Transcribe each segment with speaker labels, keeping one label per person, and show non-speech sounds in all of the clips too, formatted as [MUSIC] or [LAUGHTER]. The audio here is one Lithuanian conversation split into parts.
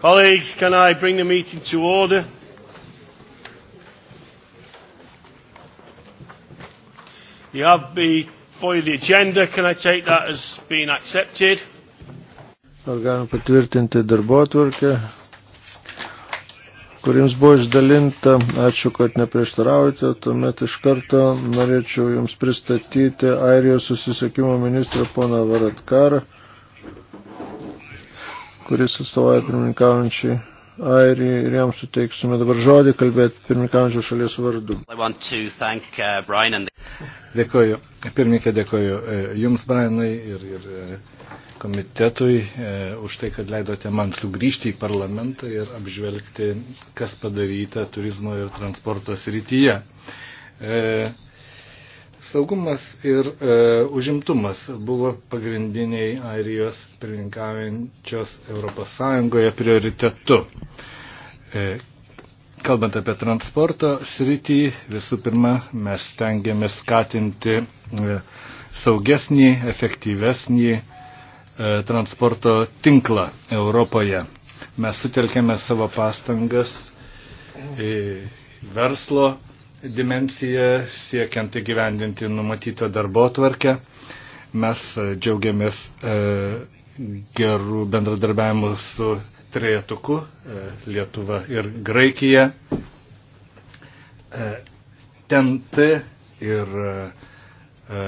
Speaker 1: Colleagues, can I bring the meeting to order? You have before the agenda. Can I take that as being accepted?
Speaker 2: Ar galim patvirtinti darbotvarkę, kuriems buvo išdalinta. Ačiū, kad neprieštaraujate. Tuomet iš karto norėčiau Jums pristatyti Airijos susisiekimo ministrą poną Varatkarą kuris atstovauja pirmininkaujančiai Airijai ir jam suteiksime dabar žodį kalbėti
Speaker 1: pirmininkaujančio šalies vardu. Thank, uh, and... Dėkoju, pirmininkė, dėkoju e, Jums, Brianai, ir, ir e, komitetui e, už tai, kad leidote man sugrįžti į parlamentą ir apžvelgti, kas padaryta turizmo ir transporto srityje. E, Saugumas ir e, užimtumas buvo pagrindiniai Airijos pirmininkaujančios ES prioritetu. E, kalbant apie transporto sritį, visų pirma, mes tengiamės skatinti e, saugesnį, efektyvesnį e, transporto tinklą Europoje. Mes sutelkėme savo pastangas e, verslo dimensiją siekiant įgyvendinti numatytą darbo tvarkę. Mes e, džiaugiamės e, gerų bendradarbiavimų su Trejetuku, e, Lietuva ir Graikija. E, TNT ir e, e,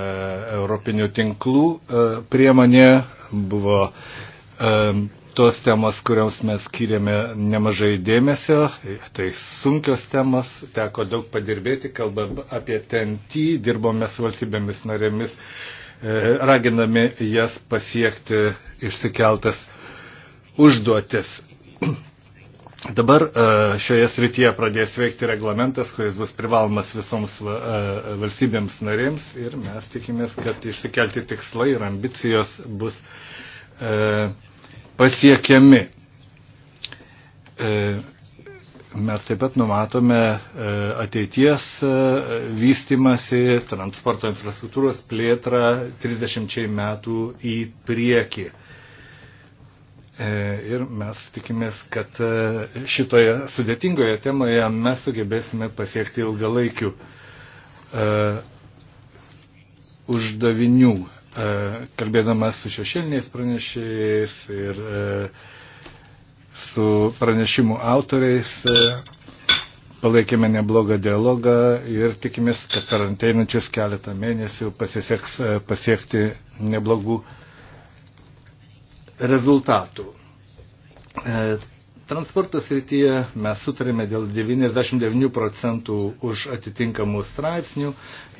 Speaker 1: Europinių tinklų e, priemonė buvo e, tos temos, kuriams mes skiriame nemažai dėmesio, tai sunkios temos, teko daug padirbėti, kalbam apie TNT, dirbome su valstybėmis narėmis, e, raginami jas pasiekti išsikeltas užduotis. [CLEARS THROAT] Dabar e, šioje srityje pradės veikti reglamentas, kuris bus privalomas visoms e, valstybėms narėms ir mes tikimės, kad išsikelti tikslai ir ambicijos bus e, pasiekiami. E, mes taip pat numatome e, ateities e, vystimasi, transporto infrastruktūros plėtrą 30 metų į priekį. Ir mes tikimės, kad šitoje sudėtingoje temoje mes sugebėsime pasiekti ilgalaikių uždavinių. E, kalbėdamas su šešėliniais pranešėjais ir e, su pranešimų autoriais e, palaikėme neblogą dialogą ir tikimės, kad per anteinančius keletą mėnesių pasiseks pasiekti neblogų rezultatų. Transporto srityje mes sutarėme dėl 99 procentų už atitinkamų straipsnių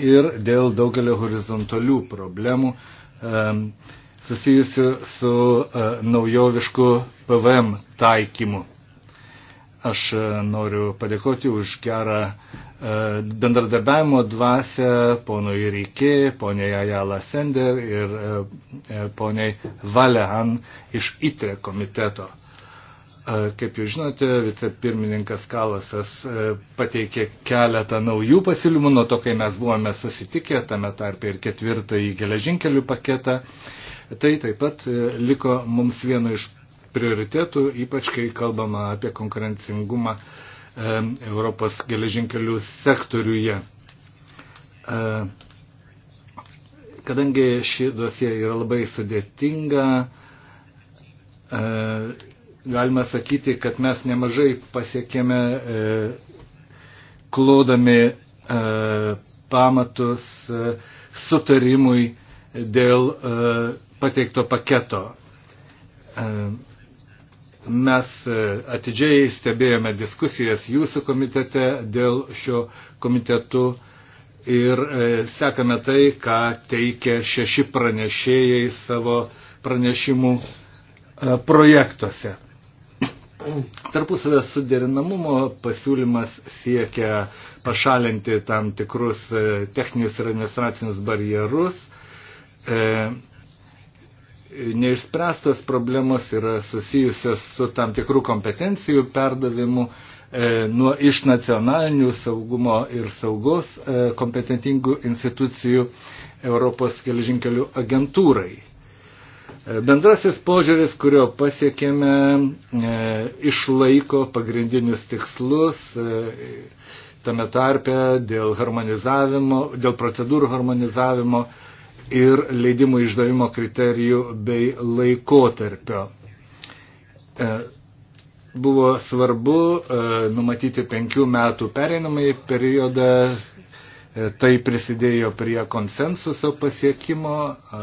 Speaker 1: ir dėl daugelio horizontalių problemų susijusių su e, naujovišku PVM taikymu. Aš e, noriu padėkoti už gerą e, bendradarbiavimo dvasę ponui Rykė, poniai Ajala Sender ir poniai Valehan iš ITRE komiteto. Kaip jūs žinote, vicepirmininkas Kalasas e, pateikė keletą naujų pasiūlymų nuo to, kai mes buvome susitikę, tame tarpe ir ketvirtąjį geležinkelių paketą. Tai taip pat e, liko mums vienu iš prioritetų, ypač kai kalbama apie konkurencingumą e, Europos geležinkelių sektoriuje. Kadangi ši dosija yra labai sudėtinga, galima sakyti, kad mes nemažai pasiekėme e, klodami e, pamatus e, sutarimui dėl e, pateikto paketo. E, mes e, atidžiai stebėjome diskusijas jūsų komitete dėl šio komitetu ir e, sekame tai, ką teikia šeši pranešėjai savo pranešimų e, projektuose tarpusavės suderinamumo pasiūlymas siekia pašalinti tam tikrus e, techninius ir administracinius barjerus. E, neišspręstos problemos yra susijusios su tam tikrų kompetencijų perdavimu e, nuo iš nacionalinių saugumo ir saugos e, kompetentingų institucijų Europos keližinkelių agentūrai. Bendrasis požiūris, kurio pasiekėme, e, išlaiko pagrindinius tikslus e, tame tarpe dėl, dėl procedūrų harmonizavimo ir leidimų išdavimo kriterijų bei laikotarpio. E, buvo svarbu numatyti penkių metų pereinamąjį periodą, tai prisidėjo prie konsensuso pasiekimo.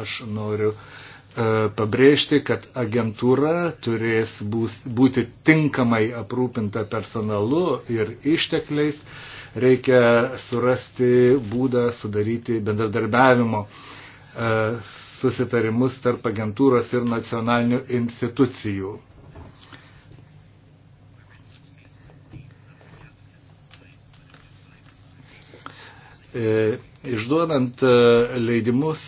Speaker 1: Aš noriu uh, E, pabrėžti, kad agentūra turės būti tinkamai aprūpinta personalu ir ištekliais. Reikia surasti būdą sudaryti bendradarbiavimo e, susitarimus tarp agentūros ir nacionalinių institucijų. E, išduodant leidimus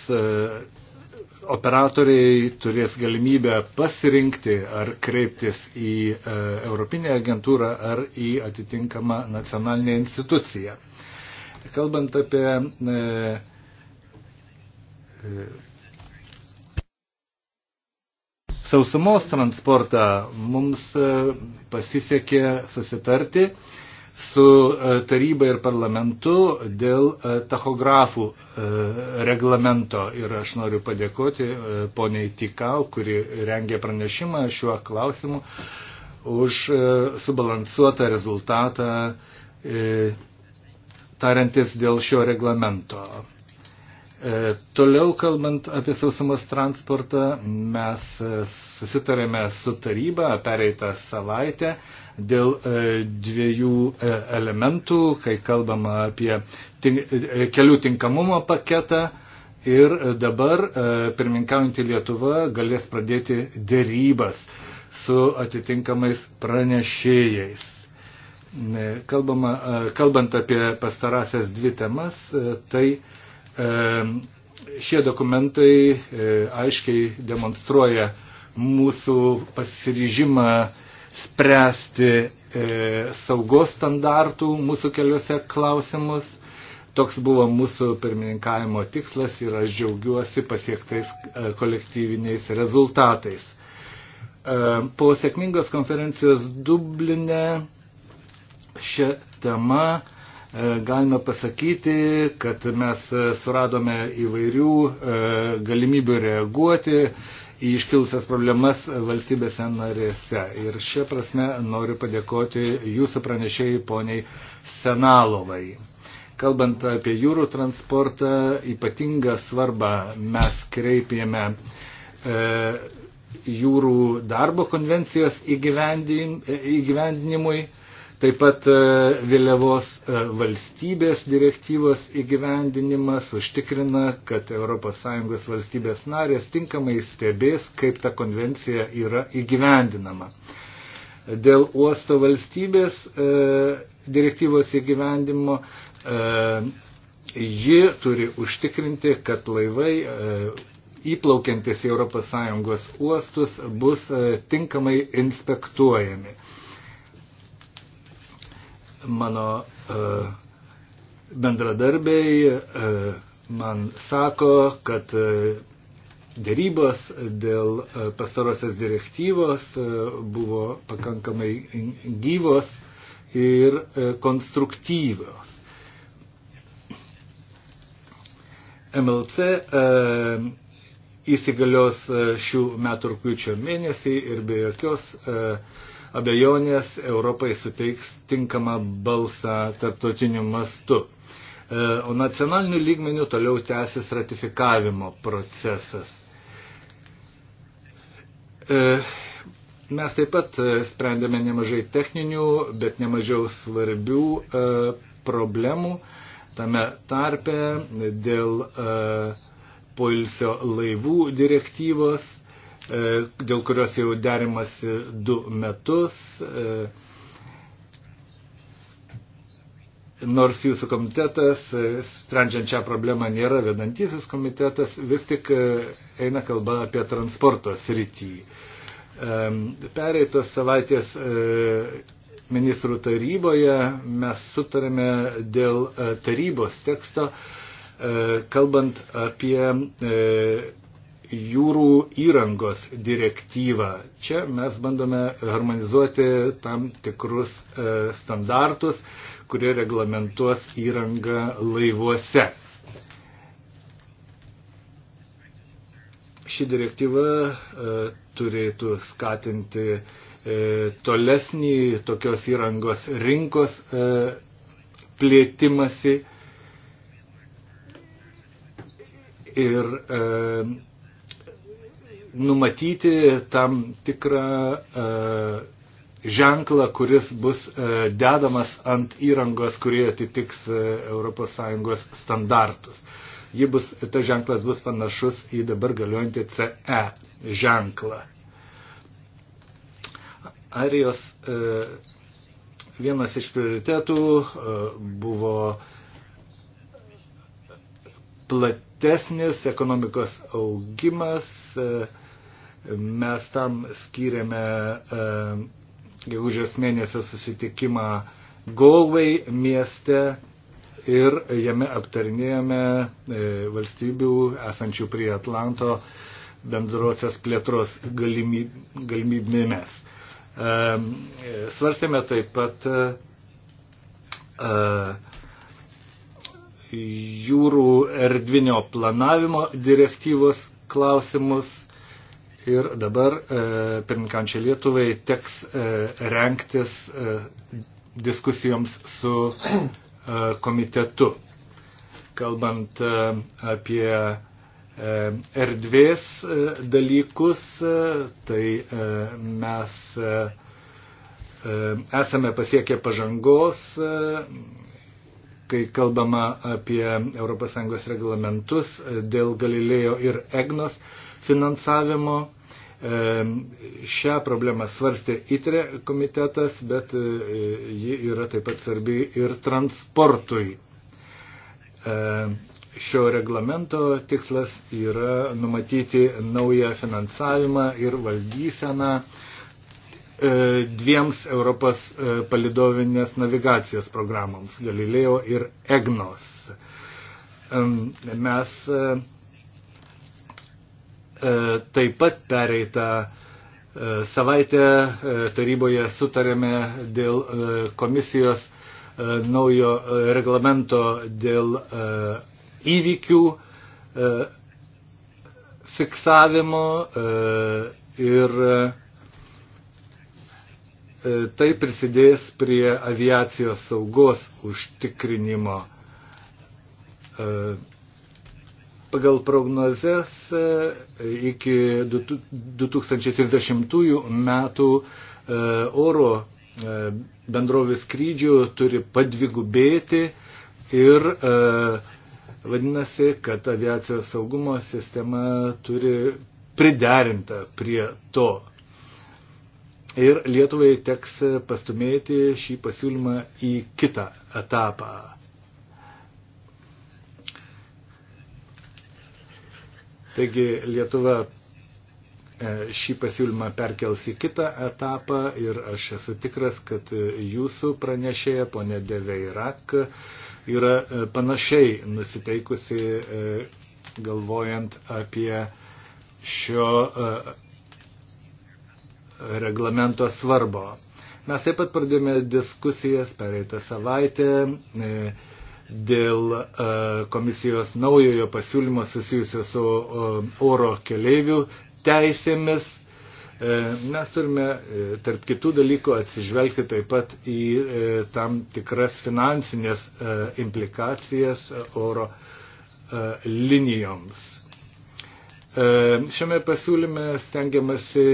Speaker 1: operatoriai turės galimybę pasirinkti ar kreiptis į e, Europinę agentūrą ar į atitinkamą nacionalinę instituciją. Kalbant apie e, e, sausumos transportą, mums pasisekė susitarti su e, taryba ir parlamentu dėl e, tachografų e, reglamento. Ir aš noriu padėkoti poniai Tikau, kuri rengė pranešimą šiuo klausimu, už subalansuotą rezultatą tariantis dėl šio reglamento. E, toliau kalbant apie sausumos transportą, mes e, susitarėme su taryba pereitą savaitę dėl e, dviejų elementų, kai kalbama apie tink, kelių tinkamumo paketą ir dabar pirminkaujantį Lietuvą galės pradėti dėrybas su atitinkamais pranešėjais. Kalbama, kalbant apie pastarasias dvi temas, tai E, šie dokumentai e, aiškiai demonstruoja mūsų pasiryžimą spręsti e, saugos standartų mūsų keliuose klausimus. Toks buvo mūsų pirmininkavimo tikslas ir aš džiaugiuosi pasiektais kolektyviniais rezultatais. Po sėkmingos konferencijos Dubline šią temą E, galime pasakyti, kad mes e, suradome įvairių e, galimybių reaguoti į iškilusias problemas valstybėse narėse. Ir šią prasme noriu padėkoti jūsų pranešėjai poniai Senalovai. Kalbant apie jūrų transportą, ypatingą svarbą mes kreipėme e, jūrų darbo konvencijos įgyvendinimui. Taip pat e, vėliavos e, valstybės direktyvos įgyvendinimas užtikrina, kad ES valstybės narės tinkamai stebės, kaip ta konvencija yra įgyvendinama. Dėl uosto valstybės e, direktyvos įgyvendimo e, ji turi užtikrinti, kad laivai e, įplaukiantis į ES uostus bus e, tinkamai inspektuojami. E, mano e, bendradarbiai e, man sako, kad e, dėrybos dėl pastarosios direktyvos buvo pakankamai gyvos ir konstruktyvios. MLC įsigalios šių metų rūpiučio mėnesį ir be jokios uh, abejonės Europai suteiks tinkamą balsą tarptautiniu mastu. E, o nacionaliniu lygmeniu toliau tęsis ratifikavimo procesas. E, mes taip pat e, sprendėme nemažai techninių, bet nemažiau svarbių problemų tame tarpe dėl poilsio laivų direktyvos E, dėl kurios jau derimasi du metus. E, nors jūsų komitetas, e, sprendžiant šią problemą, nėra vedantysis komitetas, vis tik eina kalba apie transporto srityjį. Pereitos savaitės ministrų taryboje mes sutarėme dėl tarybos teksto, kalbant apie jūrų įrangos direktyvą. Čia mes bandome harmonizuoti tam tikrus e, standartus, kurie reglamentuos įrangą laivuose. Ši direktyva e, turėtų skatinti e, tolesnį tokios įrangos rinkos plėtimasi ir e, numatyti tam tikrą e, ženklą, kuris bus e, dedamas ant įrangos, kurie atitiks e, ES standartus. Ji bus, ta ženklas bus panašus į dabar galiojantį CE ženklą. Arijos e, vienas iš prioritetų e, buvo platesnis ekonomikos augimas, e, Mes tam skyrėme e, gegužės mėnesio susitikimą Galway mieste ir jame aptarinėjome e, valstybių esančių prie Atlanto bendrosios plėtros galimybėmis. E, svarstėme taip pat jūrų erdvinio planavimo direktyvos klausimus Ir dabar e, pirminkančiai Lietuvai teks e, renktis e, diskusijoms su e, komitetu. Kalbant e, apie e, erdvės e, dalykus, e, tai mes esame pasiekę pažangos, kai kalbama apie ES reglamentus dėl Galilėjo ir EGNOS, finansavimo. E, šią problemą svarstė ITRE komitetas, bet e, ji yra taip pat svarbi ir transportui. E, šio reglamento tikslas yra numatyti naują finansavimą ir valdyseną dviems Europos palidovinės navigacijos programoms - Galileo ir EGNOS. Mes E, taip pat pereitą e, savaitę e, taryboje sutarėme dėl komisijos naujo reglamento dėl įvykių fiksavimo ir tai prisidės prie aviacijos saugos užtikrinimo. Pagal prognozes e, iki 2030 metų e, oro e, bendrovių skrydžių turi padvigubėti ir vadinasi, kad aviacijos saugumo sistema turi priderinta prie to. Ir Lietuvai teks pastumėti šį pasiūlymą į kitą etapą. Taigi Lietuva e, šį pasiūlymą perkels į kitą etapą ir aš esu tikras, kad jūsų pranešėja, ponė Deveirak, yra e, panašiai nusiteikusi e, galvojant apie šio reglamento svarbo. Mes taip pat pradėjome diskusijas pereitą savaitę. E, dėl e, komisijos naujojo pasiūlymo susijusio su e, oro keleivių teisėmis. E, mes turime, tarp kitų dalykų, atsižvelgti taip pat į tam tikras finansinės implikacijas oro linijoms. Šiame pasiūlyme stengiamasi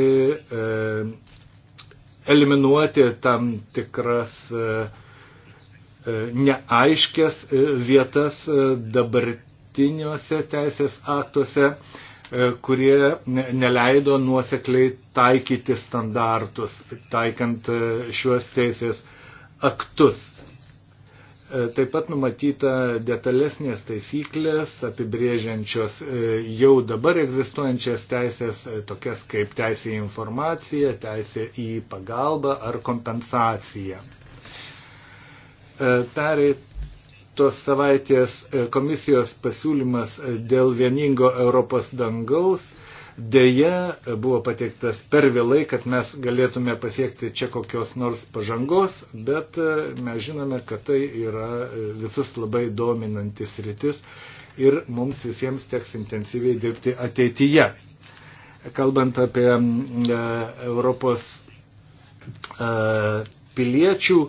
Speaker 1: eliminuoti tam tikras uh, E, neaiškės e, vietas e, dabartiniuose teisės aktuose, kurie neleido nuosekliai taikyti standartus, taikant šiuos teisės aktus. Taip pat numatyta detalesnės taisyklės, apibrėžiančios jau dabar egzistuojančias teisės, tokias kaip teisė į informaciją, teisė į pagalbą ar kompensaciją. E, pereitos savaitės e, komisijos pasiūlymas e, dėl vieningo Europos dangaus dėja buvo pateiktas per vėlai, kad mes galėtume pasiekti čia kokios nors pažangos, bet mes žinome, kad tai yra visus labai dominantis rytis ir mums visiems teks intensyviai dirbti ateityje. Kalbant apie mm, Europos piliečių,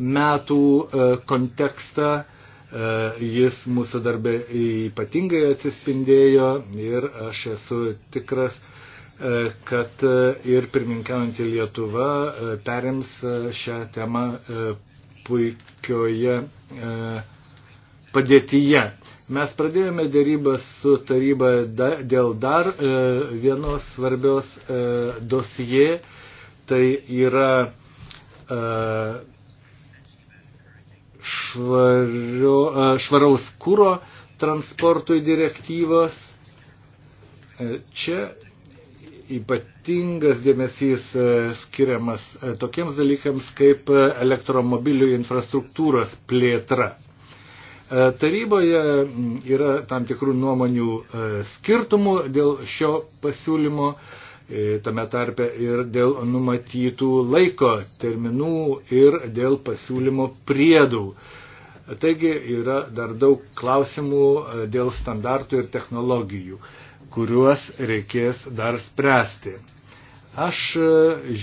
Speaker 1: metų e, kontekstą. E, jis mūsų darbė ypatingai atsispindėjo ir aš esu tikras, e, kad ir pirminkiaujantį Lietuvą perims šią temą puikioje padėtyje. Mes pradėjome dėrybas su taryba dėl dar vienos svarbios dosie, tai yra švario, e, švaraus kūro transportui direktyvos. E, čia ypatingas dėmesys e, skiriamas tokiems dalykams kaip elektromobilių infrastruktūros plėtra. Taryboje yra tam tikrų nuomonių skirtumų dėl šio pasiūlymo. E, tame tarpe ir dėl numatytų laiko terminų ir dėl pasiūlymo priedų. Taigi yra dar daug klausimų e, dėl standartų ir technologijų, kuriuos reikės dar spręsti. Aš e,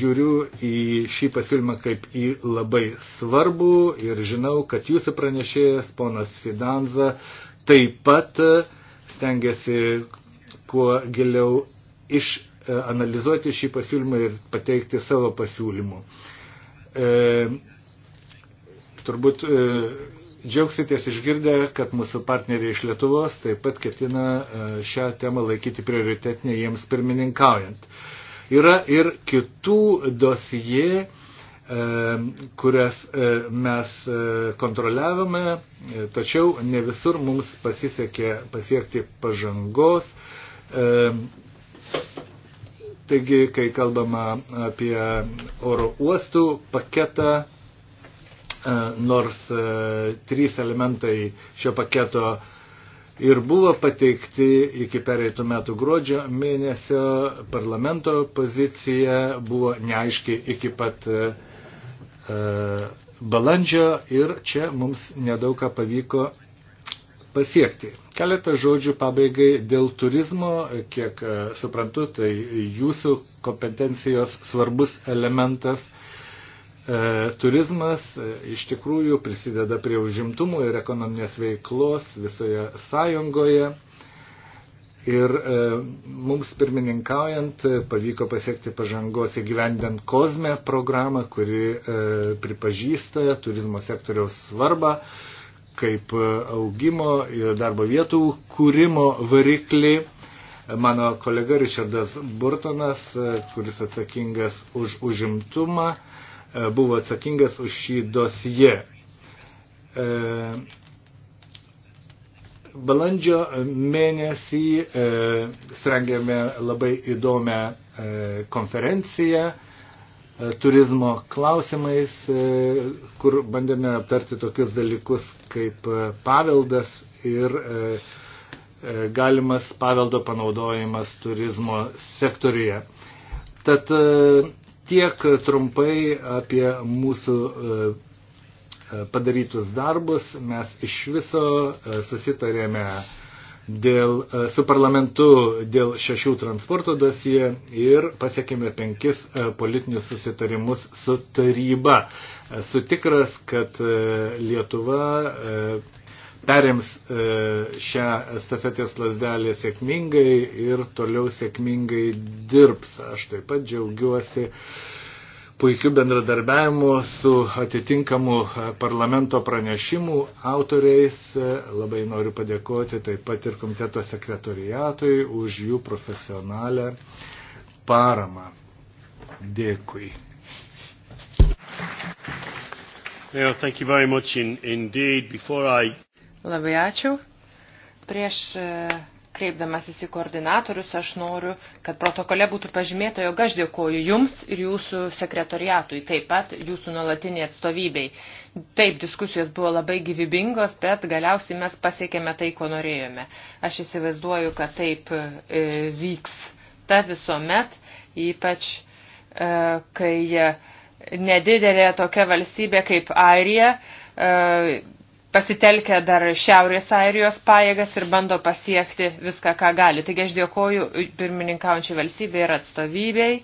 Speaker 1: žiūriu į šį pasiūlymą kaip į labai svarbų ir žinau, kad jūsų pranešėjas, ponas Fidanza, taip pat stengiasi kuo giliau iš E, analizuoti šį pasiūlymą ir pateikti savo pasiūlymų. E, turbūt e, džiaugsitės išgirdę, kad mūsų partneriai iš Lietuvos taip pat ketina e, šią temą laikyti prioritetinę jiems pirmininkaujant. Yra ir kitų dosijai, e, kurias e, mes kontroliavome, tačiau ne visur mums pasisekė pasiekti pažangos. Taigi, kai kalbama apie oro uostų paketą, e, nors e, trys elementai šio paketo ir buvo pateikti iki pereitų metų gruodžio mėnesio, parlamento pozicija buvo neaiški iki pat e, balandžio ir čia mums nedaug ką pavyko pasiekti. Keletą žodžių pabaigai dėl turizmo, kiek e, suprantu, tai jūsų kompetencijos svarbus elementas. E, turizmas e, iš tikrųjų prisideda prie užimtumo ir ekonominės veiklos visoje sąjungoje. Ir e, mums pirmininkaujant pavyko pasiekti pažangos įgyvendant kozmę programą, kuri e, pripažįsta turizmo sektoriaus svarbą. E, kaip e, augimo ir darbo vietų kūrimo variklį. Mano kolega Richardas Burtonas, e, kuris atsakingas už užimtumą, e, buvo atsakingas už šį dosiją. Balandžio mėnesį surengėme labai įdomią konferenciją E, turizmo klausimais, e, kur bandėme aptarti tokius dalykus kaip e, paveldas ir galimas paveldo panaudojimas turizmo sektoriuje. Tad tiek trumpai apie mūsų padarytus darbus. Mes iš viso susitarėme dėl, e, su parlamentu dėl šešių transporto dosie ir pasiekėme penkis e, politinius susitarimus su taryba. Esu tikras, kad e, Lietuva perims šią estafetės lasdelę sėkmingai ir toliau sėkmingai dirbs. Aš taip pat džiaugiuosi puikiu bendradarbiavimu su atitinkamu e, parlamento pranešimų autoriais. E, labai noriu padėkoti taip pat ir komiteto sekretoriatui už jų profesionalę paramą. Dėkui. Yeah, thank you very much in, indeed. Before
Speaker 3: I... Labai ačiū. Prieš uh Kreipdamasis į koordinatorius, aš noriu, kad protokole būtų pažymėta, jog aš dėkoju Jums ir Jūsų sekretoriatui, taip pat Jūsų nuolatiniai atstovybei. Taip, diskusijos buvo labai gyvybingos, bet galiausiai mes pasiekėme tai, ko norėjome. Aš įsivaizduoju, kad taip e, vyks ta visuomet, ypač e, kai nedidelė tokia valstybė kaip Airija. E, pasitelkia dar Šiaurės Airijos pajėgas ir bando pasiekti viską, ką gali. Taigi aš dėkoju pirmininkaujančiai valstybei ir atstovybei.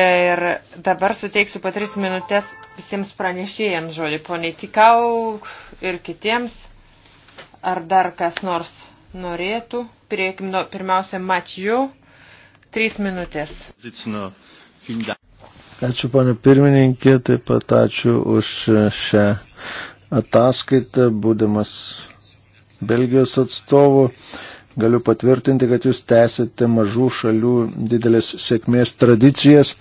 Speaker 3: Ir dabar suteiksiu po tris minutės visiems pranešėjams žodį, poniai Tikau ir kitiems. Ar dar kas nors norėtų? Priekim, pirmiausia, Matiju. Trys minutės.
Speaker 2: Ačiū, ponė pirmininkė, taip pat ačiū už šią ataskaitą, būdamas Belgijos atstovu. Galiu patvirtinti, kad jūs tęsite mažų šalių didelės sėkmės tradicijas.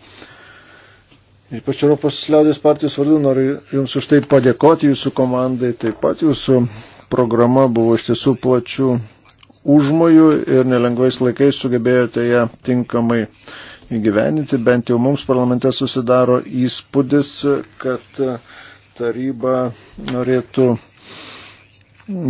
Speaker 2: Ypač Europos liaudės partijos vardu noriu Jums už tai padėkoti, Jūsų komandai. Taip pat Jūsų programa buvo iš tiesų plačių užmojų ir nelengvais laikais sugebėjote ją tinkamai įgyveninti. Bent jau mums parlamente susidaro įspūdis, kad uh, taryba norėtų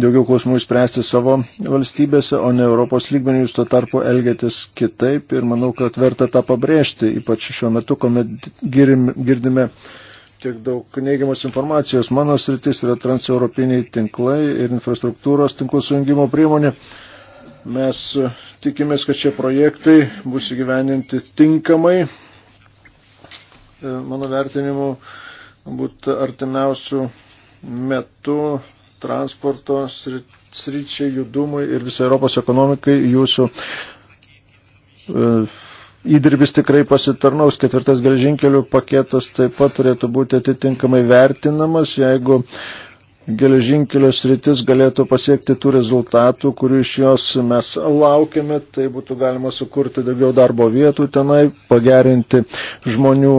Speaker 2: daugiau klausimų išspręsti savo valstybėse, o ne Europos lygmenių, jūs to tarpu elgėtis kitaip ir manau, kad verta tą pabrėžti, ypač šiuo metu, kuomet girdime tiek daug neigiamos informacijos. Mano sritis yra transeuropiniai tinklai ir infrastruktūros tinklų sujungimo priemonė. Mes tikimės, kad šie projektai bus įgyveninti tinkamai. Mano vertinimu, Būt artimiausių metų transporto sričiai judumui ir visai Europos ekonomikai jūsų e, įdirbis tikrai pasitarnaus. Ketvirtas geležinkelių paketas taip pat turėtų būti atitinkamai vertinamas, jeigu geležinkelio sritis galėtų pasiekti tų rezultatų, kurių iš jos mes laukiame, tai būtų galima sukurti daugiau darbo vietų tenai, pagerinti žmonių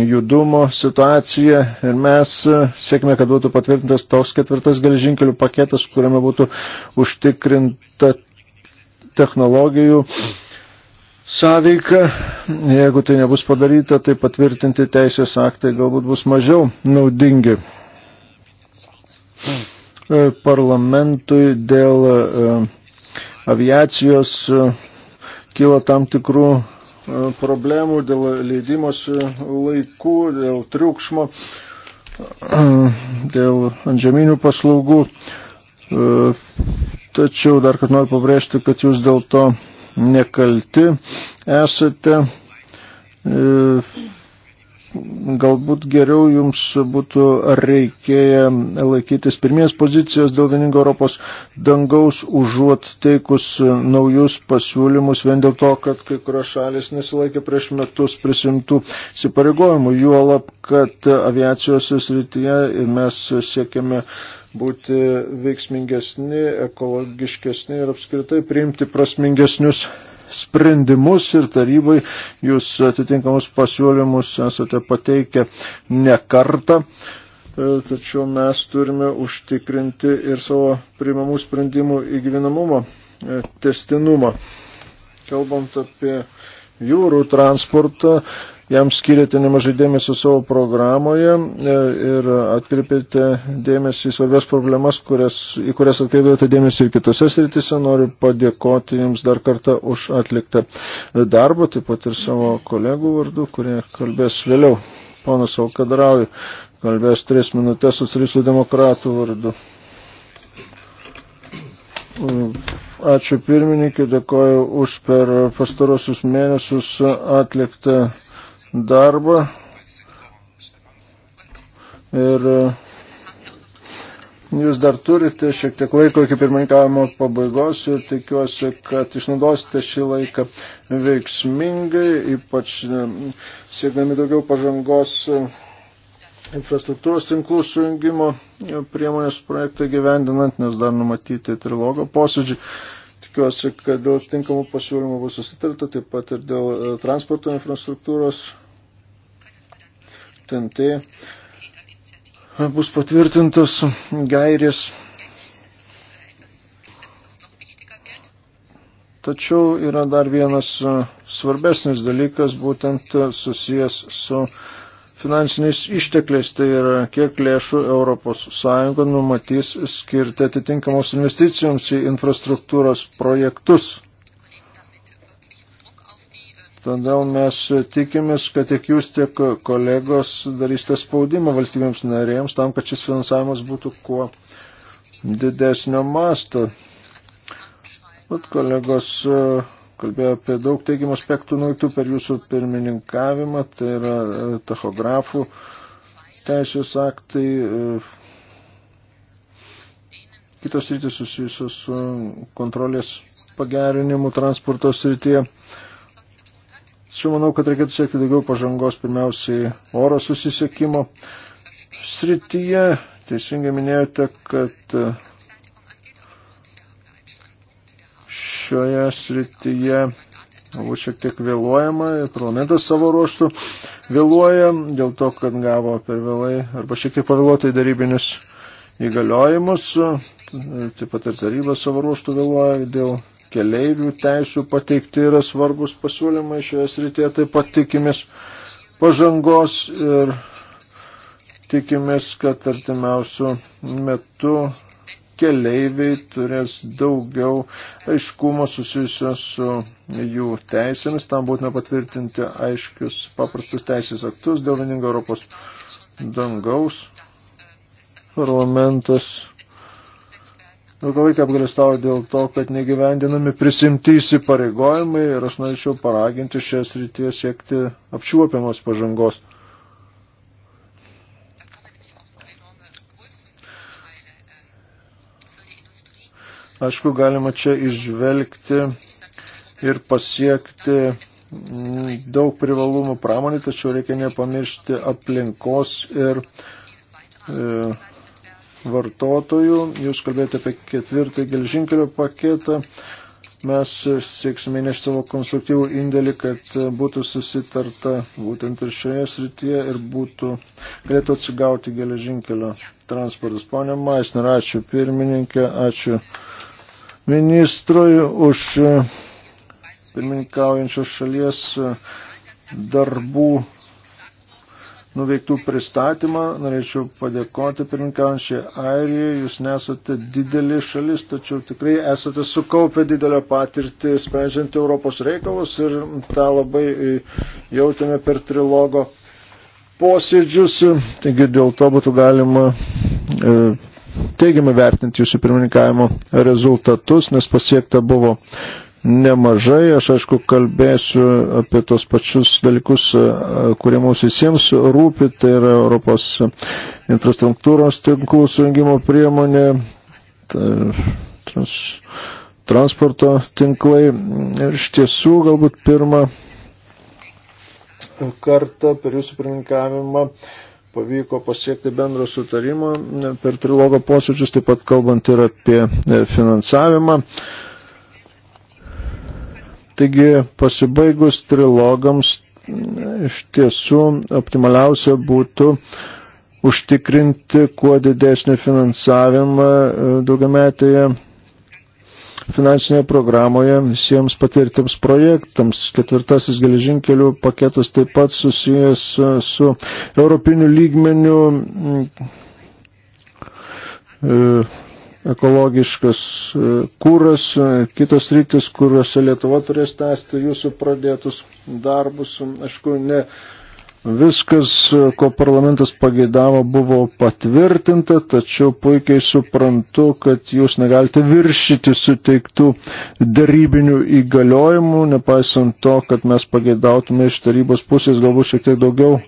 Speaker 2: judumo situaciją ir mes siekime, kad būtų patvirtintas toks ketvirtas geležinkelių paketas, kuriame būtų užtikrinta technologijų sąveiką, jeigu tai nebus padaryta, tai patvirtinti teisės aktai galbūt bus mažiau naudingi. E, parlamentui dėl e, aviacijos e, kilo tam tikrų problemų dėl leidimosi laikų, dėl triukšmo, dėl antžeminių paslaugų. Tačiau dar kad noriu pabrėžti, kad jūs dėl to nekalti esate galbūt geriau jums būtų reikėję laikytis pirmies pozicijos dėl vieningo Europos dangaus, užuot teikus naujus pasiūlymus vien dėl to, kad kai kurios šalis nesilaikė prieš metus prisimtų įsipareigojimų, juolab, kad aviacijos srityje mes siekiame būti veiksmingesni, ekologiškesni ir apskritai priimti prasmingesnius sprendimus ir tarybai jūs atitinkamus pasiūlymus esate pateikę ne kartą. E, tačiau mes turime užtikrinti ir savo priimamų sprendimų įgyvenamumą, e, testinumą. Kalbant apie jūrų transportą, jam skiriate nemažai dėmesio savo programoje e, ir atkreipėte dėmesį į svarbias problemas, kurias, į kurias atkreipėte dėmesį ir kitose sritise. Noriu padėkoti Jums dar kartą už atliktą darbą, taip pat ir savo kolegų vardu, kurie kalbės vėliau. Ponas Alkadrauju kalbės tris minutės socialistų demokratų vardu. Ačiū pirmininkai, dėkoju už per pastarosius mėnesius atliktą darbą ir e, jūs dar turite šiek tiek laiko iki pirmininkavimo pabaigos ir tikiuosi, kad išnaudosite šį laiką veiksmingai, ypač e, siekdami daugiau pažangos e, infrastruktūros tinklų sujungimo priemonės projektą gyvendinant, nes dar numatyti trilogo posėdžių. Tikiuosi, kad dėl tinkamų pasiūlymų bus susitarta, taip pat ir dėl transporto infrastruktūros TNT bus patvirtintos gairės. Tačiau yra dar vienas svarbesnis dalykas, būtent susijęs su finansiniais ištekliais, tai yra kiek lėšų ES numatys skirti atitinkamos investicijoms į infrastruktūros projektus. Todėl mes tikimės, kad tiek jūs, tiek kolegos darysite spaudimą valstybėms narėms tam, kad šis finansavimas būtų kuo didesnio masto. Bet kolegos e, kalbėjo apie daug teigiamų aspektų nuiktų per jūsų pirmininkavimą, tai yra e, tachografų teisės aktai, e, kitos rytis susijusios su kontrolės pagerinimu transporto srityje. Tačiau manau, kad reikėtų siekti daugiau pažangos pirmiausiai oro susisiekimo srityje. Teisingai minėjote, kad e, šioje srityje buvo šiek tiek vėluojama ir parlamentas savo ruoštų vėluoja dėl to, kad gavo per vėlai arba šiek tiek pavėluotai darybinius įgaliojimus. Taip pat ir taryba savo ruoštų vėluoja dėl keleivių teisų pateikti yra svarbus pasiūlymai šioje srityje, taip pat tikimės pažangos ir tikimės, kad artimiausių metų keleiviai turės daugiau aiškumo susijusio su jų teisėmis, tam būtina patvirtinti aiškius paprastus teisės aktus dėl vieningo Europos dangaus. Parlamentas ilgą laiką apgalėstauju dėl to, kad negyvendinami prisimti įsipareigojimai ir aš norėčiau paraginti šią srityje siekti apčiuopiamos pažangos. Aišku, galima čia išvelgti ir pasiekti daug privalumų pramonį, tačiau reikia nepamiršti aplinkos ir e, vartotojų. Jūs kalbėjote apie ketvirtą gelžinkelio paketą. Mes sieksime nešti savo konstruktyvų indėlį, kad būtų susitarta būtent ir šioje srityje ir būtų galėtų atsigauti geležinkelio transportas. Pone Maisner, ačiū pirmininkė, ačiū ministrui už pirmininkaujančios šalies darbų nuveiktų pristatymą. Norėčiau padėkoti pirminkaujančiai Airijai. Jūs nesate didelė šalis, tačiau tikrai esate sukaupę didelę patirtį sprendžiant Europos reikalus ir tą labai jautėme per trilogo posėdžius. Taigi dėl to būtų galima. E, Teigiamai vertinti jūsų pirmininkavimo rezultatus, nes pasiekta buvo nemažai. Aš aišku kalbėsiu apie tos pačius dalykus, e, kurie mums visiems rūpi. Tai yra Europos infrastruktūros tinklų sujungimo priemonė, tai trans, transporto tinklai. Ir iš tiesų galbūt pirmą kartą per jūsų pirmininkavimą pavyko pasiekti bendro sutarimo per trilogo posėdžius, taip pat kalbant ir apie finansavimą. Uh, Taigi pasibaigus trilogams iš tiesų optimaliausia būtų užtikrinti kuo didesnį finansavimą e, daugiametėje finansinėje programoje visiems patirtiems projektams. Ketvirtasis geležinkelių paketas taip pat susijęs su, e, su europiniu lygmeniu mm. e, ekologiškas e, kūras, e, kitos rytis, kuriuose Lietuva turės tęsti jūsų pradėtus darbus. Aišku, ne viskas, e, ko parlamentas pageidavo, buvo patvirtinta, tačiau puikiai suprantu, kad jūs negalite viršyti suteiktų darybinių įgaliojimų, nepaisant to, kad mes pageidautume iš tarybos pusės galbūt šiek tiek daugiau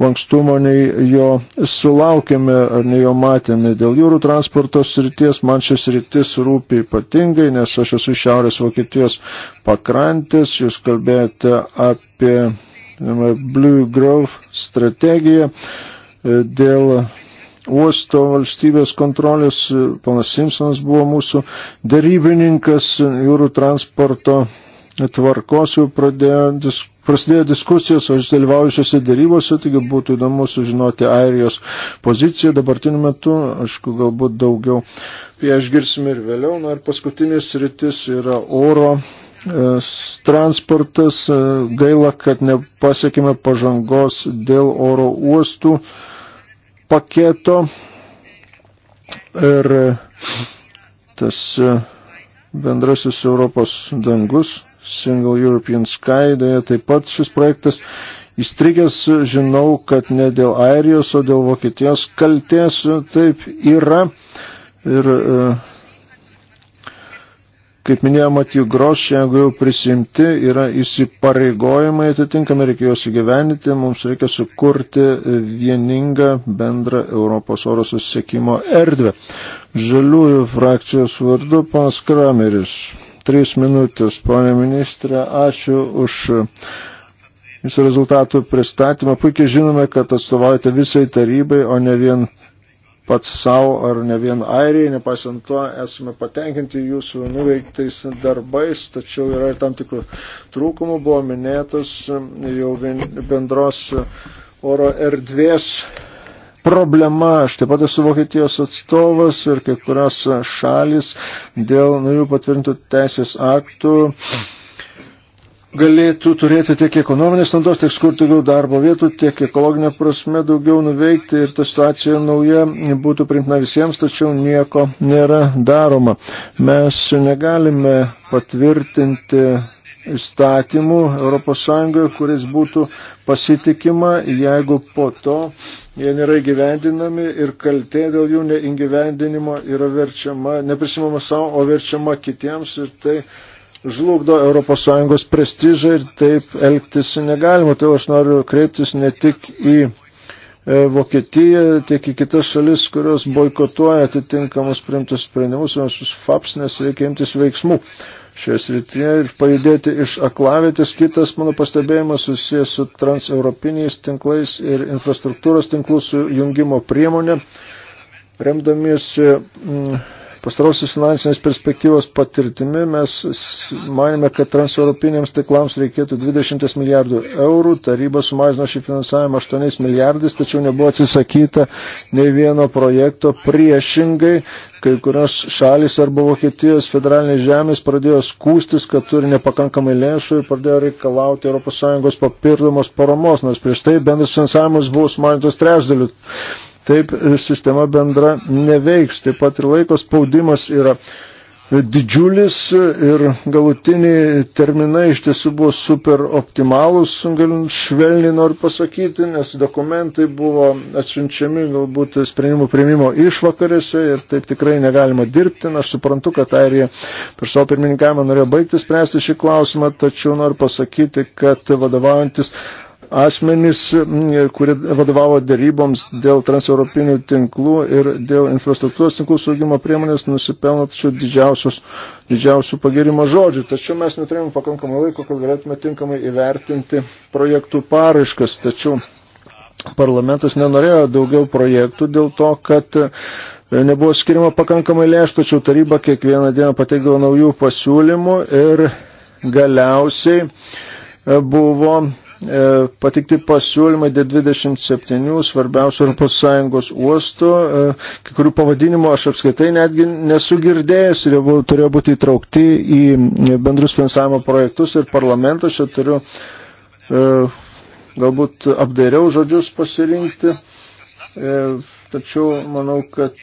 Speaker 2: lankstumo nei jo sulaukėme ar nei jo matėme. Dėl jūrų transporto srities man šis rytis rūpi ypatingai, nes aš esu Šiaurės Vokietijos pakrantis, jūs kalbėjote apie Blue Grove strategiją e, dėl uosto valstybės kontrolės. Panas Simpsonas buvo mūsų darybininkas jūrų transporto tvarkos jau pradėjo diskusijos prasidėjo diskusijos, aš dalyvauju šiuose darybose, taigi būtų įdomu sužinoti Airijos poziciją dabartiniu metu, aišku, galbūt daugiau. Tai išgirsime ir vėliau. Na ir paskutinis rytis yra oro e, transportas. E, gaila, kad nepasiekime pažangos dėl oro uostų paketo. Ir tas e, bendrasis Europos dangus Single European Sky, dėja taip pat šis projektas įstrigęs, žinau, kad ne dėl Airijos, o dėl Vokietijos kalties taip yra. Ir e, kaip minėjo Matijų Groš, jeigu jau prisimti, yra įsipareigojimai atitinkami, reikia juos įgyveninti, mums reikia sukurti vieningą bendrą Europos oro susisiekimo erdvę. Žaliųjų frakcijos vardu panas Krameris. Trys minutės, ponė ministrė, ačiū už jūsų rezultatų pristatymą. Puikiai žinome, kad atstovaujate visai tarybai, o ne vien pats savo ar ne vien Airijai, nepaisant to esame patenkinti jūsų nuveiktais darbais, tačiau yra ir tam tikrų trūkumų, buvo minėtas jau bendros oro erdvės problema. Aš taip pat esu Vokietijos atstovas ir kai kurios šalis dėl naujų patvirtintų teisės aktų galėtų turėti tiek ekonominės naudos, tiek skurti daugiau darbo vietų, tiek ekologinė prasme daugiau nuveikti ir ta situacija nauja būtų primtina visiems, tačiau nieko nėra daroma. Mes negalime patvirtinti įstatymų ES, kuris būtų pasitikima, jeigu po to jie nėra įgyvendinami ir kaltė dėl jų neįgyvendinimo yra verčiama, neprisimama savo, o verčiama kitiems ir tai žlugdo ES prestižą ir taip elgtis negalima. Tai aš noriu kreiptis ne tik į e, Vokietiją, tiek į kitas šalis, kurios boikotuoja atitinkamus priimtus sprendimus, nes FAPS nes reikia imtis veiksmų šioje srityje ir pajudėti iš aklavėtis. Kitas mano pastebėjimas susijęs su transeuropiniais tinklais ir infrastruktūros tinklų sujungimo priemonė, remdamiesi. Mm, pastarosios finansinės perspektyvos patirtimi mes manėme, kad transeuropiniams tiklams reikėtų 20 milijardų eurų, taryba sumažino šį finansavimą 8 milijardais, tačiau nebuvo atsisakyta nei vieno projekto priešingai, kai kurios šalis arba Vokietijos federalinės žemės pradėjo skūstis, kad turi nepakankamai lėšų ir pradėjo reikalauti ES papirdomos paramos, nors prieš tai bendras finansavimas buvo sumažintas trešdaliu. Taip e, sistema bendra neveiks. Taip pat ir laiko spaudimas yra didžiulis ir galutiniai terminai iš tiesų buvo super optimalūs, švelniai noriu pasakyti, nes dokumentai buvo atsiunčiami galbūt sprendimų prieimimo išvakarėse ir taip tikrai negalima dirbti. Aš suprantu, kad Airija per savo pirmininkavimą norėjo baigti spręsti šį klausimą, tačiau noriu pasakyti, kad vadovaujantis asmenys, kurie vadovavo daryboms dėl transeuropinių tinklų ir dėl infrastruktūros tinklų saugimo priemonės nusipelno tačiau didžiausios, didžiausių pagirimo žodžių. Tačiau mes neturėjome pakankamai laiko, kad galėtume tinkamai įvertinti projektų paraiškas. Tačiau parlamentas nenorėjo daugiau projektų dėl to, kad e, nebuvo skirima pakankamai lėšų, tačiau taryba kiekvieną dieną pateikdavo naujų pasiūlymų ir galiausiai e, buvo E, patikti pasiūlymai dėl 27 svarbiausių ES uostų, e, kai kurių pavadinimų aš apskaitai netgi nesugirdėjęs ir jau turėjo būti įtraukti į bendrus finansavimo projektus ir parlamentas, čia turiu e, galbūt apdairiau žodžius pasirinkti, tačiau manau, kad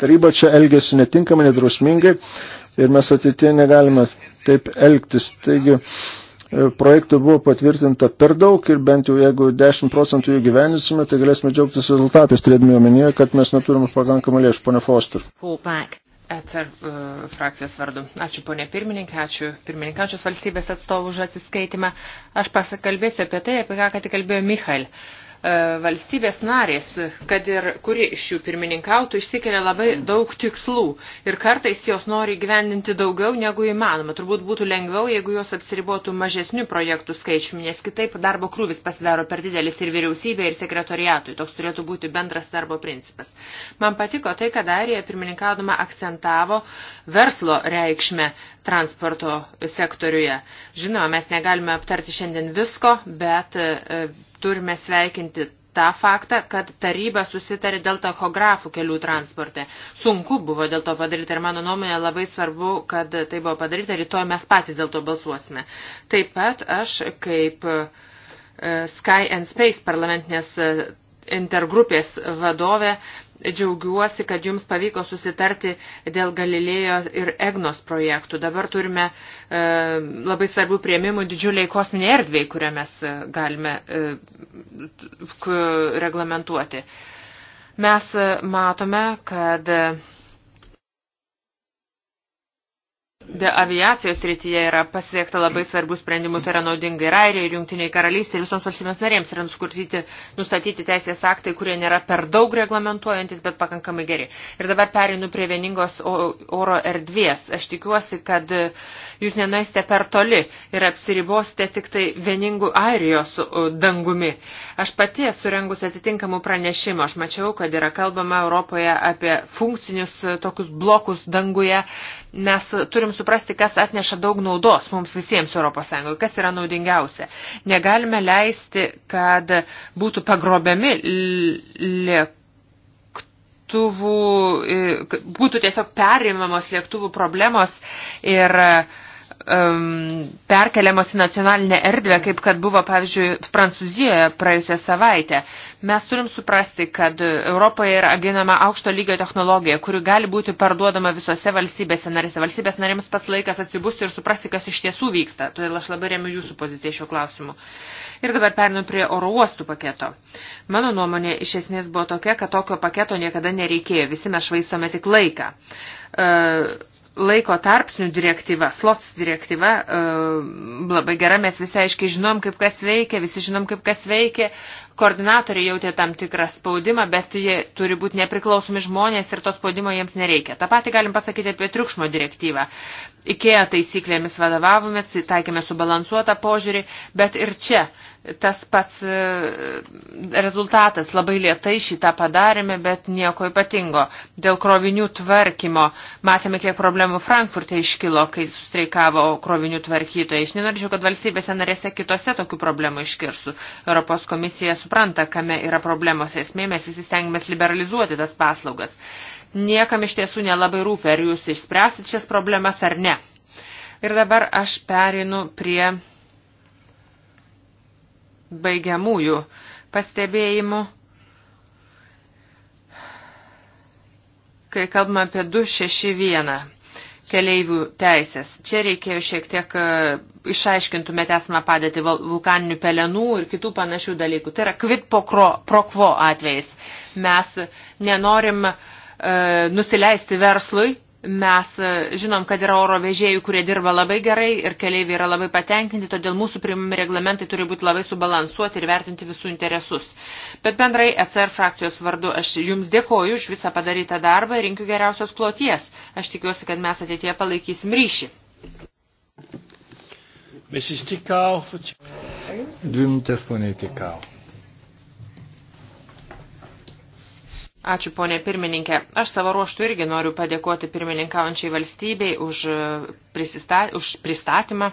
Speaker 2: taryba čia elgėsi netinkamai, nedrausmingai ir mes ateitie negalime taip elgtis. Taigi, projektų buvo patvirtinta per daug ir bent jau jeigu 10 procentų jų gyvenysime, tai galėsime džiaugtis rezultatais, turėdami omenyje, kad mes neturime pakankamai lėšų, ponė Foster.
Speaker 3: ECR uh, e, frakcijos vardu. Ačiū ponė pirmininkė, ačiū pirmininkančios valstybės atstovų už atsiskaitimą. Aš pasikalbėsiu apie tai, apie ką tik kalbėjo Michael. Uh, E, valstybės narės, kad ir kuri iš jų pirmininkautų, išsikelia labai daug tikslų ir kartais jos nori gyvendinti daugiau negu įmanoma. Turbūt būtų lengviau, jeigu jos apsiribotų mažesnių projektų skaičiumi, nes kitaip darbo krūvis pasidaro per didelis ir vyriausybė, ir sekretoriatui. Toks turėtų būti bendras darbo principas. Man patiko tai, kad Airija pirmininkaudama akcentavo verslo reikšmę transporto sektoriuje. Žinoma, mes negalime aptarti šiandien visko, bet e, turime sveikinti tą faktą, kad taryba susitarė dėl tachografų kelių transporte. Sunku buvo dėl to padaryti ir mano nuomonė labai svarbu, kad tai buvo padaryta, rytoj mes patys dėl to balsuosime. Taip pat aš kaip e, Sky and Space parlamentinės e, intergrupės vadovė džiaugiuosi, kad jums pavyko susitarti dėl Galilėjo ir EGNOS projektų. Dabar turime e, labai svarbių prieimimų didžiuliai kosminiai erdvėjai, kurią mes e, galime e, reglamentuoti. Mes e, matome, kad e, De aviacijos rytyje yra pasiekta labai svarbių sprendimų, tai yra naudinga ir Airijai, ir Junktiniai karalystė, ir visoms valstybės narėms yra nuskurtyti, nustatyti teisės aktai, kurie nėra per daug reglamentuojantis, bet pakankamai geri. Ir dabar perinu prie vieningos oro erdvės. Aš tikiuosi, kad jūs nenaisite per toli ir apsiribosite tik tai vieningų Airijos dangumi. Aš pati esu rengus atitinkamų pranešimų. Aš mačiau, kad yra kalbama Europoje apie funkcinius tokius blokus danguje mes turim suprasti, kas atneša daug naudos mums visiems ES, kas yra naudingiausia. Negalime leisti, kad būtų pagrobiami lėktuvų, e, būtų tiesiog perimamos lėktuvų problemos ir uh, um, perkeliamos į nacionalinę erdvę, kaip kad buvo, pavyzdžiui, Prancūzijoje praėjusią savaitę. Mes turim suprasti, kad Europoje yra ginama aukšto lygio technologija, kuri gali būti parduodama visose valstybėse narėse. Valstybės narėms pats laikas atsibusti ir suprasti, kas iš tiesų vyksta. Todėl aš labai remiu jūsų poziciją šiuo klausimu. Ir dabar pernu prie oro uostų paketo. Mano nuomonė iš esmės buvo tokia, kad tokio paketo niekada nereikėjo. Visi mes švaistome tik laiką. Uh, laiko tarpsnių direktyva, slots direktyva, e, labai gera, mes visi aiškiai žinom, kaip kas veikia, visi žinom, kaip kas veikia, koordinatoriai jautė tam tikrą spaudimą, bet jie turi būti nepriklausomi žmonės ir to spaudimo jiems nereikia. Ta patį galim pasakyti apie triukšmo direktyvą. Ikea taisyklėmis vadovavomės, taikėme subalansuotą požiūrį, bet ir čia tas pats e, rezultatas. Labai lietai šitą padarėme, bet nieko ypatingo. Dėl krovinių tvarkymo matėme, kiek problemų Frankfurte iškilo, kai sustreikavo krovinių tvarkytojai. Aš nenorėčiau, kad valstybėse narėse kitose tokių problemų iškirsų. Europos komisija supranta, kame yra problemos esmė, mes įsistengėmės liberalizuoti tas paslaugas. Niekam iš tiesų nelabai rūpia, ar jūs išspręsit šias problemas ar ne. Ir dabar aš perinu prie baigiamųjų pastebėjimų. Kai kalbame apie 261 keleivių teisės. Čia reikėjo šiek tiek e, išaiškintumėt esamą padėtį vulkaninių pelenų ir kitų panašių dalykų. Tai yra kvit po prokvo atvejais. Mes nenorim e, nusileisti verslui, Mes e, žinom, kad yra oro vežėjų, kurie dirba labai gerai ir keleiviai yra labai patenkinti, todėl mūsų priimami reglamentai turi būti labai subalansuoti ir vertinti visų interesus. Bet bendrai ECR frakcijos vardu aš Jums dėkoju už visą padarytą darbą ir rinkiu geriausios kloties. Aš tikiuosi, kad mes ateityje palaikysim ryšį.
Speaker 1: Dvi minutės poniai Tikau.
Speaker 3: Ačiū, ponė pirmininkė. Aš savo ruoštų irgi noriu padėkoti pirmininkaujančiai valstybei už, e, prisista, už pristatymą.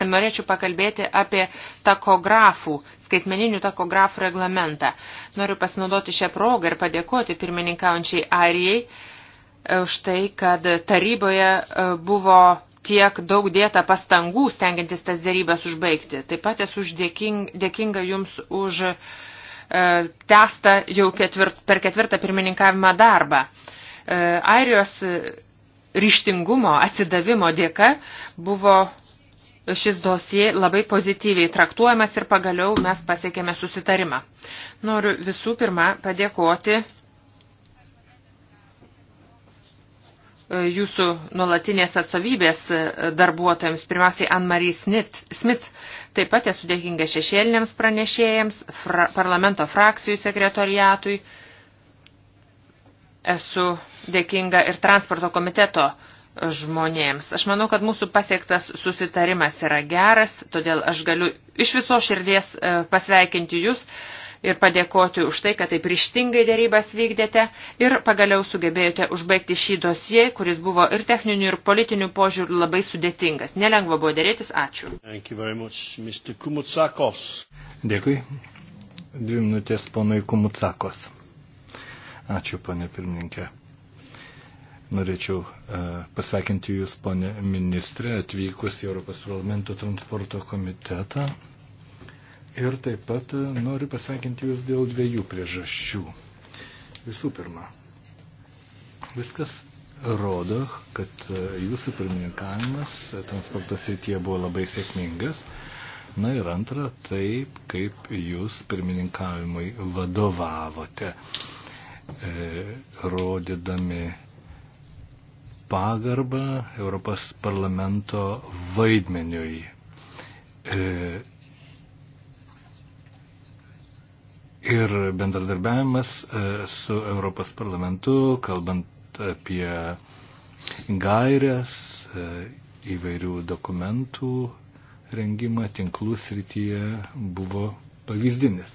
Speaker 3: Ir norėčiau pakalbėti apie takografų, skaitmeninių takografų reglamentą. Noriu pasinaudoti šią progą ir padėkoti pirmininkaujančiai Arijai e, už tai, kad taryboje e, buvo tiek daug dėta pastangų stengiantis tas dėrybės užbaigti. Taip pat esu dėking, dėkinga Jums už uh, E, testa jau ketvirt, per ketvirtą pirmininkavimą darbą. E, Airijos ryštingumo, atsidavimo dėka buvo šis dosie labai pozityviai traktuojamas ir pagaliau mes pasiekėme susitarimą. Noriu visų pirma padėkoti E, jūsų nuolatinės atsovybės e, darbuotojams, pirmiausiai Anne-Marie Smith. Taip pat esu dėkinga šešėliniams pranešėjams, fra, parlamento frakcijų sekretoriatui. Esu dėkinga ir transporto komiteto žmonėms. Aš manau, kad mūsų pasiektas susitarimas yra geras, todėl aš galiu iš viso širdies e, pasveikinti jūs ir padėkoti už tai, kad taip ryštingai dėrybas vykdėte ir pagaliau sugebėjote užbaigti šį dosiją, kuris buvo ir techninių, ir politinių požiūrių labai sudėtingas. Nelengva buvo dėrėtis, ačiū. Much,
Speaker 1: Dėkui. Dvi minutės ponui Kumutsakos. Ačiū, ponė pirmininkė. Norėčiau e, pasveikinti Jūs, ponė ministrė, atvykus į Europos parlamento transporto komitetą. Ir taip pat e, noriu pasveikinti Jūs dėl dviejų priežasčių. Visų pirma, viskas rodo, kad e, Jūsų pirmininkavimas transporto srityje buvo labai sėkmingas. Na ir antra, taip kaip Jūs pirmininkavimui vadovavote, e, rodydami pagarbą Europos parlamento vaidmeniui. E, ir bendradarbiavimas e, su Europos parlamentu, kalbant apie gairias e, įvairių dokumentų rengimą tinklų srityje buvo pavyzdinis.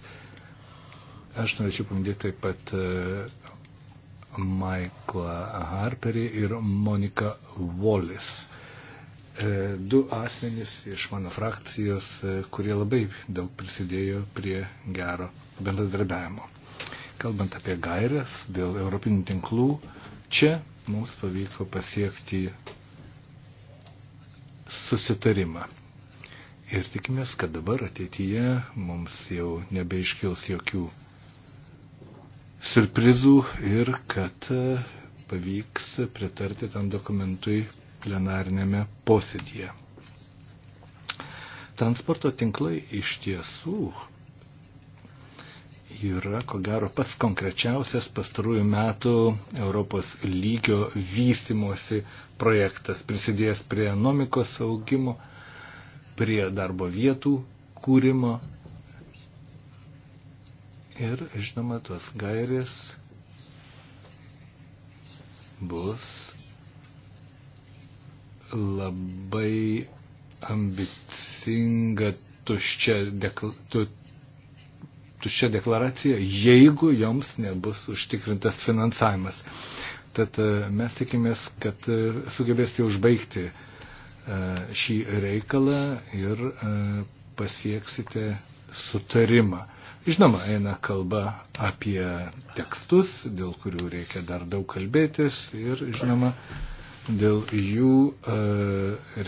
Speaker 1: Aš norėčiau paminėti taip pat e, Maiklą Harperį ir Moniką Wallis E, du asmenys iš mano frakcijos, e, kurie labai daug prisidėjo prie gero bendradarbiavimo. Kalbant apie gairias dėl europinių tinklų, čia mums pavyko pasiekti susitarimą. Ir tikimės, kad dabar ateityje mums jau nebeiškils jokių surprizų ir kad e, pavyks pritarti tam dokumentui plenarnėme posėdėje. Transporto tinklai iš tiesų yra, ko gero, pats konkrečiausias pastarųjų metų Europos lygio vystimosi projektas, prisidėjęs prie ekonomikos augimo, prie darbo vietų kūrimo. Ir, žinoma, tos gairės bus labai ambicinga tuščia, dekla, tu, tuščia deklaracija, jeigu joms nebus užtikrintas finansavimas. Tad e, mes tikimės, kad e, sugebėsite užbaigti e, šį reikalą ir pasieksite sutarimą. Žinoma, eina kalba apie tekstus, dėl kurių reikia dar daug kalbėtis ir, žinoma, Dėl jų e,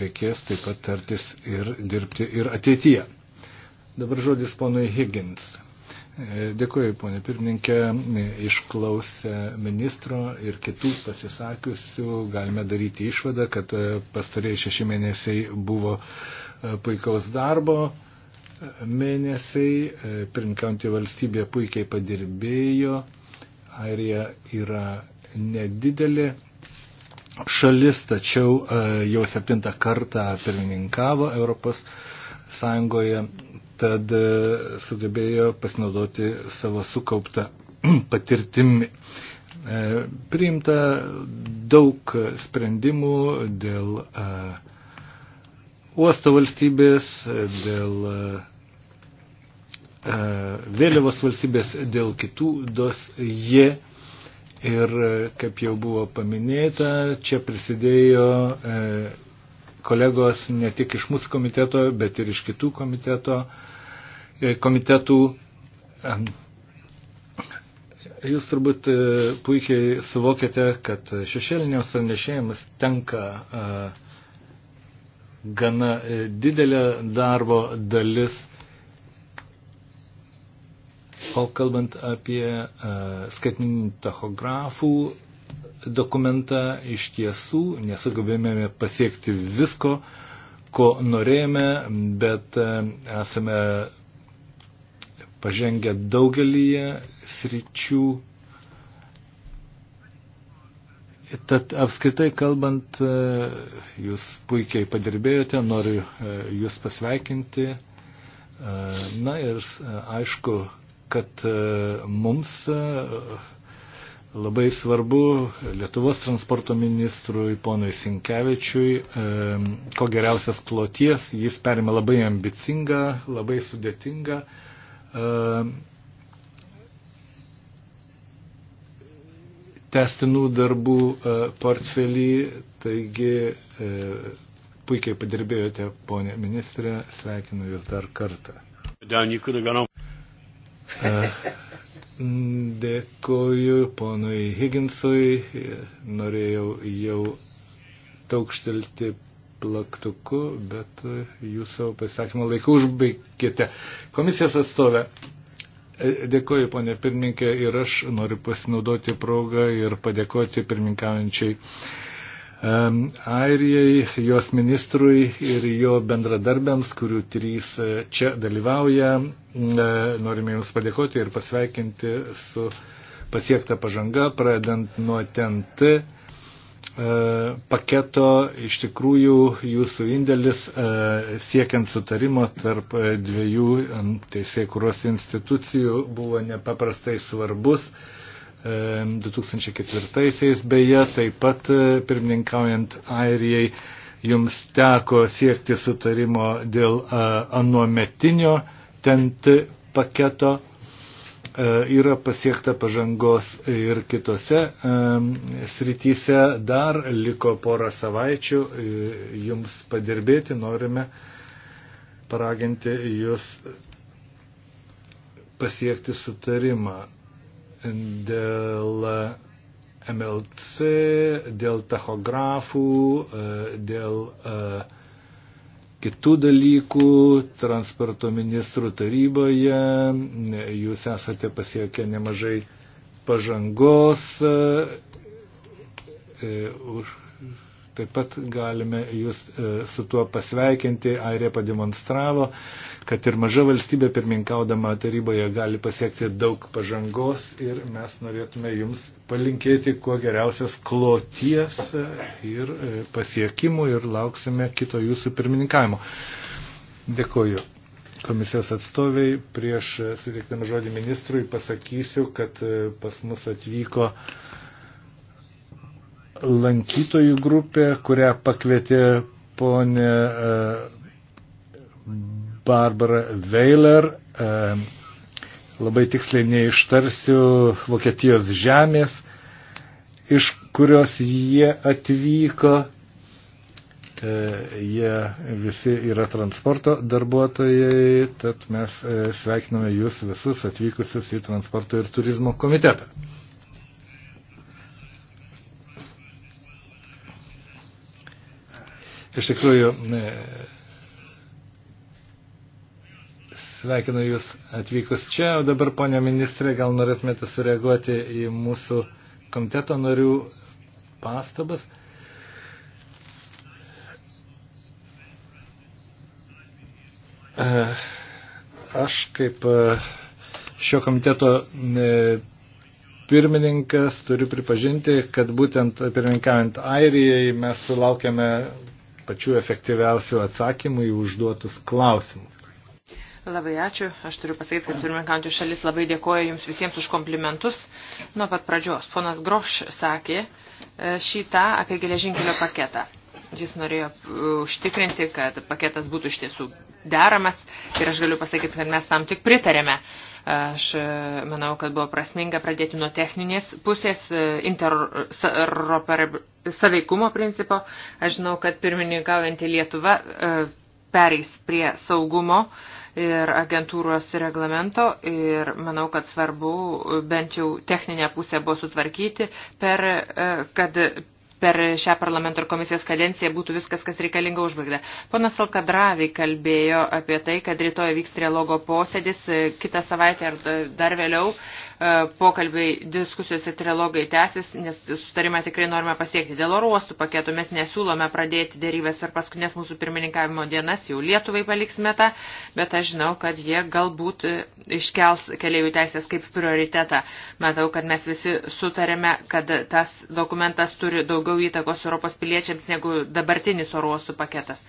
Speaker 1: reikės taip pat tartis ir dirbti ir ateityje. Dabar žodis ponui Higgins. E, dėkuoju, ponė pirmininkė, e, išklausę ministro ir kitų pasisakiusių, galime daryti išvadą, kad pastarėjai šeši mėnesiai buvo puikaus darbo mėnesiai, pirinkianti valstybė puikiai padirbėjo, airija yra nedidelė, šalis, tačiau e, jau septintą kartą pirmininkavo Europos Sąjungoje, tad e, sugebėjo pasinaudoti savo sukauptą [CLEARS THROAT] patirtimi. E, priimta daug sprendimų dėl uosto valstybės, dėl vėliavos valstybės, dėl kitų dosje. Yeah Ir e, kaip jau buvo paminėta, čia prisidėjo e, kolegos ne tik iš mūsų komiteto, bet ir iš kitų komiteto, e, komitetų. Jūs turbūt puikiai suvokėte, kad šešėliniams pranešėjams tenka gana didelė darbo dalis O kalbant apie e, skaitminį tachografų dokumentą, iš tiesų nesugebėjome pasiekti visko, ko norėjome, bet e, esame pažengę daugelį sričių. Tad apskritai kalbant, e, jūs puikiai padirbėjote, noriu jūs pasveikinti. Na ir aišku, kad e, mums e, labai svarbu Lietuvos transporto ministrui ponui Sinkevičiui, e, ko geriausias kloties, jis perėmė labai ambicingą, labai sudėtingą testinų darbų portfelį, taigi puikiai padirbėjote, ponė ministrė, sveikinu Jūs dar kartą. Dėkoju ponui Higginsui. Norėjau jau taukštelti plaktuku, bet jūs savo pasisakymą laiku užbaigkite. Komisijos atstovė. E, dėkoju, ponė pirmininkė, ir aš noriu pasinaudoti progą ir padėkoti pirmininkaujančiai Airijai, jos ministrui ir jo bendradarbiams, kurių trys e, čia dalyvauja. E, norime Jums padėkoti ir pasveikinti su pasiektą pažangą, pradedant nuo TNT paketo. Iš tikrųjų, Jūsų indėlis e, siekiant sutarimo tarp dviejų teisėkuros institucijų buvo nepaprastai svarbus. 2004-aisiais, beje, taip pat e, pirmininkaujant Airijai jums teko siekti sutarimo dėl e, anuometinio tent paketo. E, yra pasiekta pažangos ir kitose srityse. Dar liko porą savaičių jums padirbėti. Norime paraginti jūs pasiekti sutarimą dėl MLC, dėl tachografų, e, dėl e, kitų dalykų transporto ministrų taryboje. Jūs esate pasiekę nemažai pažangos. E, už Taip pat galime jūs e, su tuo pasveikinti. Airija pademonstravo, kad ir maža valstybė pirmininkaudama taryboje gali pasiekti daug pažangos ir mes norėtume jums palinkėti kuo geriausios kloties e, ir e, pasiekimų ir lauksime kito jūsų pirmininkavimo. Dėkoju. Komisijos atstoviai prieš suteikdami žodį ministrui pasakysiu, kad pas mus atvyko uh, lankytojų grupė, kurią pakvietė ponė e, Barbara Weiler. E, labai tiksliai neištarsiu Vokietijos žemės, iš kurios jie atvyko. E, jie visi yra transporto darbuotojai, tad mes sveikiname jūs visus atvykusius į transporto ir turizmo komitetą. Iš tikrųjų, e, sveikinu Jūs atvykus čia, o dabar, ponia ministrė, gal norėtumėte sureaguoti į mūsų komiteto narių pastabas. E, aš kaip e, šio komiteto pirmininkas turiu pripažinti, kad būtent pirmininkaujant Airijai mes sulaukėme pačių efektyviausių atsakymų į užduotus klausimus.
Speaker 3: Labai ačiū. Aš turiu pasakyti, kad pirmininkantys šalis labai dėkoja Jums visiems už komplimentus. Nuo pat pradžios ponas Groš sakė e, šitą apie geležinkelio paketą. Jis norėjo e, užtikrinti, kad paketas būtų iš tiesų deramas ir aš galiu pasakyti, kad mes tam tik pritarėme. Uh, Aš e, manau, kad buvo prasminga pradėti nuo techninės pusės e, saveikumo principo. Aš žinau, kad pirmininkaujantį Lietuvą e, pereis prie saugumo ir agentūros reglamento ir manau, kad svarbu bent jau techninę pusę buvo sutvarkyti, per, kad per šią parlamento ir komisijos kadenciją būtų viskas, kas reikalinga užbaigta. Ponas Alkadravi kalbėjo apie tai, kad rytoj vyks trialogo posėdis, e, kitą savaitę ar dar vėliau E, pokalbiai, diskusijos ir trilogai tęsis, nes sutarimą tikrai norime pasiekti. Dėl oro uostų paketų mes nesiūlome pradėti dėrybės per paskutinės mūsų pirmininkavimo dienas, jau Lietuvai paliksime tą, bet aš žinau, kad jie galbūt iškels keliaivių teisės kaip prioritetą. Matau, kad mes visi sutarėme, kad tas dokumentas turi daugiau įtakos Europos piliečiams negu dabartinis oro uostų paketas.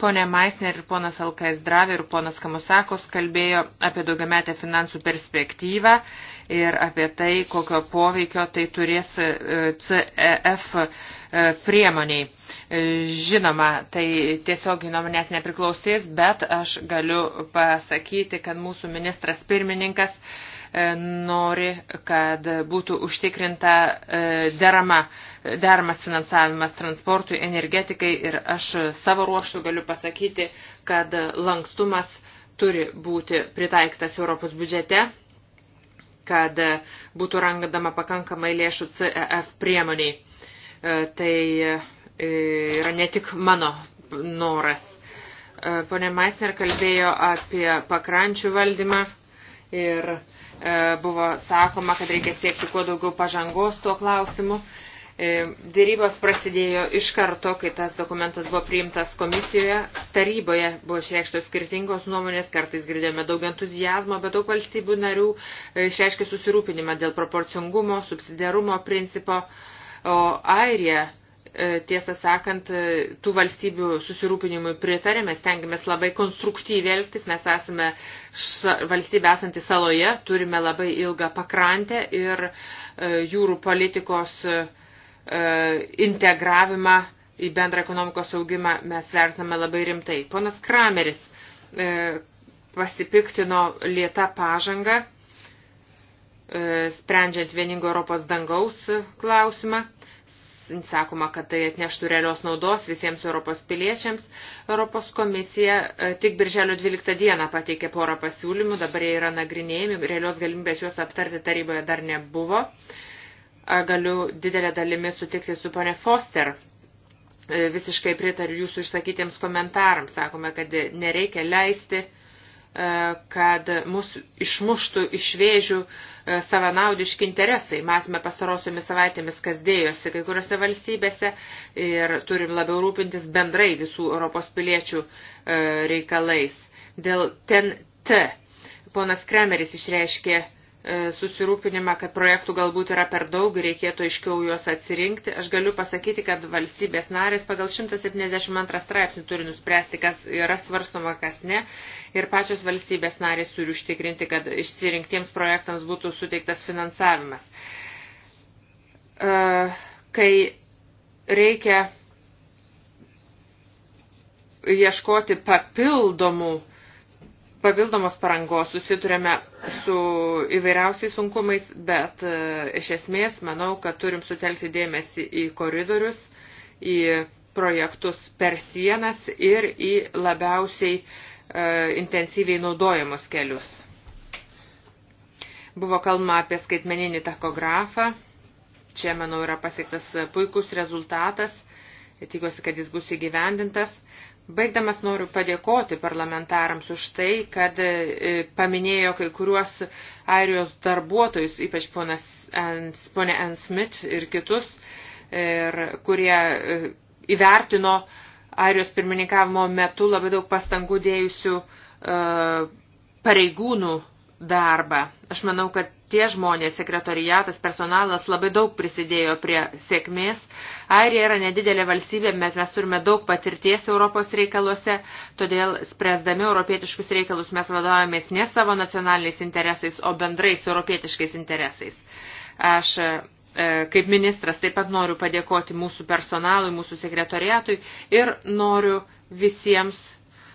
Speaker 3: Pone Maisner ir ponas Alkais Dravė ir ponas Kamusakos kalbėjo apie daugiametę finansų perspektyvą ir apie tai, kokio poveikio tai turės e, CEF e, priemoniai. E, žinoma, tai tiesiog nuo manęs nepriklausys, bet aš galiu pasakyti, kad mūsų ministras pirmininkas uh, E, nori, kad būtų užtikrinta e, derama, deramas finansavimas transportui, energetikai ir aš savo ruoštų galiu pasakyti, kad lankstumas turi būti pritaiktas Europos biudžete kad būtų rangdama pakankamai lėšų CEF priemoniai. E, tai yra ne tik mano noras. Pone Maisner kalbėjo apie pakrančių valdymą ir E, buvo sakoma, kad reikia siekti kuo daugiau pažangos tuo klausimu. E, dėrybos prasidėjo iš karto, kai tas dokumentas buvo priimtas komisijoje. Taryboje buvo išreikštos skirtingos nuomonės, kartais girdėjome daug entuzijazmo, bet daug valstybių narių e, išreiškė susirūpinimą dėl proporcingumo, subsidiarumo principo. O Airija E, tiesą sakant, e, tų valstybių susirūpinimui pritarėme, stengiamės labai konstruktyviai elgtis, mes esame valstybė esanti saloje, turime labai ilgą pakrantę ir e, jūrų politikos integravimą į bendrą ekonomikos augimą mes vertiname labai rimtai. Ponas Krameris pasipiktino lietą pažangą, sprendžiant vieningo Europos dangaus klausimą sakoma, kad tai atneštų realios naudos visiems Europos piliečiams. Europos komisija e, tik birželio 12 dieną pateikė porą pasiūlymų, dabar jie yra nagrinėjami, realios galimybės juos aptarti taryboje dar nebuvo. Galiu didelę dalimi sutikti su ponė Foster. E, visiškai pritariu jūsų išsakytiems komentarams. Sakome, kad nereikia leisti, e, kad mus išmuštų iš vėžių uh, savanaudiški interesai. Matome pastarosiomis savaitėmis, kas dėjosi kai kuriuose valstybėse ir turim labiau rūpintis bendrai visų Europos piliečių e, reikalais. Dėl ten T. Ponas Kremeris išreiškė E, susirūpinimą, kad projektų galbūt yra per daug ir reikėtų aiškiau juos atsirinkti. Aš galiu pasakyti, kad valstybės narės pagal 172 straipsnį turi nuspręsti, kas yra svarstoma, kas ne. Ir pačios valstybės narės turi užtikrinti, kad išsirinktiems projektams būtų suteiktas finansavimas. E, kai reikia ieškoti papildomų papildomos parangos susidurėme su įvairiausiais sunkumais, bet e, iš esmės manau, kad turim sutelkti dėmesį į koridorius, į projektus per sienas ir į labiausiai e, intensyviai naudojamus kelius. Buvo kalbama apie skaitmeninį takografą. Čia, manau, yra pasiektas puikus rezultatas. Tikiuosi, kad jis bus įgyvendintas. Baigdamas noriu padėkoti parlamentarams už tai, kad e, paminėjo kai kuriuos airijos darbuotojus, ypač ponas, ponė Ann Smith ir kitus, ir kurie e, įvertino airijos pirmininkavimo metu labai daug pastangų dėjusių e, pareigūnų darbą. Aš manau, kad tie žmonės, sekretariatas, personalas labai daug prisidėjo prie sėkmės. Airija yra nedidelė valstybė, bet mes turime daug patirties Europos reikaluose, todėl spręsdami europietiškus reikalus mes vadovavomės ne savo nacionaliniais interesais, o bendrais europietiškais interesais. Aš e, kaip ministras taip pat noriu padėkoti mūsų personalui, mūsų sekretariatui ir noriu visiems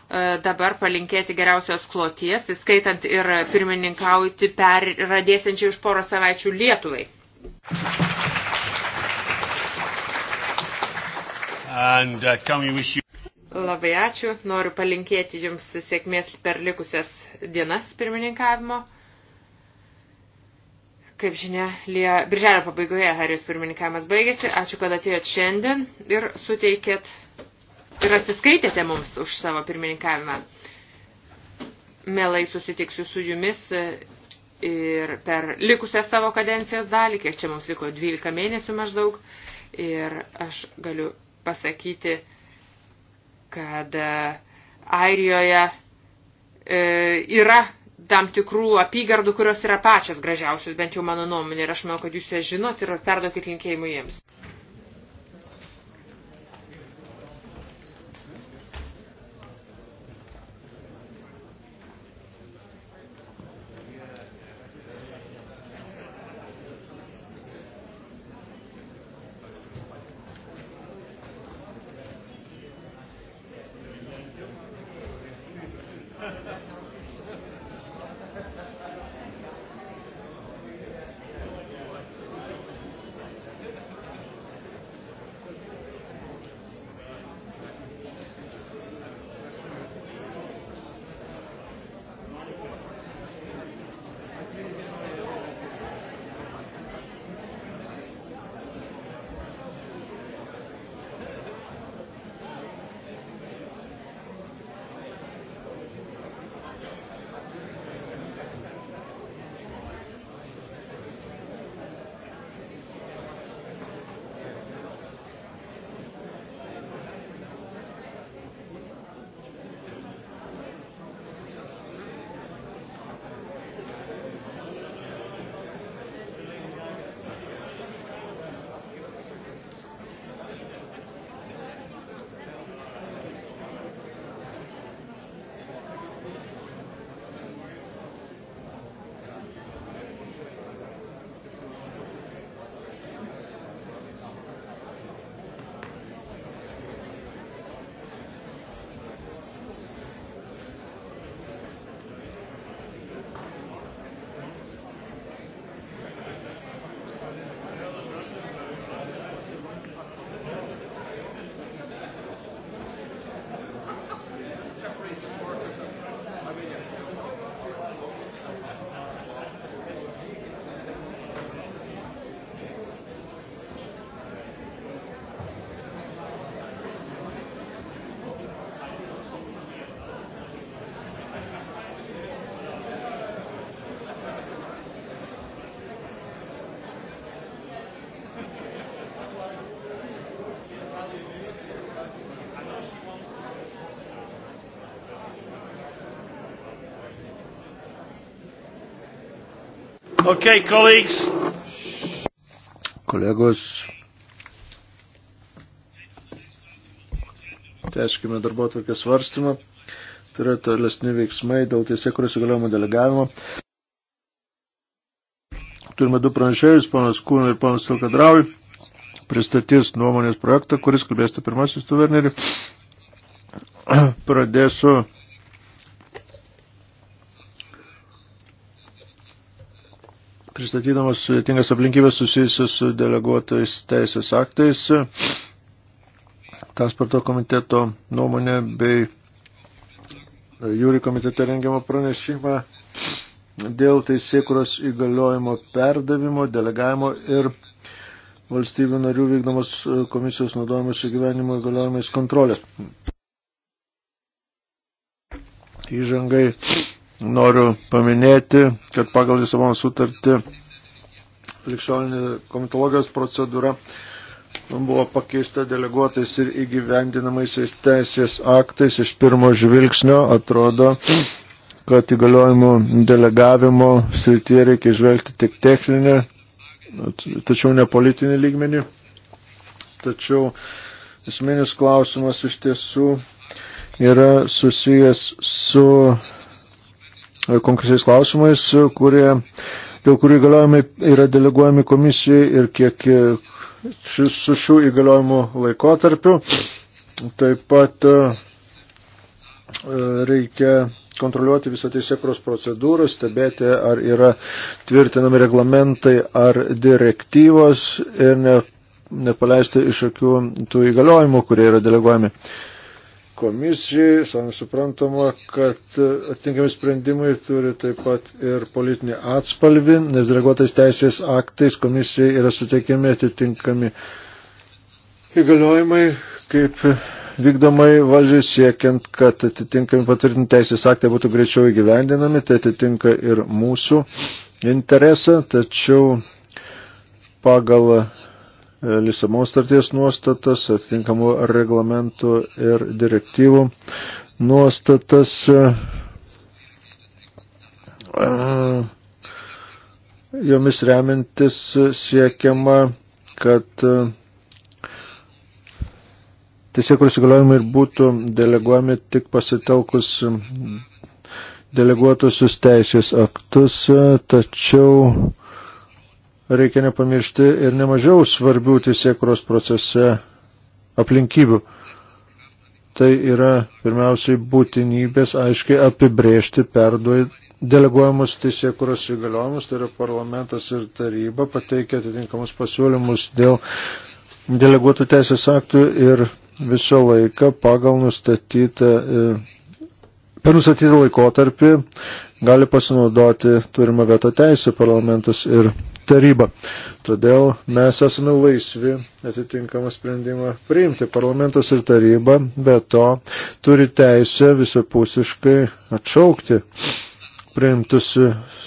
Speaker 3: E, dabar palinkėti geriausios kloties, įskaitant ir pirmininkauti per radėsiančiai už porą savaičių Lietuvai.
Speaker 1: And, uh, can we wish you...
Speaker 3: Labai ačiū. Noriu palinkėti Jums sėkmės per likusias dienas pirmininkavimo. Kaip žinia, lie... birželio pabaigoje Harijos pirmininkavimas baigėsi. Ačiū, kad atėjot šiandien ir suteikėt ir atsiskaitėte mums už savo pirmininkavimą. Mielai susitiksiu su jumis e, ir per likusią savo kadencijos dalį, kiek čia mums liko 12 mėnesių maždaug, ir aš galiu pasakyti, kad e, Airijoje e, yra tam tikrų apygardų, kurios yra pačios gražiausios, bent jau mano nuomonė, ir aš manau, kad jūs jas žinot ir perduokit linkėjimų jiems.
Speaker 1: Okay, colleagues.
Speaker 2: Kolegos. Teškime darbo tokio svarstymą. Tai yra tolesni veiksmai dėl teisėkurio įgaliojimo delegavimo. Turime du pranešėjus, panas Kūną ir panas Tilkadraui. Pristatys nuomonės projektą, kuris kalbėsite pirmasis, tu Werneri. [CLEARS THROAT] Pradėsiu pristatydamas sudėtingas aplinkybės susijusios su deleguotais teisės aktais, transporto komiteto nuomonė bei jūri komitete rengiamą pranešimą dėl teisėkuros įgaliojimo perdavimo, delegavimo ir valstybių narių vykdomos komisijos naudojamos įgyvenimo įgaliojimais kontrolės. Įžangai noriu paminėti, kad pagal Lisabono sutartį likščioninė komitologijos procedūra buvo pakeista deleguotais ir įgyvendinamaisiais teisės aktais. Iš pirmo žvilgsnio atrodo, kad įgaliojimų delegavimo srityje reikia žvelgti tik techninę, tačiau ne politinį lygmenį. Tačiau esminis klausimas iš tiesų yra susijęs su konkrečiais klausimais, kurie, dėl kurių įgaliojimai yra deleguojami komisijai ir kiek e, šis, su šių įgaliojimų laikotarpiu. Taip pat e, reikia kontroliuoti visą teisėkros procedūrą, stebėti, ar yra tvirtinami reglamentai ar direktyvos ir ne, nepaleisti iš akių tų įgaliojimų, kurie yra deleguojami komisijai, savai suprantama, kad atitinkami sprendimai turi taip pat ir politinį atspalvį, nes reaguotais teisės aktais komisijai yra suteikiami atitinkami įgaliojimai kaip vykdomai valdžiai siekiant, kad atitinkami patvirtinti teisės aktai būtų greičiau įgyvendinami, tai atitinka ir mūsų interesą, tačiau pagal E, Lisabos starties nuostatas, atitinkamų reglamentų ir direktyvų nuostatas. E, jomis remintis siekiama, kad e, teisėkurių įgaliojimai ir būtų deleguojami tik pasitelkus deleguotusius teisės aktus, tačiau reikia nepamiršti ir nemažiau svarbių teisėkuros procese aplinkybių. Tai yra pirmiausiai būtinybės aiškiai apibrėžti perduoj deleguojamus teisėkuros įgaliojimus, tai yra parlamentas ir taryba pateikia atitinkamus pasiūlymus dėl deleguotų teisės aktų ir visą laiką pagal nustatytą, e, per nustatytą laikotarpį gali pasinaudoti turimą veto teisę parlamentas ir taryba. Todėl mes esame laisvi atitinkamą sprendimą priimti. Parlamentas ir taryba be to turi teisę visapusiškai atšaukti priimtus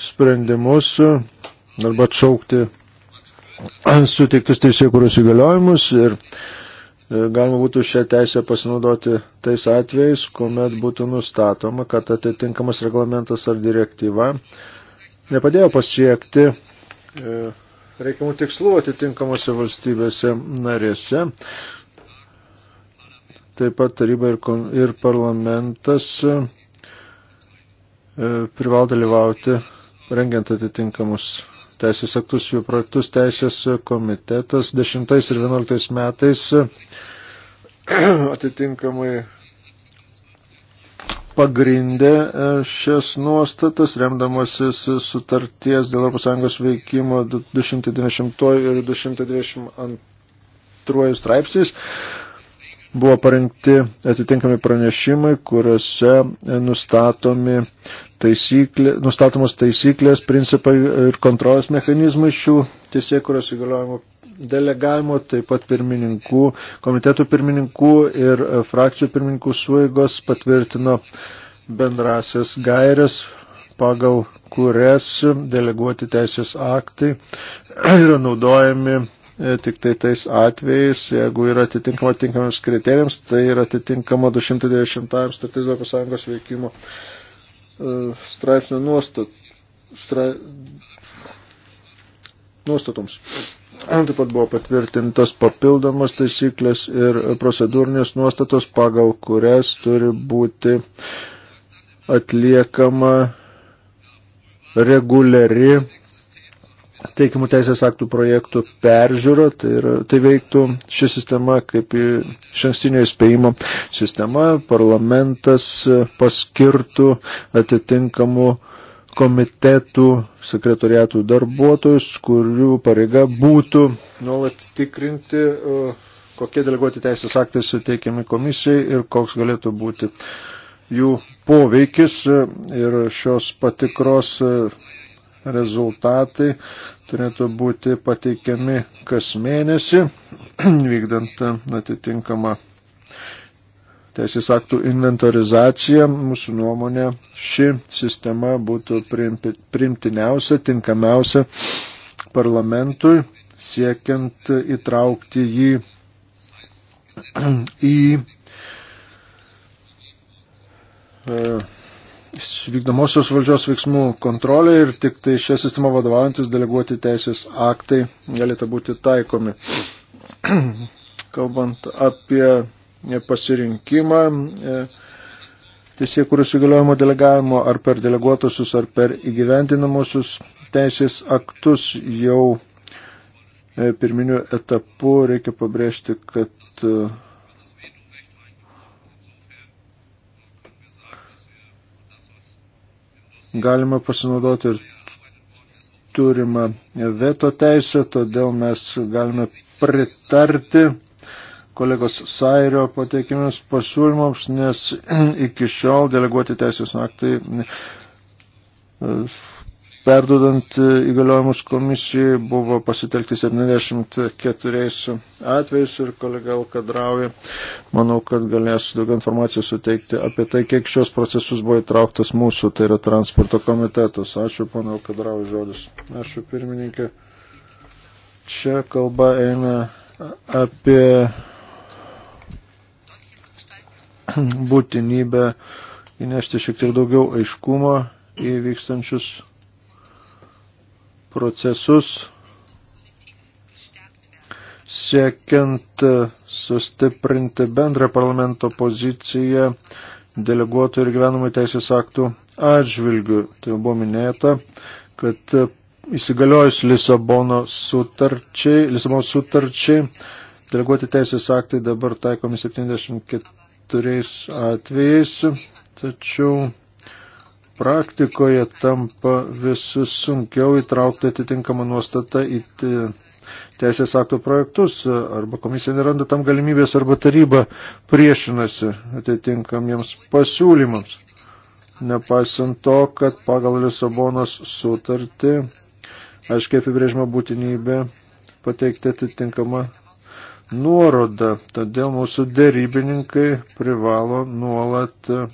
Speaker 2: sprendimus arba atšaukti suteiktus teisėkūros įgaliojimus ir e, galima būtų šią teisę pasinaudoti tais atvejais, kuomet būtų nustatoma, kad atitinkamas reglamentas ar direktyva nepadėjo pasiekti E, reikiamų tikslų atitinkamose valstybėse narėse. Taip pat taryba ir, ir parlamentas e, privalo dalyvauti rengiant atitinkamus teisės aktus, jų projektus teisės komitetas 10 ir 11 metais [CLEARS THROAT] atitinkamai pagrindė e, šias nuostatas, remdamasis sutarties dėl ES veikimo 290 ir 222 straipsniais, buvo parengti atitinkami pranešimai, kuriuose e, nustatomi taisyklė, nustatomos taisyklės, principai ir kontrolės mechanizmai šių teisėkuros įgaliojimų delegavimo, taip pat pirmininkų, komitetų pirmininkų ir e, frakcijų pirmininkų suėgos patvirtino bendrasias gairias, pagal kurias deleguoti teisės aktai [CLEARS THROAT] yra naudojami e, tik tai tais atvejais, jeigu yra atitinkama tinkamiems kriterijams, tai yra atitinkama 290 statys Europos Sąjungos veikimo e, straipsnio nuostat, stra, nuostatoms. Taip pat buvo patvirtintos papildomos taisyklės ir procedūrinės nuostatos, pagal kurias turi būti atliekama reguliari teikimų teisės aktų projektų peržiūra, tai, yra, tai veiktų ši sistema kaip šankstinio įspėjimo sistema, parlamentas paskirtų atitinkamų uh, komitetų, sekretoriatų darbuotojus, kurių pareiga būtų nuolat tikrinti, e, kokie deleguoti teisės aktai suteikiami komisijai ir koks galėtų būti jų poveikis e, ir šios patikros e, rezultatai turėtų būti pateikiami kas mėnesį, [CLEARS THROAT] vykdant atitinkamą teisės aktų inventorizacija, mūsų nuomonė, ši sistema būtų primtiniausia, tinkamiausia parlamentui, siekiant įtraukti jį [CLEARS THROAT] į e, vykdomosios valdžios veiksmų kontrolę ir tik tai šią sistemą vadovaujantis deleguoti teisės aktai galėtų būti taikomi. [CLEARS THROAT] Kalbant apie E, pasirinkimą e, teisėjų kurių įgaliojimo delegavimo ar per deleguotusius ar per įgyvendinamosius teisės aktus jau e, pirminiu etapu reikia pabrėžti, kad galima pasinaudoti ir turimą veto teisę, todėl mes galime pritarti kolegos Sairio pateikimus pasiūlymams, nes [CLEARS THROAT] iki šiol deleguoti teisės aktai e, perdodant e, įgaliojimus komisijai buvo pasitelkti 74 atvejus ir kolega Alkadrauja, manau, kad galės daugiau informacijos suteikti apie tai, kiek šios procesus buvo įtrauktas mūsų, tai yra transporto komitetas. Ačiū, pana Alkadrauja, žodis. Ačiū, pirmininkė. Čia kalba eina apie [CLEARS THROAT] būtinybę įnešti šiek tiek daugiau aiškumo į vykstančius procesus, siekiant sustiprinti bendrą parlamento poziciją deleguotų ir gyvenamų teisės aktų atžvilgių. Tai buvo minėta, kad įsigaliojus Lisabono sutarčiai, Lisabono sutarčiai deleguoti teisės aktai dabar taikomi 74 keturiais atvejais, tačiau praktikoje tampa vis sunkiau įtraukti atitinkamą nuostatą į teisės akto projektus, arba komisija neranda tam galimybės, arba taryba priešinasi atitinkamiems pasiūlymams. Nepaisant to, kad pagal Lisabonos sutartį aiškiai apibrėžima būtinybė pateikti atitinkamą nuoroda, todėl mūsų dėrybininkai privalo nuolat e,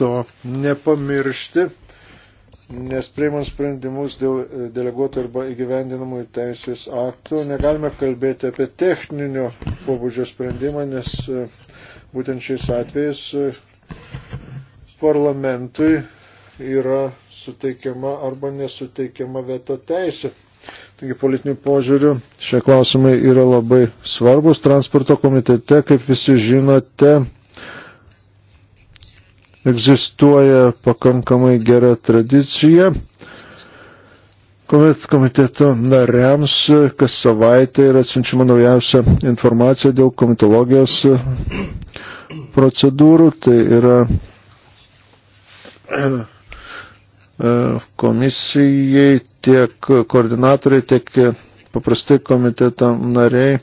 Speaker 2: to nepamiršti, nes priimant sprendimus dėl e, deleguotų arba įgyvendinamų teisės aktų negalime kalbėti apie techninio pobūdžio sprendimą, nes e, būtent šiais atvejais parlamentui yra suteikiama arba nesuteikiama veto teisė. Taigi politinių požiūrių šie klausimai yra labai svarbus. Transporto komitete, kaip visi žinote, egzistuoja pakankamai gera tradicija, kuomet komiteto nariams kas savaitę yra atsiunčiama naujausia informacija dėl komitologijos procedūrų. Tai yra E, komisijai tiek koordinatoriai, tiek paprastai komiteto nariai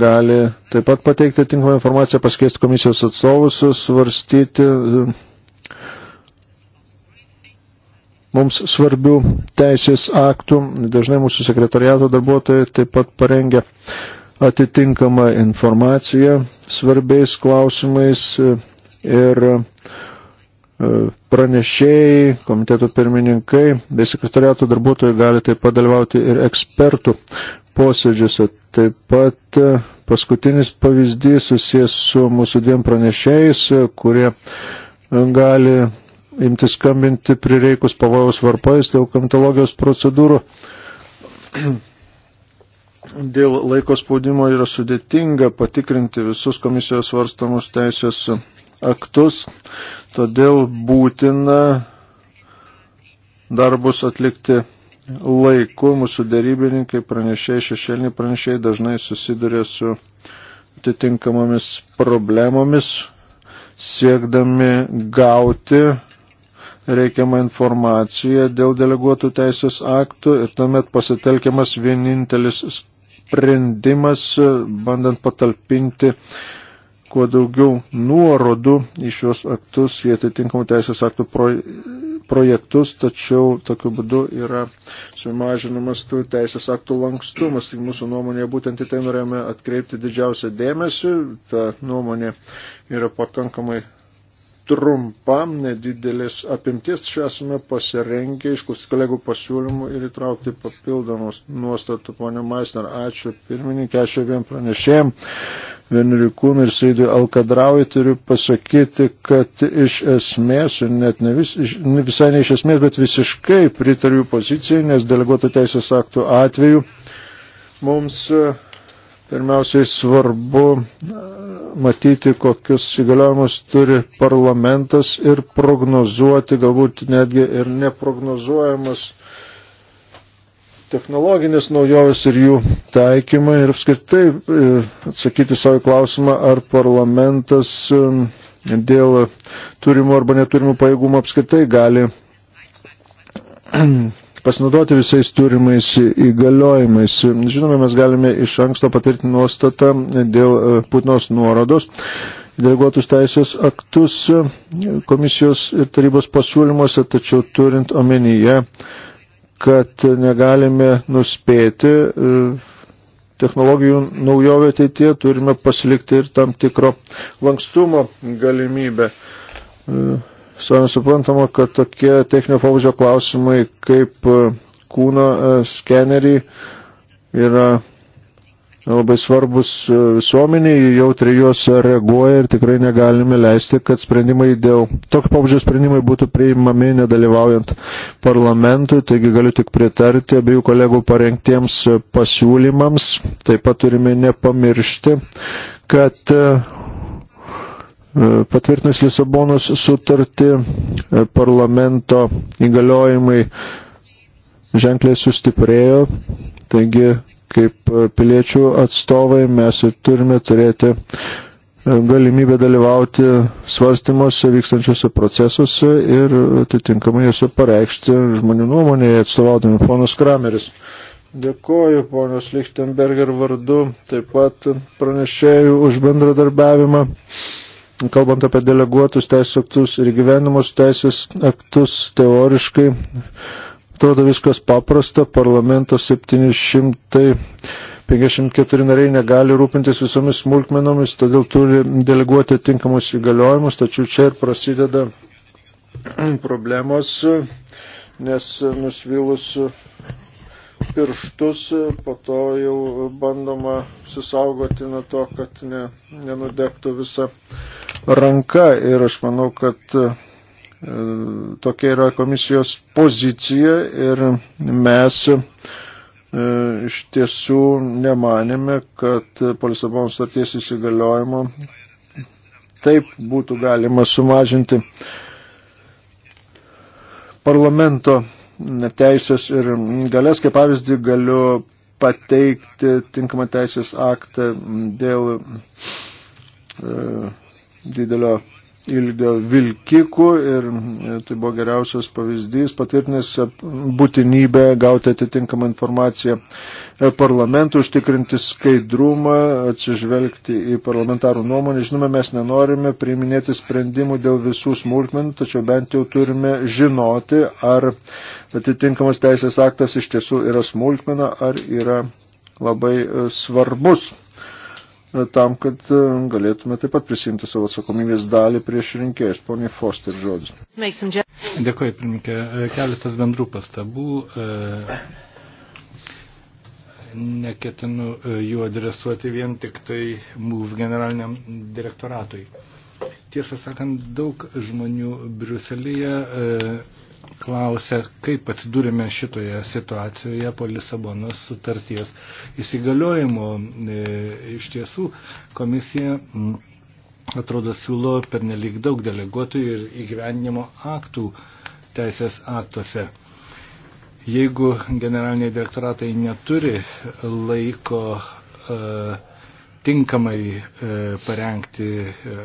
Speaker 2: gali taip pat pateikti tinkamą informaciją, pasikeisti komisijos atstovus, svarstyti e, mums svarbių teisės aktų. Dažnai mūsų sekretariato darbuotojai taip pat parengia atitinkamą informaciją svarbiais klausimais e, ir E, pranešėjai, komiteto pirmininkai, bei sekretariato darbuotojai gali taip pat dalyvauti ir ekspertų posėdžiuose. Taip pat e, paskutinis pavyzdys susijęs su mūsų dviem pranešėjais, e, kurie gali imti skambinti prireikus pavojaus varpais dėl komitologijos procedūrų. [CLEARS THROAT] Dėl laiko spaudimo yra sudėtinga patikrinti visus komisijos svarstamus teisės aktus, todėl būtina darbus atlikti laiku. Mūsų dėrybininkai, pranešėjai, šešėliniai pranešėjai dažnai susiduria su atitinkamomis problemomis, siekdami gauti reikiamą informaciją dėl deleguotų teisės aktų ir tuomet pasitelkiamas vienintelis sprendimas, bandant patalpinti kuo daugiau nuorodų iš juos aktus į atitinkamų teisės aktų projektus, tačiau tokiu būdu yra sumažinamas tų teisės aktų lankstumas. Tai mūsų nuomonė būtent į tai norėjome atkreipti didžiausią dėmesį. Ta nuomonė yra pakankamai trumpam nedidelės apimties, čia esame pasirengę išklausyti kolegų pasiūlymų ir įtraukti papildomus nuostatų. Pone Maisner, ačiū pirmininkė, ačiū vien pranešėjim, Venrikūn ir Seidui Alkadraui turiu pasakyti, kad iš esmės, net ne vis, visai ne iš esmės, bet visiškai pritariu pozicijai, nes deleguotų teisės aktų atveju mums uh, Pirmiausiai svarbu e, matyti, kokius įgaliojimus turi parlamentas ir prognozuoti, galbūt netgi ir neprognozuojamas technologinės naujovės ir jų taikymą ir apskritai e, atsakyti savo klausimą, ar parlamentas e, dėl turimų arba neturimų pajėgumų apskritai gali pasinaudoti visais turimais įgaliojimais. Žinome, mes galime iš anksto patvirtinti nuostatą dėl e, Putinos nuorodos. Deleguotus teisės aktus e, komisijos ir tarybos pasiūlymuose, tačiau turint omenyje, kad negalime nuspėti e, technologijų naujovė ateitie, turime pasilikti ir tam tikro lankstumo galimybę. Savame suprantama, kad tokie techninio pavadžio klausimai kaip e, kūno e, skeneriai yra labai svarbus e, visuomeniai, jautri juos reaguoja ir tikrai negalime leisti, kad sprendimai dėl tokio pabudžio sprendimai būtų priimami nedalyvaujant parlamentui, taigi galiu tik pritarti abiejų kolegų parengtiems pasiūlymams. Taip pat turime nepamiršti, kad E, patvirtinus Lisabonos sutartį, e, parlamento įgaliojimai ženkliai sustiprėjo, taigi kaip e, piliečių atstovai mes ir turime turėti galimybę dalyvauti svarstymuose vykstančiuose procesuose ir atitinkamai juose pareikšti žmonių nuomonėje atstovaudami ponas Krameris. Dėkoju ponios Lichtenberger vardu, taip pat pranešėjų už bendradarbiavimą kalbant apie deleguotus teisės aktus ir gyvenimus teisės aktus, teoriškai atrodo viskas paprasta, parlamento 754 nariai negali rūpintis visomis smulkmenomis, todėl turi deleguoti tinkamus įgaliojimus, tačiau čia ir prasideda [CLEARS THROAT] problemos, nes nusvilus pirštus, po to jau bandoma susaugoti nuo to, kad ne, nenudegtų visa ranka. Ir aš manau, kad e, tokia yra komisijos pozicija ir mes e, iš tiesų nemanėme, kad po Lisabono starties įsigaliojimo taip būtų galima sumažinti parlamento teisės ir galės, kaip pavyzdį, galiu pateikti tinkamą teisės aktą dėl e, didelio ilgio vilkikų ir e, tai buvo geriausias pavyzdys, patvirtinęs būtinybę gauti atitinkamą informaciją e, parlamentų, užtikrinti skaidrumą, atsižvelgti į parlamentarų nuomonę. Žinome, mes nenorime priiminėti sprendimų dėl visų smulkmenų, tačiau bent jau turime žinoti, ar atitinkamas teisės aktas iš tiesų yra smulkmena, ar yra labai e, svarbus tam, kad e, galėtume taip pat prisimti savo atsakomybės dalį prieš rinkėjus. Pone Foster žodis.
Speaker 1: Dėkuoju, pirmininkė. E, keletas bendrų pastabų. E, neketinu jų adresuoti vien tik tai MUV generaliniam direktoratui. Tiesą sakant, daug žmonių Briuselėje klausia, kaip atsidūrėme šitoje situacijoje po Lisabonos sutarties įsigaliojimo. E, iš tiesų, komisija atrodo siūlo per nelik daug deleguotojų ir įgyvenimo aktų teisės aktuose. Jeigu generaliniai direktoratai neturi laiko e, tinkamai e, parengti e,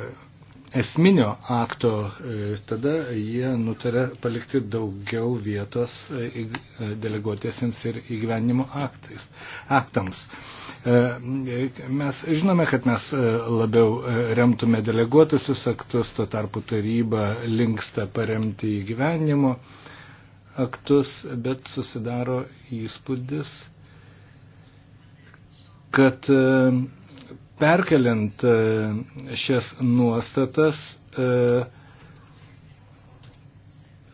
Speaker 1: esminio akto, e, tada jie nutarė palikti daugiau vietos e, e, deleguotiesiems ir įgyvenimo aktais, aktams. Mes žinome, kad mes labiau remtume deleguotusius aktus, tuo tarpu taryba linksta paremti įgyvenimo aktus, bet susidaro įspūdis, kad Perkeliant e, šias nuostatas e,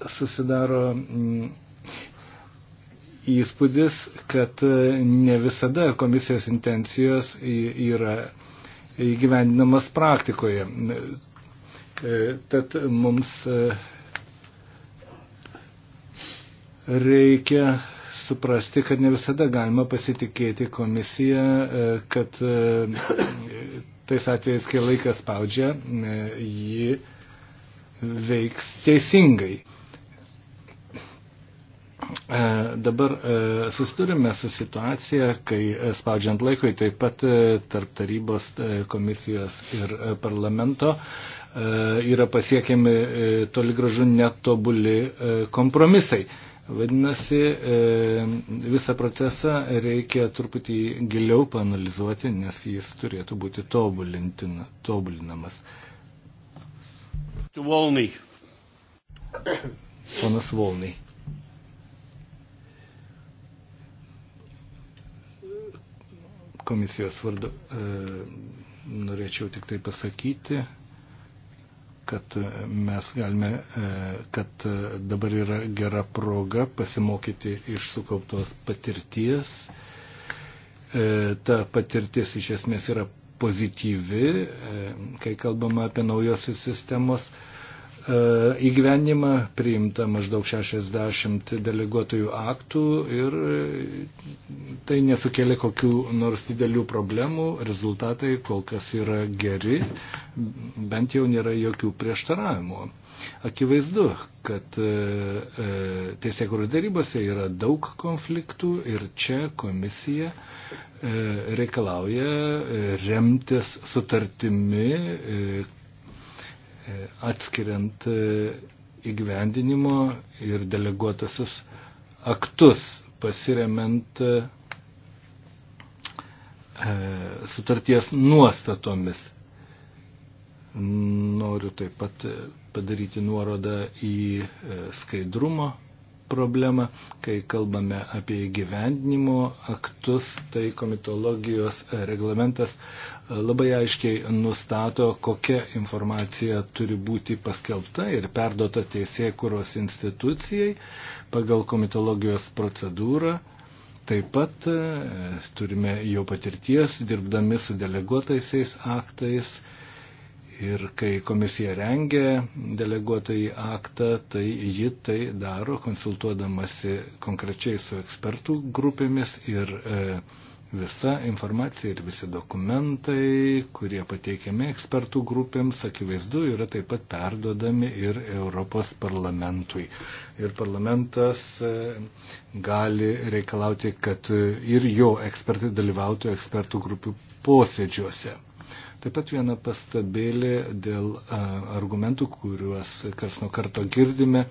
Speaker 1: susidaro mm, įspūdis, kad e, ne visada komisijos intencijos yra įgyvendinamas praktikoje. Tad mums reikia suprasti, kad ne visada galima pasitikėti komisiją, e, kad e, tais atvejais, kai laikas spaudžia, e, ji veiks teisingai. Dabar susidurime su situacija, kai spaudžiant laikui taip pat tarp tarybos komisijos ir parlamento yra pasiekiami toli gražu netobuli kompromisai Vadinasi, e, visą procesą reikia truputį giliau panalizuoti, nes jis turėtų būti tobulinamas. Volny. [COUGHS] Ponas Volny. Komisijos vardu e, norėčiau tik tai pasakyti, kad e, mes galime, e, kad e, dabar yra gera proga pasimokyti iš sukauptos patirties. Ta patirtis iš esmės yra pozityvi, kai kalbama apie naujosios sistemos E, įgyvenimą priimta maždaug 60 deleguotojų aktų ir e, tai nesukėlė kokių nors didelių problemų, rezultatai kol kas yra geri, bent jau nėra jokių prieštaravimų. Akivaizdu, kad e, teisėkurus darybose yra daug konfliktų ir čia komisija reikalauja remtis sutartimi, E, atskiriant e, įgyvendinimo ir deleguotusius aktus pasiremiant e, sutarties nuostatomis. Noriu taip pat padaryti nuorodą į skaidrumo problemą, kai kalbame apie gyvendinimo aktus, tai komitologijos reglamentas e, labai aiškiai nustato, kokia informacija turi būti paskelbta ir perdota teisėkuros institucijai pagal komitologijos procedūrą. Taip pat e, turime jau patirties dirbdami su deleguotaisiais aktais Ir kai komisija rengia deleguotojį aktą, tai ji tai daro konsultuodamasi konkrečiai su ekspertų grupėmis ir e, visa informacija ir visi dokumentai, kurie pateikiami ekspertų grupėms, akivaizdu, yra taip pat perdodami ir Europos parlamentui. Ir parlamentas e, gali reikalauti, kad ir jo ekspertai dalyvautų ekspertų grupių posėdžiuose. Taip pat viena pastabėlė dėl argumentų, kuriuos kas nuo karto girdime,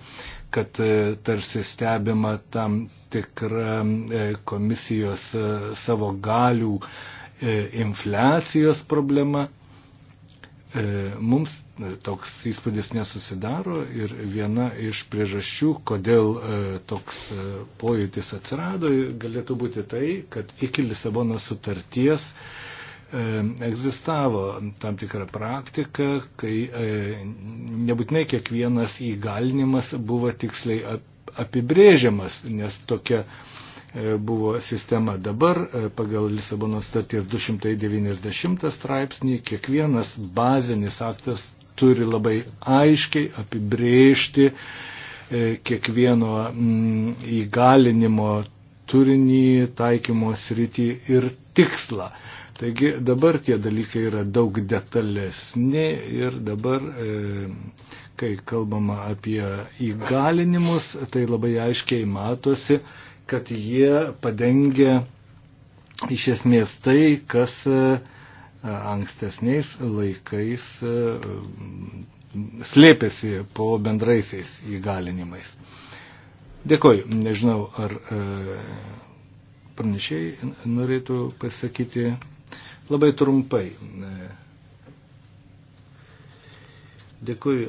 Speaker 1: kad e, tarsi stebima tam tikra e, komisijos e, savo galių infliacijos problema. Mums toks įspūdis nesusidaro ir viena iš priežasčių, kodėl toks pojūtis atsirado, galėtų būti tai, kad iki Lisabono sutarties E, egzistavo tam tikra praktika, kai e, nebūtinai kiekvienas įgalinimas buvo tiksliai apibrėžiamas, nes tokia e, buvo sistema dabar pagal Lisabono starties 290 straipsnį, kiekvienas bazinis aktas turi labai aiškiai apibrėžti kiekvieno mm, įgalinimo turinį, taikymo sritį ir tikslą. Taigi dabar tie dalykai yra daug detalesni ir dabar, e, kai kalbama apie įgalinimus, tai labai aiškiai matosi, kad jie padengia iš esmės tai, kas e, ankstesniais laikais e, slėpėsi po bendraisiais įgalinimais. Dėkoju, nežinau, ar pranešėjai norėtų pasakyti Labai trumpai. Dėkui,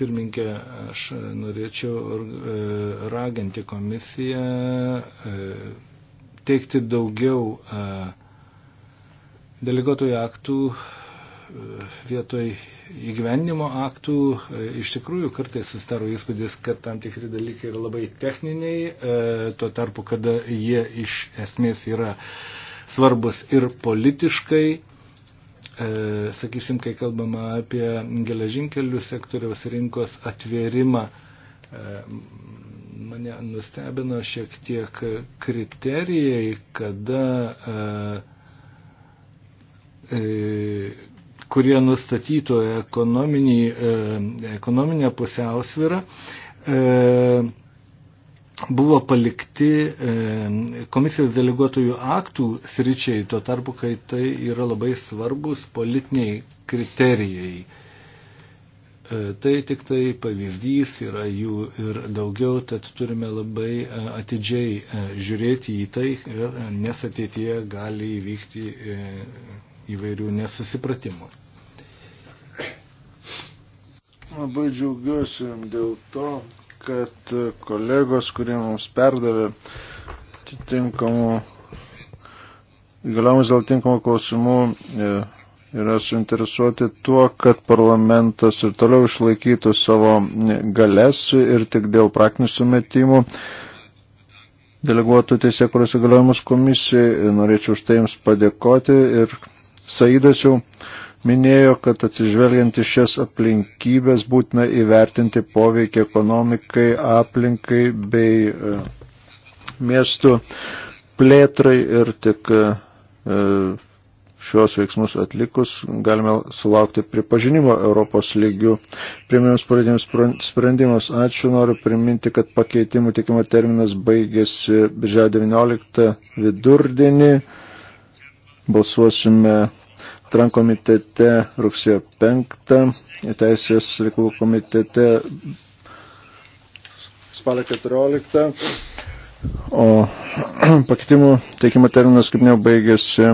Speaker 1: pirminkė, aš norėčiau e, raginti komisiją e, teikti daugiau e, deleguotojų aktų vietoj įgyvenimo aktų. Iš tikrųjų, kartais susidaro įspūdis, kad tam tikri dalykai yra labai techniniai, tuo tarpu, kada jie iš esmės yra svarbus ir politiškai, e, sakysim, kai kalbama apie geležinkelių sektoriaus rinkos atvėrimą. E, mane nustebino šiek tiek kriterijai, kada, e, e kurie nustatytų e, ekonominę pusiausvyrą. E, buvo palikti e, komisijos deleguotojų aktų sričiai, tuo tarpu, kai tai yra labai svarbus politiniai kriterijai. E, tai tik tai pavyzdys yra jų ir daugiau, tad turime labai e, atidžiai žiūrėti į tai, nes ateityje gali įvykti įvairių nesusipratimų.
Speaker 2: Labai džiaugiuosi dėl to, kad kolegos, kurie mums perdavė atitinkamų įgaliojimus dėl tinkamų klausimų e, yra suinteresuoti tuo, kad parlamentas ir toliau išlaikytų savo galės ir tik dėl praktinių sumetimų deleguotų teisėkuros įgaliojimus komisijai. Norėčiau už tai jums padėkoti ir Saidas jau minėjo, kad atsižvelgiant į šias aplinkybės būtina įvertinti poveikį ekonomikai, aplinkai bei e, miestų plėtrai ir tik e, šios veiksmus atlikus galime sulaukti pripažinimo Europos lygių primėms politiniams sprendimus. Ačiū, noriu priminti, kad pakeitimų tikimo terminas baigėsi birželio 19 vidurdienį. Balsuosime atrankomitete rugsėjo 5, teisės reikalų komitete spalio 14, o [CLEARS THROAT] pakitimų teikimo terminas, kaip jau baigėsi,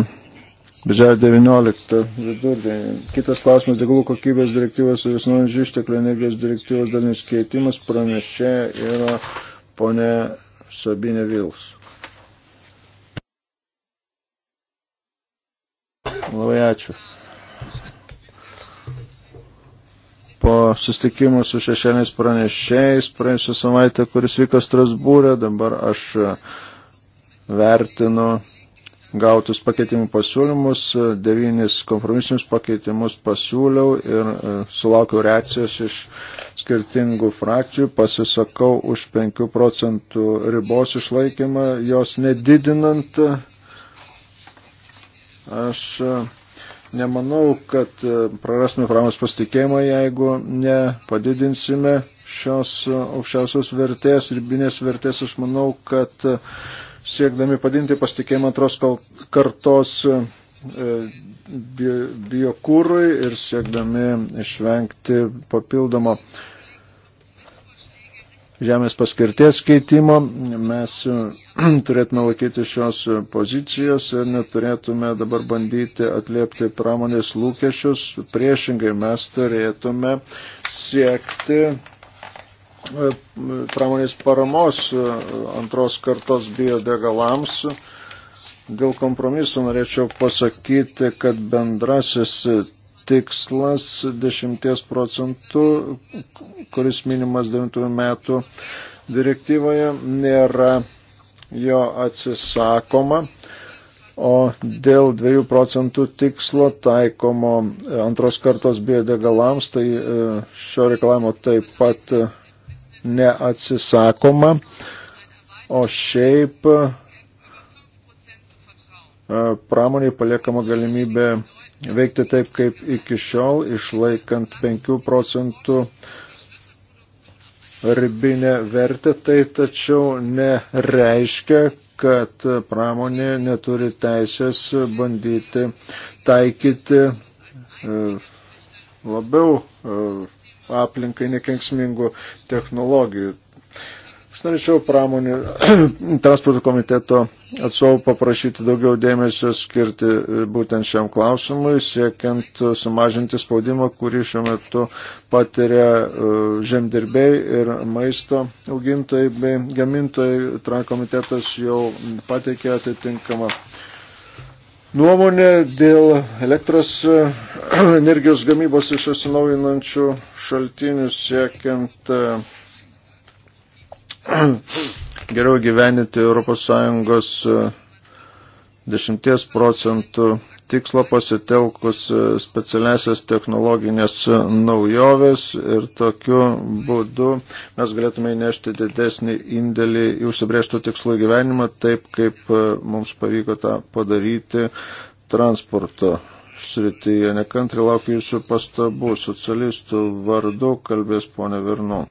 Speaker 2: birželio 19 vidurdienį. Kitas klausimas, degalų kokybės direktyvos ir visnuojančių išteklių energijos direktyvos dalinis keitimas pranešė yra ponė Sabinė Vils. Labai ačiū. Po susitikimų su šešėliais pranešėjais praėjusią savaitę, kuris vyko Strasbūrė, dabar aš e, vertinu gautus pakeitimų pasiūlymus, e, devynis kompromisinius pakeitimus pasiūliau ir e, sulaukiau reakcijos iš skirtingų frakcijų, pasisakau už 5 procentų ribos išlaikymą, jos nedidinant Aš e, nemanau, kad e, prarasime programos pasitikėjimą, jeigu nepadidinsime šios e, aukščiausios vertės, ribinės vertės. Aš manau, kad siekdami padinti pasitikėjimą antros kartos biokūrui ir siekdami išvengti papildomo žemės paskirties keitimo. Mes [CLEARS THROAT] turėtume laikyti šios pozicijos ir neturėtume dabar bandyti atliepti pramonės lūkesčius. Priešingai mes turėtume siekti e, pramonės paramos e, antros kartos biodegalams. Dėl kompromiso norėčiau pasakyti, kad bendrasis tikslas 10 procentų, kuris minimas 9 metų direktyvoje, nėra jo atsisakoma, o dėl 2 procentų tikslo taikomo antros kartos biodegalams, tai e, šio reklamo taip pat neatsisakoma, o šiaip e, pramoniai paliekama galimybė veikti taip, kaip iki šiol, išlaikant 5 procentų ribinę vertę, tai tačiau nereiškia, kad pramonė neturi teisės bandyti taikyti e, labiau e, aplinkai nekenksmingų technologijų. Aš norėčiau pramonį [CLEARS THROAT] transporto komiteto atstovų paprašyti daugiau dėmesio skirti e, būtent šiam klausimui, siekiant e, sumažinti spaudimą, kurį šiuo metu patiria e, žemdirbiai ir maisto augintojai bei gamintojai. Tran komitetas jau pateikė atitinkamą nuomonę dėl elektros [CLEARS THROAT] energijos gamybos iš atsinaujinančių šaltinių siekiant [CLEARS THROAT] geriau gyveninti e, ES 10 procentų tikslą pasitelkus e, specialiasias technologinės naujovės ir tokiu būdu mes galėtume įnešti didesnį indėlį į užsibrėžtų tikslų gyvenimą, taip kaip e, mums pavyko tą padaryti transporto srityje. Nekantri laukiu jūsų pastabų. Socialistų vardu kalbės ponė Virnu.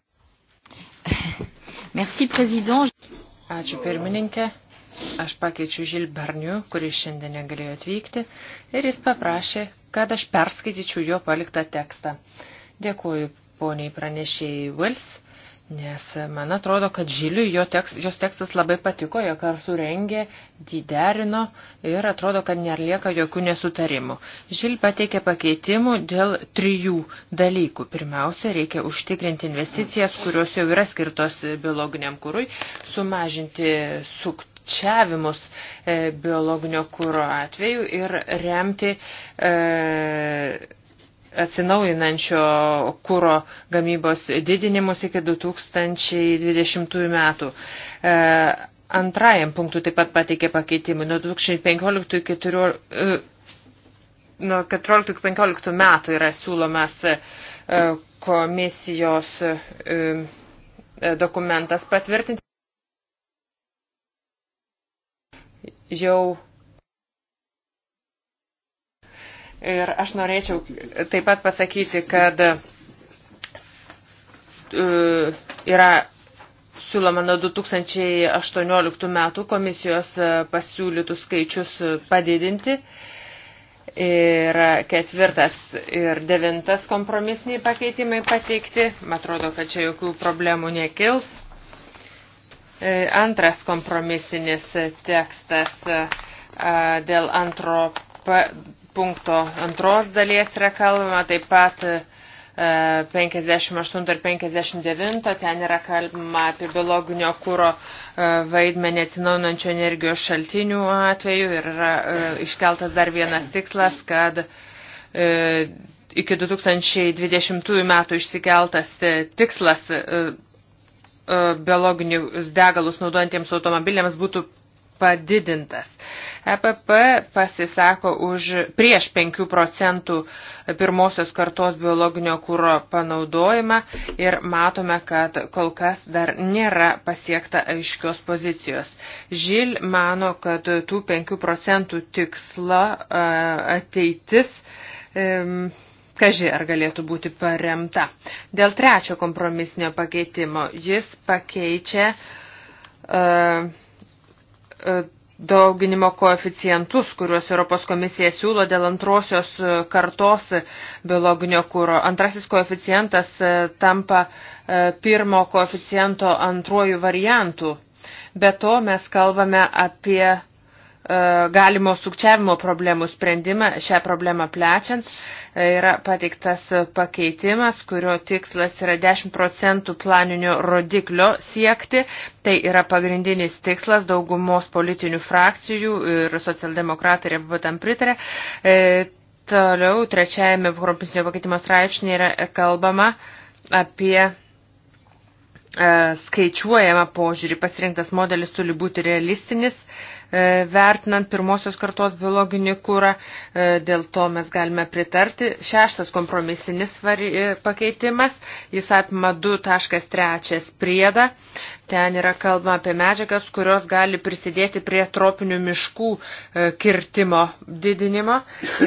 Speaker 3: [LAUGHS] Merci, prezident. Ačiū pirmininkė. Aš pakeičiu Žil Barniu, kuris šiandien negalėjo atvykti, ir jis paprašė, kad aš perskaityčiau jo paliktą tekstą. Dėkuoju poniai pranešėjai Wills Nes e, man atrodo, kad Žiliui jo teks, jos tekstas labai patiko, jie kartu rengė, derino ir atrodo, kad nelieka jokių nesutarimų. Žil pateikė pakeitimų dėl trijų dalykų. Pirmiausia, reikia užtikrinti investicijas, kurios jau yra skirtos biologiniam kūrui, sumažinti sukt sukčiavimus e, biologinio kūro atveju ir remti e, atsinaujinančio kūro gamybos didinimus iki 2020 metų. E, antrajam punktui taip pat pateikė pakeitimų nuo 2015 iki 2014 e, metų yra siūlomas e, komisijos dokumentas patvirtinti. Jau Ir aš norėčiau taip pat pasakyti, kad e, yra siūloma nuo 2018 metų komisijos e, pasiūlytų skaičius padidinti. Ir ketvirtas ir devintas kompromisiniai pakeitimai pateikti. Man atrodo, kad čia jokių problemų nekils. E, antras kompromisinis tekstas dėl antro punkto antros dalies yra kalbama, taip pat 58 e, ir 59, ten yra kalbama apie biologinio kūro e, vaidmenį atsinaunančio energijos šaltinių atveju ir yra e, iškeltas dar vienas tikslas, kad iki 2020 metų išsikeltas tikslas biologinius degalus naudojantiems automobiliams būtų padidintas. EPP pasisako už prieš 5 procentų pirmosios kartos biologinio kūro panaudojimą ir matome, kad kol kas dar nėra pasiekta aiškios pozicijos. Žil mano, kad tų 5 procentų tiksla e, ateitis. Um, Kaži, ar galėtų būti paremta. Dėl trečio kompromisinio pakeitimo jis pakeičia uh, E, dauginimo koeficientus, kuriuos Europos komisija siūlo dėl antrosios e, kartos biologinio kūro. Antrasis koeficientas e, tampa pirmo koeficiento antruoju variantu. Be to mes kalbame apie E, galimo sukčiavimo problemų sprendimą, šią problemą plečiant, e, yra pateiktas pakeitimas, kurio tikslas yra 10 procentų planinio rodiklio siekti. Tai yra pagrindinis tikslas daugumos politinių frakcijų ir socialdemokratai ir tam pritarė. E, toliau, trečiajame kompromisinio pakeitimo straipsnėje yra kalbama apie skaičiuojama požiūrį, pasirinktas modelis turi būti realistinis, E, vertinant pirmosios kartos biologinį kūrą, e, dėl to mes galime pritarti. Šeštas kompromisinis e, pakeitimas, jis apima 2.3 priedą, Ten yra kalba apie medžiagas, kurios gali prisidėti prie tropinių miškų e, kirtimo didinimo.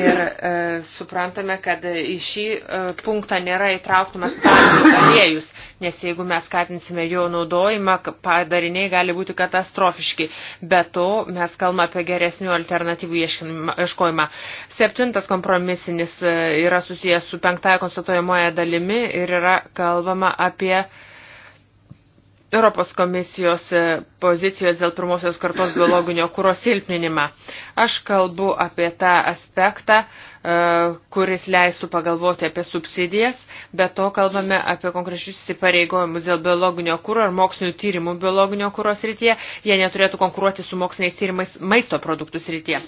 Speaker 3: Ir e, suprantame, kad į šį e, punktą nėra įtrauktumas aliejus, nes jeigu mes skatinsime jo naudojimą, padariniai gali būti katastrofiški. Be to, mes kalbame apie geresnių alternatyvų ieškojimą. Septintas kompromisinis e, yra susijęs su penktąją konstatuojamoje dalimi ir yra kalbama apie Europos komisijos e, pozicijos dėl pirmosios kartos biologinio kūro silpninimą. Aš kalbu apie tą aspektą, e, kuris leistų pagalvoti apie subsidijas, bet to kalbame apie konkrečius įsipareigojimus dėl biologinio kūro ir mokslinių tyrimų biologinio kūro srityje. Jie neturėtų konkuruoti su moksliniais tyrimais maisto produktų srityje.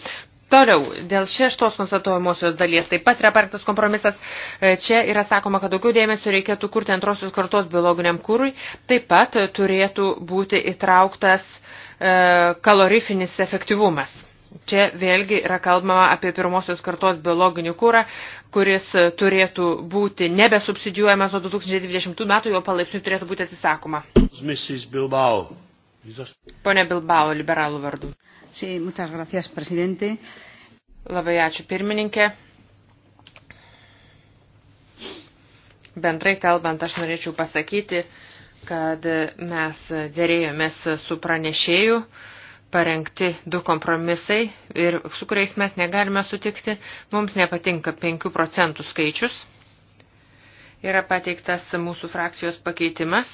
Speaker 3: Toliau, dėl šeštos konstatuojamosios dalies taip pat yra parengtas kompromisas. E, čia yra sakoma, kad daugiau dėmesio reikėtų kurti antrosios kartos biologiniam kūrui. Taip pat turėtų būti įtrauktas e, kalorifinis efektyvumas. Čia vėlgi yra kalbama apie pirmosios kartos biologinį kūrą, kuris turėtų būti nebesubsidijuojamas nuo 2020 metų, jo palaipsniui turėtų būti atsisakoma. Pone Bilbao, liberalų vardu. Sí, muchas gracias, presidente. Labai ačiū pirmininkė. Bendrai kalbant, aš norėčiau pasakyti, kad mes dėrėjomės su pranešėju, parengti du kompromisai ir su kuriais mes negalime sutikti. Mums nepatinka 5 procentų skaičius. Yra pateiktas mūsų frakcijos pakeitimas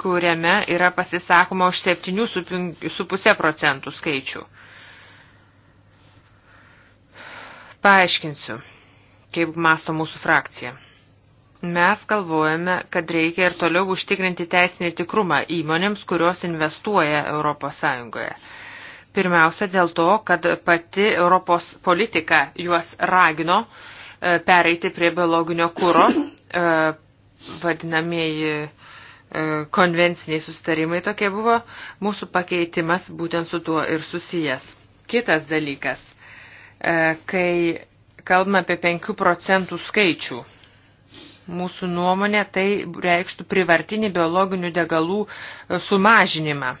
Speaker 3: kuriame yra pasisakoma už 7,5 procentų skaičių. Paaiškinsiu, kaip masto mūsų frakcija. Mes galvojame, kad reikia ir toliau užtikrinti teisinį tikrumą įmonėms, kurios investuoja Europos Sąjungoje. Pirmiausia dėl to, kad pati Europos politika juos ragino e, pereiti prie biologinio kūro, e, vadinamieji konvenciniai sustarimai tokie buvo, mūsų pakeitimas būtent su tuo ir susijęs. Kitas dalykas, e, kai kalbame apie 5 procentų skaičių, mūsų nuomonė tai reikštų privartinį biologinių degalų e, sumažinimą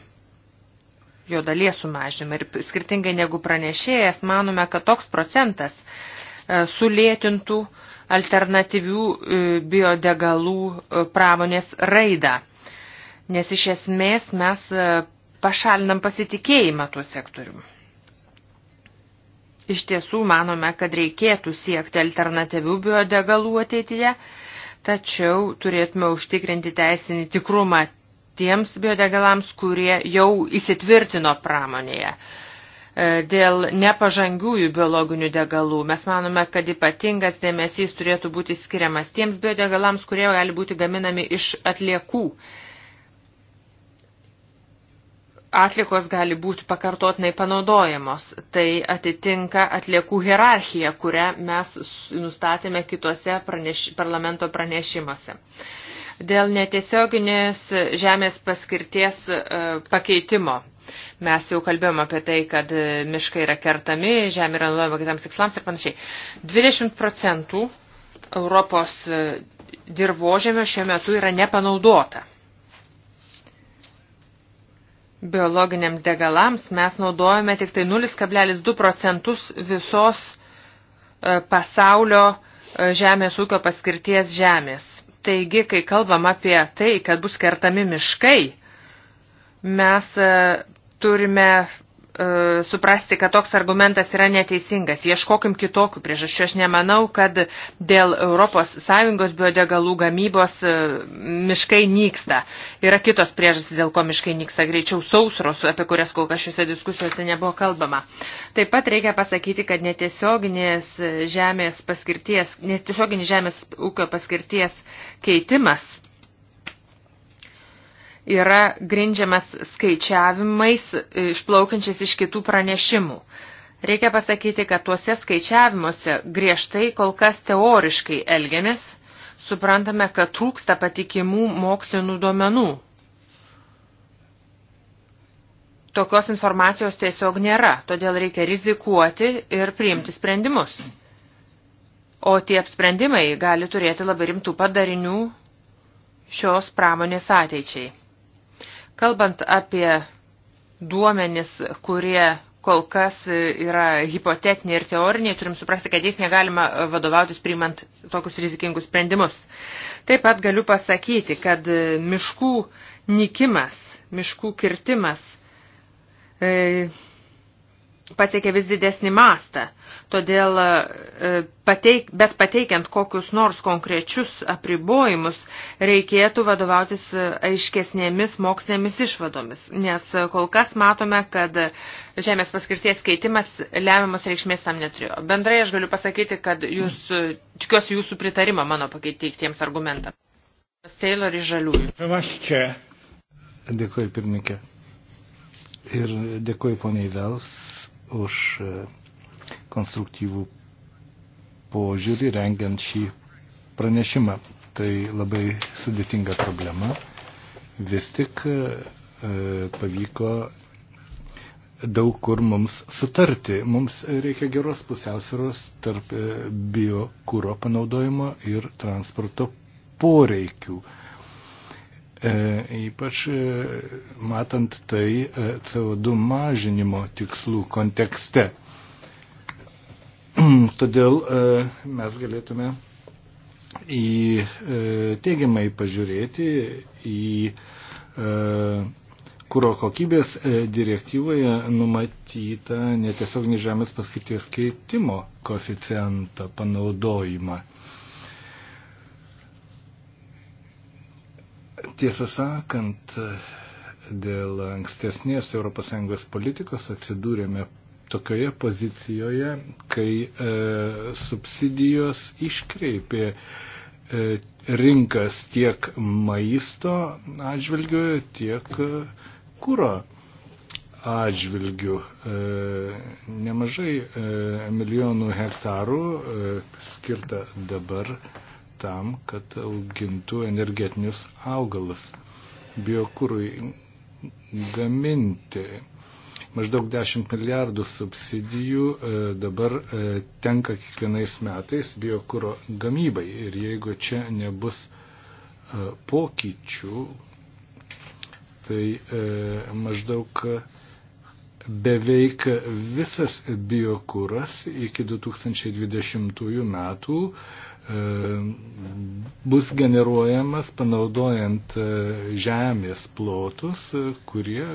Speaker 3: jo dalies sumažinimą. Ir skirtingai negu pranešėjas, manome, kad toks procentas uh, E, sulėtintų alternatyvių e, biodegalų e, pramonės raidą. Nes iš esmės mes pašalinam pasitikėjimą tuo sektoriu. Iš tiesų manome, kad reikėtų siekti alternatyvių biodegalų ateityje, tačiau turėtume užtikrinti teisinį tikrumą tiems biodegalams, kurie jau įsitvirtino pramonėje. Uh, E, dėl nepažangiųjų biologinių degalų. Mes manome, kad ypatingas dėmesys turėtų būti skiriamas tiems biodegalams, kurie gali būti gaminami iš atliekų. Atlikos gali būti pakartotinai panaudojamos. Tai atitinka atliekų hierarchiją, kurią mes nustatėme kitose praneš, parlamento pranešimuose. Dėl netiesioginės žemės paskirties e, pakeitimo Mes jau kalbėjom apie tai, kad e, miškai yra kertami, žemė yra naudojama kitams tikslams ir panašiai. 20 procentų Europos e, dirbožėmio šiuo metu yra nepanaudota. Biologiniams degalams mes naudojame tik tai 0,2 procentus visos e, pasaulio žemės ūkio paskirties žemės. Taigi, kai kalbam apie tai, kad bus kertami miškai, mes turime e, suprasti, kad toks argumentas yra neteisingas. Ieškokim kitokių priežasčių. Aš nemanau, kad dėl ES biodegalų gamybos e, miškai nyksta. Yra kitos priežastys, dėl ko miškai nyksta. Greičiau sausros, apie kurias kol kas šiuose diskusijose nebuvo kalbama. Taip pat reikia pasakyti, kad netiesioginės žemės paskirties, netiesioginės žemės ūkio paskirties keitimas yra grindžiamas skaičiavimais e, išplaukiančiais iš kitų pranešimų. Reikia pasakyti, kad tuose skaičiavimuose griežtai kol kas teoriškai elgiamės, suprantame, kad trūksta patikimų mokslinų duomenų. Tokios informacijos tiesiog nėra, todėl reikia rizikuoti ir priimti sprendimus. O tie sprendimai gali turėti labai rimtų padarinių šios pramonės ateičiai. Kalbant apie duomenis, kurie kol kas yra hipotetiniai ir teoriniai, turim suprasti, kad jais negalima vadovautis priimant tokius rizikingus sprendimus. Taip pat galiu pasakyti, kad miškų nikimas, miškų kirtimas e, pasiekė vis didesnį mastą. Todėl, e, pateik, bet pateikiant kokius nors konkrečius apribojimus, reikėtų vadovautis e, aiškesnėmis mokslinėmis išvadomis, nes e, kol kas matome, kad žemės paskirties keitimas lemiamos reikšmės tam neturėjo. Bendrai aš galiu pasakyti, kad jūs, tikiuosi jūsų pritarimą mano pakeitiktiems argumentams. Taylor iš žaliųjų.
Speaker 1: Aš čia. Dėkuoju, pirmininkė. Ir dėkuoju poniai Vels už e, konstruktyvų požiūrį rengiant šį pranešimą. Tai labai sudėtinga problema. Vis tik e, pavyko daug kur mums sutarti. Mums reikia geros pusiausvėros tarp e, biokūro panaudojimo ir transporto poreikių. E, ypač e, matant tai e, CO2 mažinimo tikslų kontekste. [CLEARS THROAT] Todėl mes galėtume į teigiamai pažiūrėti į kūro kokybės direktyvoje numatytą netiesioginį žemės paskirties keitimo koeficientą panaudojimą. Tiesą sakant, dėl ankstesnės ES politikos atsidūrėme tokioje pozicijoje, kai e, subsidijos iškreipė e, rinkas tiek maisto atžvilgių, tiek kūro atžvilgių. E, nemažai e, milijonų hektarų e, skirta dabar e, tam, kad augintų energetinius augalus biokūrui gaminti. Maždaug 10 milijardų subsidijų e, dabar e, tenka kiekvienais metais biokūro gamybai. Ir jeigu čia nebus e, pokyčių, tai maždaug beveik visas biokūras iki 2020 metų E, bus generuojamas panaudojant e, žemės plotus, e, kurie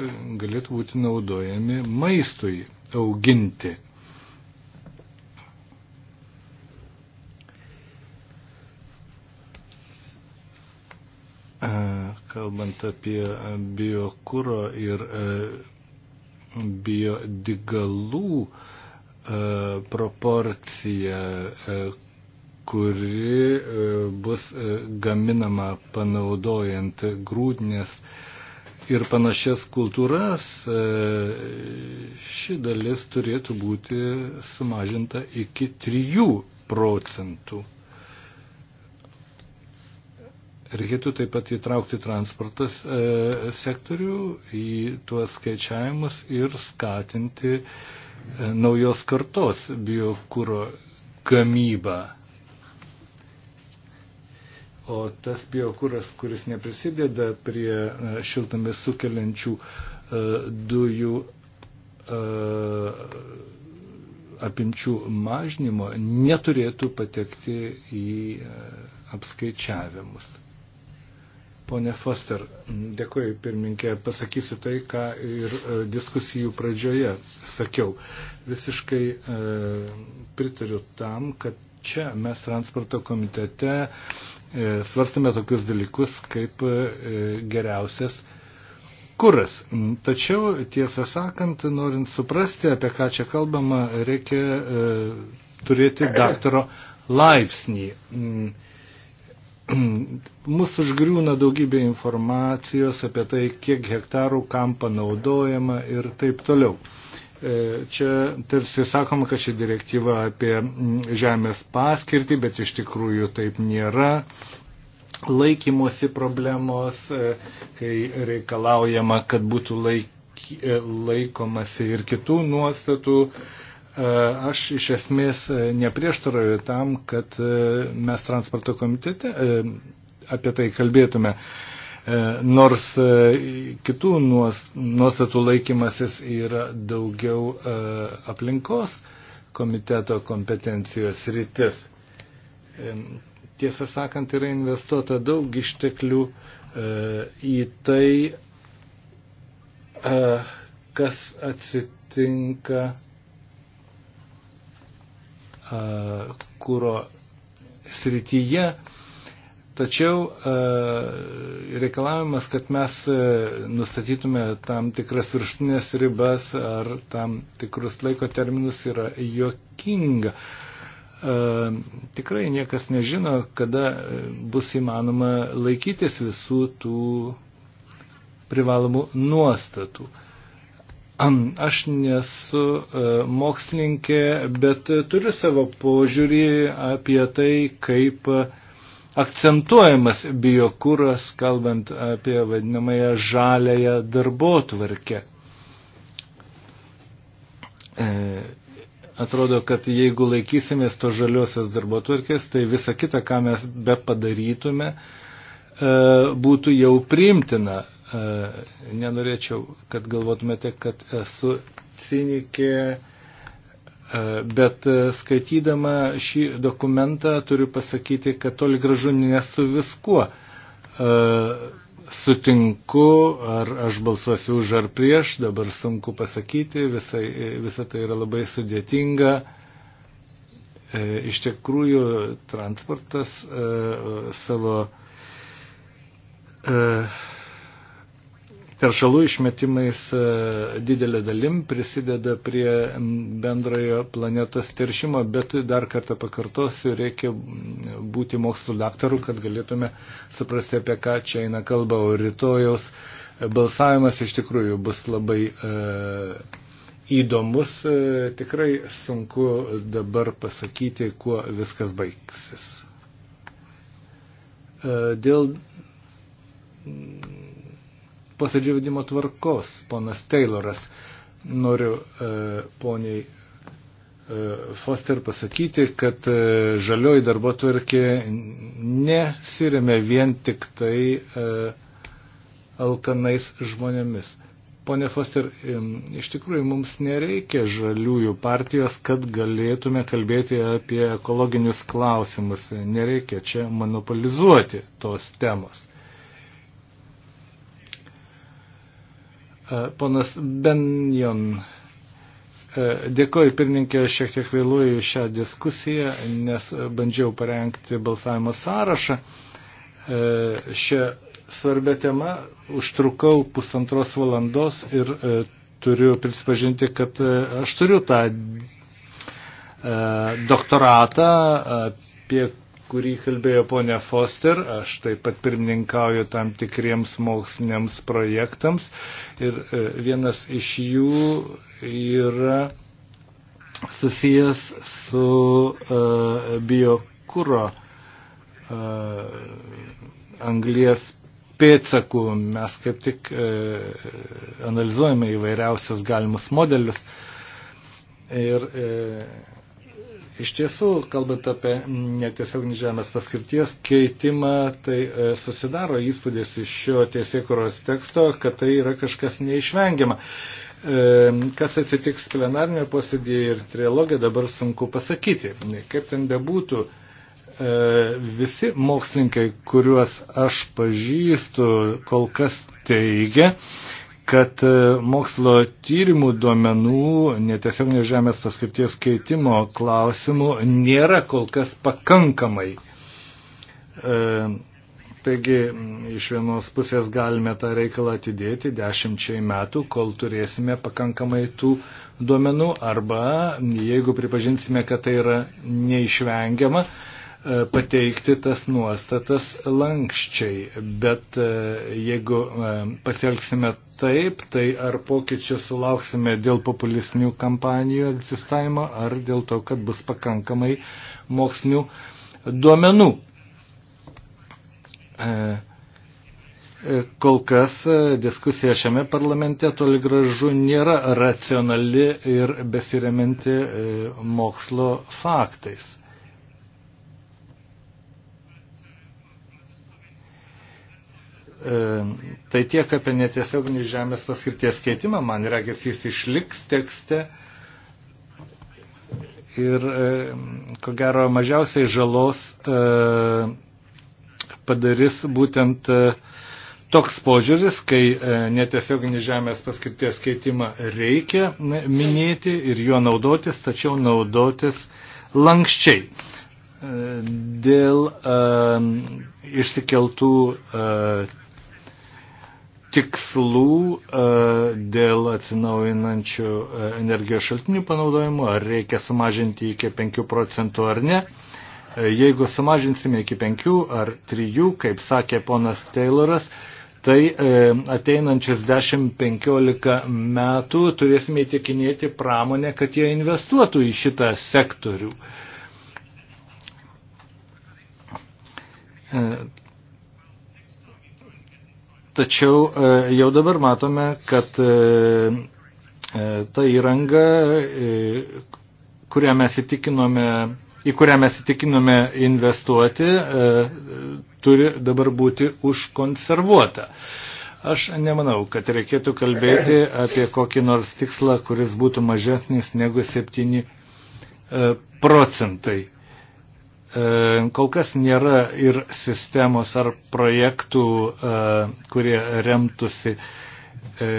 Speaker 1: galėtų būti naudojami maistui auginti. Kalbant apie biokūro ir biodigalų proporciją, kuri e, bus e, gaminama panaudojant grūdinės ir panašias kultūras, e, ši dalis turėtų būti sumažinta iki 3 procentų. Reikėtų taip pat įtraukti transportas e, sektorių į tuos skaičiavimus ir skatinti e, naujos kartos biokūro gamybą. O tas biokuras, kuris neprisideda prie e, šiltame sukeliančių e, dujų e, apimčių mažnymo, neturėtų patekti į apskaičiavimus. Pone Foster, dėkuoju pirminkė, pasakysiu tai, ką ir diskusijų pradžioje sakiau. Visiškai e, pritariu tam, kad čia mes transporto komitete E, svarstame tokius dalykus kaip e, geriausias kuras. Mm, tačiau, tiesą sakant, norint suprasti, apie ką čia kalbama, reikia e, turėti daktaro laipsnį. Mūsų mm, mm, užgriūna daugybė informacijos apie tai, kiek hektarų kam panaudojama ir taip toliau. E, čia tarsi sakoma, kad ši direktyva apie mm, žemės paskirtį, bet iš tikrųjų taip nėra. Laikymosi problemos, e, kai reikalaujama, kad būtų laiki, e, laikomasi ir kitų nuostatų. Aš iš esmės neprieštarauju tam, kad mes transporto komitete apie tai kalbėtume. E, nors e, kitų nuostatų laikymasis yra daugiau e, aplinkos komiteto kompetencijos rytis. Tiesą sakant, yra investuota daug išteklių į tai, kas atsitinka kūro srityje. Tačiau e, reikalavimas, kad mes e, nustatytume tam tikras viršutinės ribas ar tam tikrus laiko terminus yra jokinga. E, tikrai niekas nežino, kada bus įmanoma laikytis visų tų privalomų nuostatų. Aš nesu mokslininkė, bet turiu savo požiūrį apie tai, kaip uh, akcentuojamas biokūras, kalbant apie vadinamąją žalėją darbo tvarkę. E, atrodo, kad jeigu laikysimės to žaliosios darbo tvarkės, tai visa kita, ką mes be padarytume, e, būtų jau priimtina. E, nenorėčiau, kad galvotumėte, kad esu cinikė E, bet e, skaitydama šį dokumentą turiu pasakyti, kad toli gražu nesu viskuo e, sutinku, ar aš balsuosiu už ar prieš, dabar sunku pasakyti, visa, visa tai yra labai sudėtinga. E, iš tikrųjų, transportas e, savo e, teršalų išmetimais e, didelė dalim prisideda prie bendrojo planetos teršimo, bet dar kartą pakartosiu, reikia būti mokslo daktaru, kad galėtume suprasti, apie ką čia eina kalba, o rytojaus balsavimas iš tikrųjų bus labai e, įdomus, e, tikrai sunku dabar pasakyti, kuo viskas baigsis. Dėl posėdžio vedimo tvarkos. Ponas Tayloras, noriu e, poniai e, Foster pasakyti, kad e, žalioji darbo tvarkė nesirėmė vien tik tai e, alkanais žmonėmis. Pone Foster, iš tikrųjų mums nereikia žaliųjų partijos, kad galėtume kalbėti apie ekologinius klausimus. Nereikia čia monopolizuoti tos temos. E, ponas Benjon, e, dėkoju pirmininkė, šiek tiek vėluoju šią diskusiją, nes bandžiau parengti balsavimo sąrašą. E, šią svarbę temą užtrukau pusantros valandos ir turiu prisipažinti, kad aš turiu tą doktoratą, apie kurį kalbėjo ponia Foster. Aš taip pat pirmininkauju tam tikriems moksliniams projektams ir e, vienas iš jų yra susijęs su uh, e, biokūro uh, e, anglies pėdsakų. Mes kaip tik uh, analizuojame įvairiausias galimus modelius. Ir uh, Iš tiesų, kalbant apie netiesioginį žemės paskirties keitimą, tai e, susidaro įspūdis iš šio tiesiekuros teksto, kad tai yra kažkas neišvengiama. E, kas atsitiks plenarnio posėdėje ir trilogė dabar sunku pasakyti. Kaip ten bebūtų, e, visi mokslininkai, kuriuos aš pažįstu, kol kas teigia, kad e, mokslo tyrimų duomenų, netiesioginės žemės paskirties keitimo klausimų nėra kol kas pakankamai. E, taigi iš vienos pusės galime tą reikalą atidėti dešimčiai metų, kol turėsime pakankamai tų duomenų arba jeigu pripažinsime, kad tai yra neišvengiama, E, pateikti tas nuostatas lankščiai, bet e, jeigu e, pasielgsime taip, tai ar pokyčių sulauksime dėl populistinių kampanijų egzistavimo, ar dėl to, kad bus pakankamai mokslinių duomenų. Kol kas diskusija šiame parlamente toli gražu nėra racionali ir besiremianti mokslo faktais E, tai tiek apie netiesioginį žemės paskirties keitimą, man regis, jis išliks tekste ir e, ko gero mažiausiai žalos e, padarys būtent toks požiūris, kai netiesioginį žemės paskirties keitimą reikia minėti ir juo naudotis, tačiau naudotis lankščiai. Dėl išsikeltų tikslų e, dėl atsinaujinančių e, energijos šaltinių panaudojimo, ar reikia sumažinti iki 5 procentų ar ne. E, jeigu sumažinsime iki 5 ar 3, kaip sakė ponas Tayloras, tai ateinančius 10-15 metų turėsime įtikinėti pramonę, kad jie investuotų į šitą sektorių. Tačiau e, jau dabar matome, kad e, e, ta įranga, kurią mes įtikinome, į kurią mes įtikinome investuoti, turi dabar būti užkonservuota. Aš nemanau, kad reikėtų kalbėti apie kokį nors tikslą, kuris būtų mažesnis negu 7 procentai. E, kol kas nėra ir sistemos ar projektų, e, kurie remtųsi e,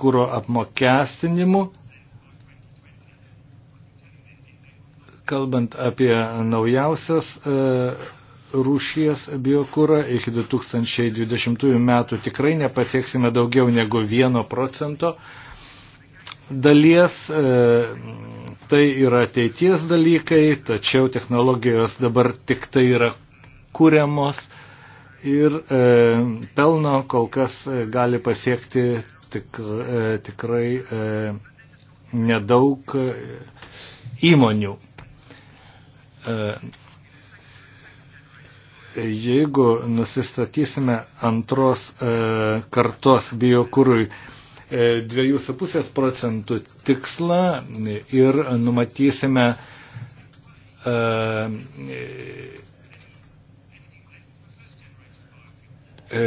Speaker 1: kūro apmokestinimu. Kalbant apie naujausias rūšies biokūrą, iki 2020 metų tikrai nepasieksime daugiau negu 1 procento dalies. E, Tai yra ateities dalykai, tačiau technologijos dabar tik tai yra kūriamos ir e, pelno kol kas e, gali pasiekti tik, e, tikrai e, nedaug e, įmonių. E, jeigu nusistatysime antros e, kartos biokūrui, e, 2,5 e, procentų tikslą ir numatysime e, e,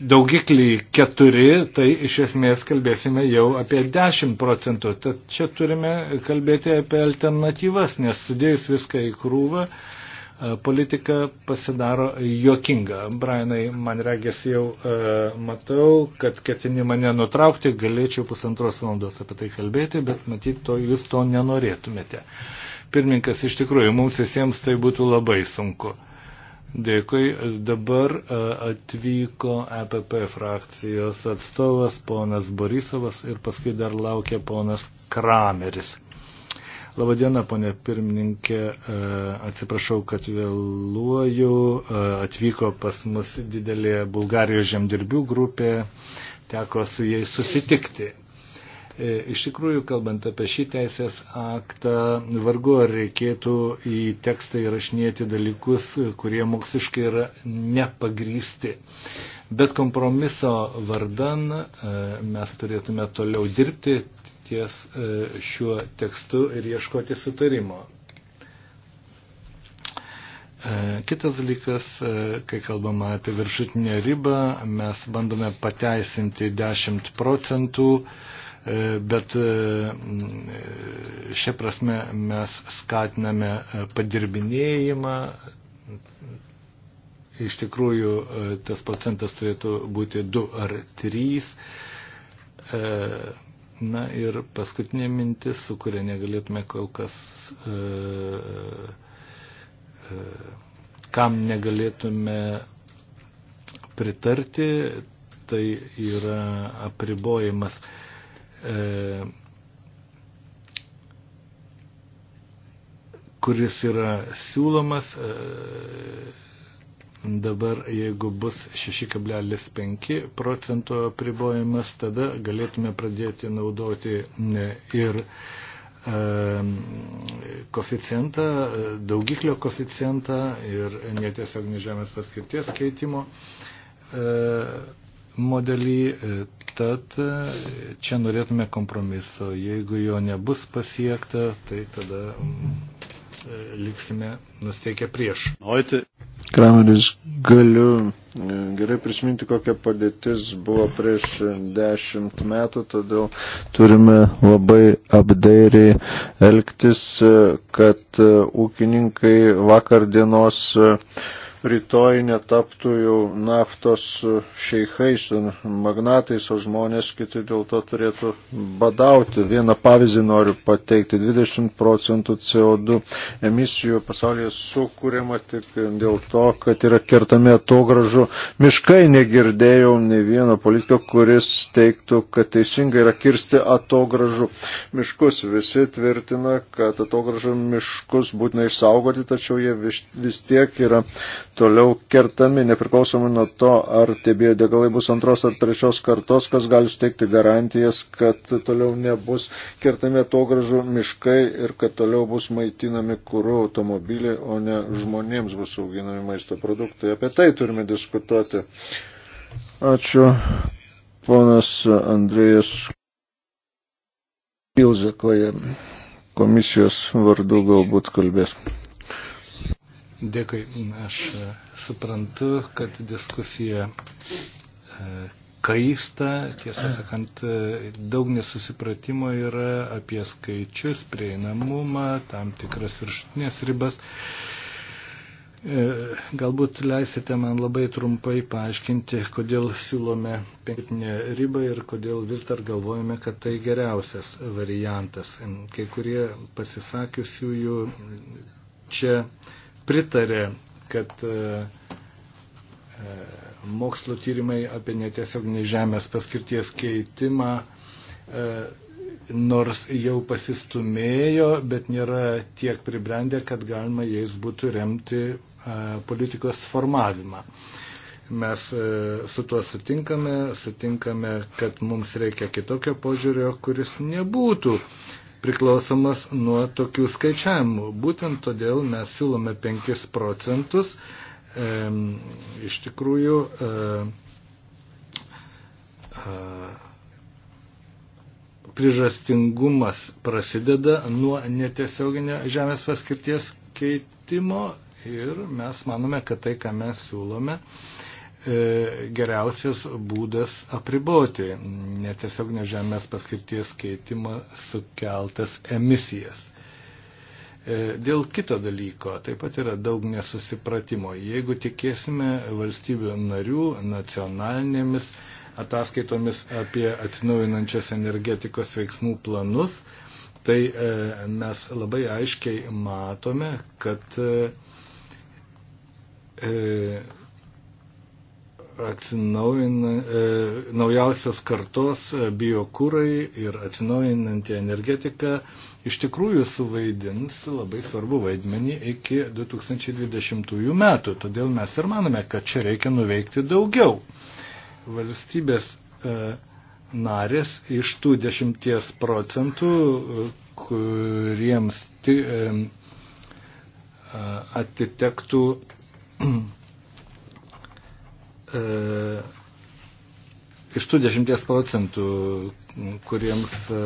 Speaker 1: daugiklį 4, tai iš esmės kalbėsime jau apie 10 procentų. Tad čia turime kalbėti apie alternatyvas, nes sudėjus viską į krūvą, uh, E, politika pasidaro jokinga. Brainai, man regis jau e, matau, kad ketini mane nutraukti, galėčiau pusantros valandos apie tai kalbėti, bet matyt, to, jūs to nenorėtumėte. Pirmininkas, iš tikrųjų, mums visiems tai būtų labai sunku. Dėkui. Dabar e, atvyko EPP frakcijos atstovas ponas Borisovas ir paskui dar laukia ponas Krameris. Labadiena, ponė pirmininkė, e, atsiprašau, kad vėluoju. E, atvyko pas mus didelė Bulgarijos žemdirbių grupė, teko su jais susitikti. E, iš tikrųjų, kalbant apie šį teisės aktą, vargu ar reikėtų į tekstą įrašinėti dalykus, kurie moksliškai yra nepagrysti. Bet kompromiso vardan mes turėtume toliau dirbti, ties e, šiuo tekstu ir ieškoti sutarimo. E, kitas dalykas, e, kai kalbama apie viršutinę ribą, mes bandome pateisinti 10 procentų, bet šia prasme mes skatiname padirbinėjimą, iš tikrųjų tas procentas turėtų būti 2 ar 3. Na ir paskutinė mintis, su kuria negalėtume kol kas, e, e, kam negalėtume pritarti, tai yra apribojimas. E, kuris yra siūlomas, e, Dabar, jeigu bus 6,5 procento pribojimas, tada galėtume pradėti naudoti e, ir e, koficientą, e, daugiklio koficientą ir netiesioginį žemės paskirties keitimo modelį. Tad čia norėtume kompromiso. Jeigu jo nebus pasiekta, tai tada mm, E, liksime nusteikę prieš.
Speaker 2: Krameris, galiu e, gerai prisiminti, kokia padėtis buvo prieš dešimt metų, todėl turime labai apdairiai elgtis, e, kad ūkininkai vakar dienos uh, rytoj netaptų jau naftos šeichais, magnatais, o žmonės kiti dėl to turėtų badauti. Vieną pavyzdį noriu pateikti. 20 procentų CO2 emisijų pasaulyje sukūrėma tik dėl to, kad yra kertami atogražų miškai. Negirdėjau nei vieno politiko, kuris teiktų, kad teisingai yra kirsti atogražų miškus. Visi tvirtina, kad atogražų miškus būtina išsaugoti, tačiau jie vis, vis tiek yra toliau kertami, nepriklausomai nuo to, ar tie biodegalai bus antros ar trečios kartos, kas gali suteikti garantijas, kad toliau nebus kertami atogražų miškai ir kad toliau bus maitinami kūrų automobiliai, o ne žmonėms bus auginami maisto produktai. Apie tai turime diskutuoti. Ačiū, ponas Andrėjas Pilzekoje komisijos vardu galbūt kalbės.
Speaker 1: Dėkui. Aš e, suprantu, kad diskusija e, kaista, tiesą sakant, e, daug nesusipratimo yra apie skaičius, prieinamumą, tam tikras viršutinės ribas. Galbūt leisite man labai trumpai paaiškinti, kodėl siūlome penkitinę ribą ir kodėl vis dar galvojame, kad tai geriausias variantas. Kai kurie pasisakiusiųjų čia uh, pritarė, kad e, e, mokslo tyrimai apie netiesioginį žemės paskirties keitimą e, nors jau pasistumėjo, bet nėra tiek pribrendę, kad galima jais būtų remti politikos formavimą. Mes su tuo sutinkame, sutinkame, kad mums reikia kitokio požiūrio, kuris nebūtų priklausomas nuo tokių skaičiavimų. Būtent todėl mes siūlome 5 procentus. E, iš tikrųjų, e, e, priežastingumas prasideda nuo netiesioginio žemės paskirties keitimo ir mes manome, kad tai, ką mes siūlome, e, E, geriausias būdas apriboti netiesioginio žemės paskirties keitimą sukeltas emisijas. E, dėl kito dalyko taip pat yra daug nesusipratimo. Jeigu tikėsime valstybių narių nacionalinėmis ataskaitomis apie atsinaujinančias energetikos veiksmų planus, tai e, mes labai aiškiai matome, kad atsinaujina, e, naujausios kartos e, biokūrai ir atsinaujinanti energetika iš tikrųjų suvaidins labai svarbu vaidmenį iki 2020 metų. Todėl mes ir manome, kad čia reikia nuveikti daugiau. Valstybės e, narės iš tų 10 procentų, kuriems ti, e, atitektų E, iš tų 10 procentų, kuriems, e,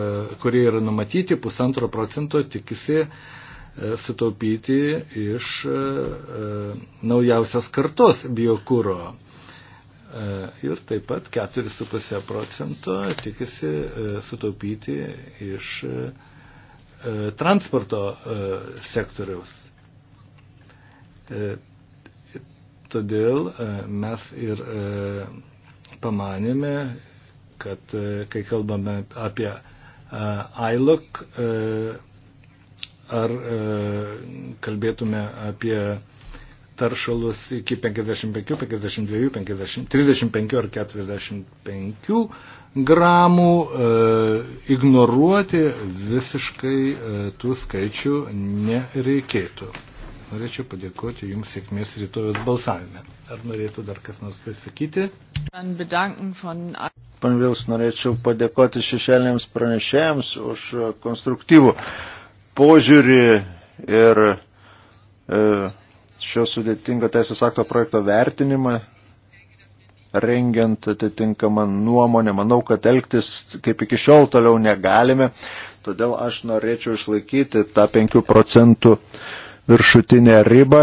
Speaker 1: kurie yra numatyti, pusantro procento tikisi e, sutaupyti iš naujausios kartos biokūro. Ir taip pat 4,5 procento tikisi sutaupyti iš transporto sektoriaus Todėl e, mes ir e, pamanėme, kad e, kai kalbame apie ILOC, ar kalbėtume apie taršalus iki 55, 52, 50, 35 ar 45 gramų, e, ignoruoti visiškai e, tų skaičių nereikėtų. Norėčiau padėkoti Jums sėkmės rytojos balsavime. Ar norėtų dar kas nors pasakyti?
Speaker 2: Panvils, norėčiau padėkoti šešėlėms pranešėjams už konstruktyvų požiūrį ir e, šio sudėtingo teisės akto projekto vertinimą rengiant atitinkamą nuomonę. Manau, kad elgtis kaip iki šiol toliau negalime, todėl aš norėčiau išlaikyti tą 5 procentų uh, viršutinę ribą,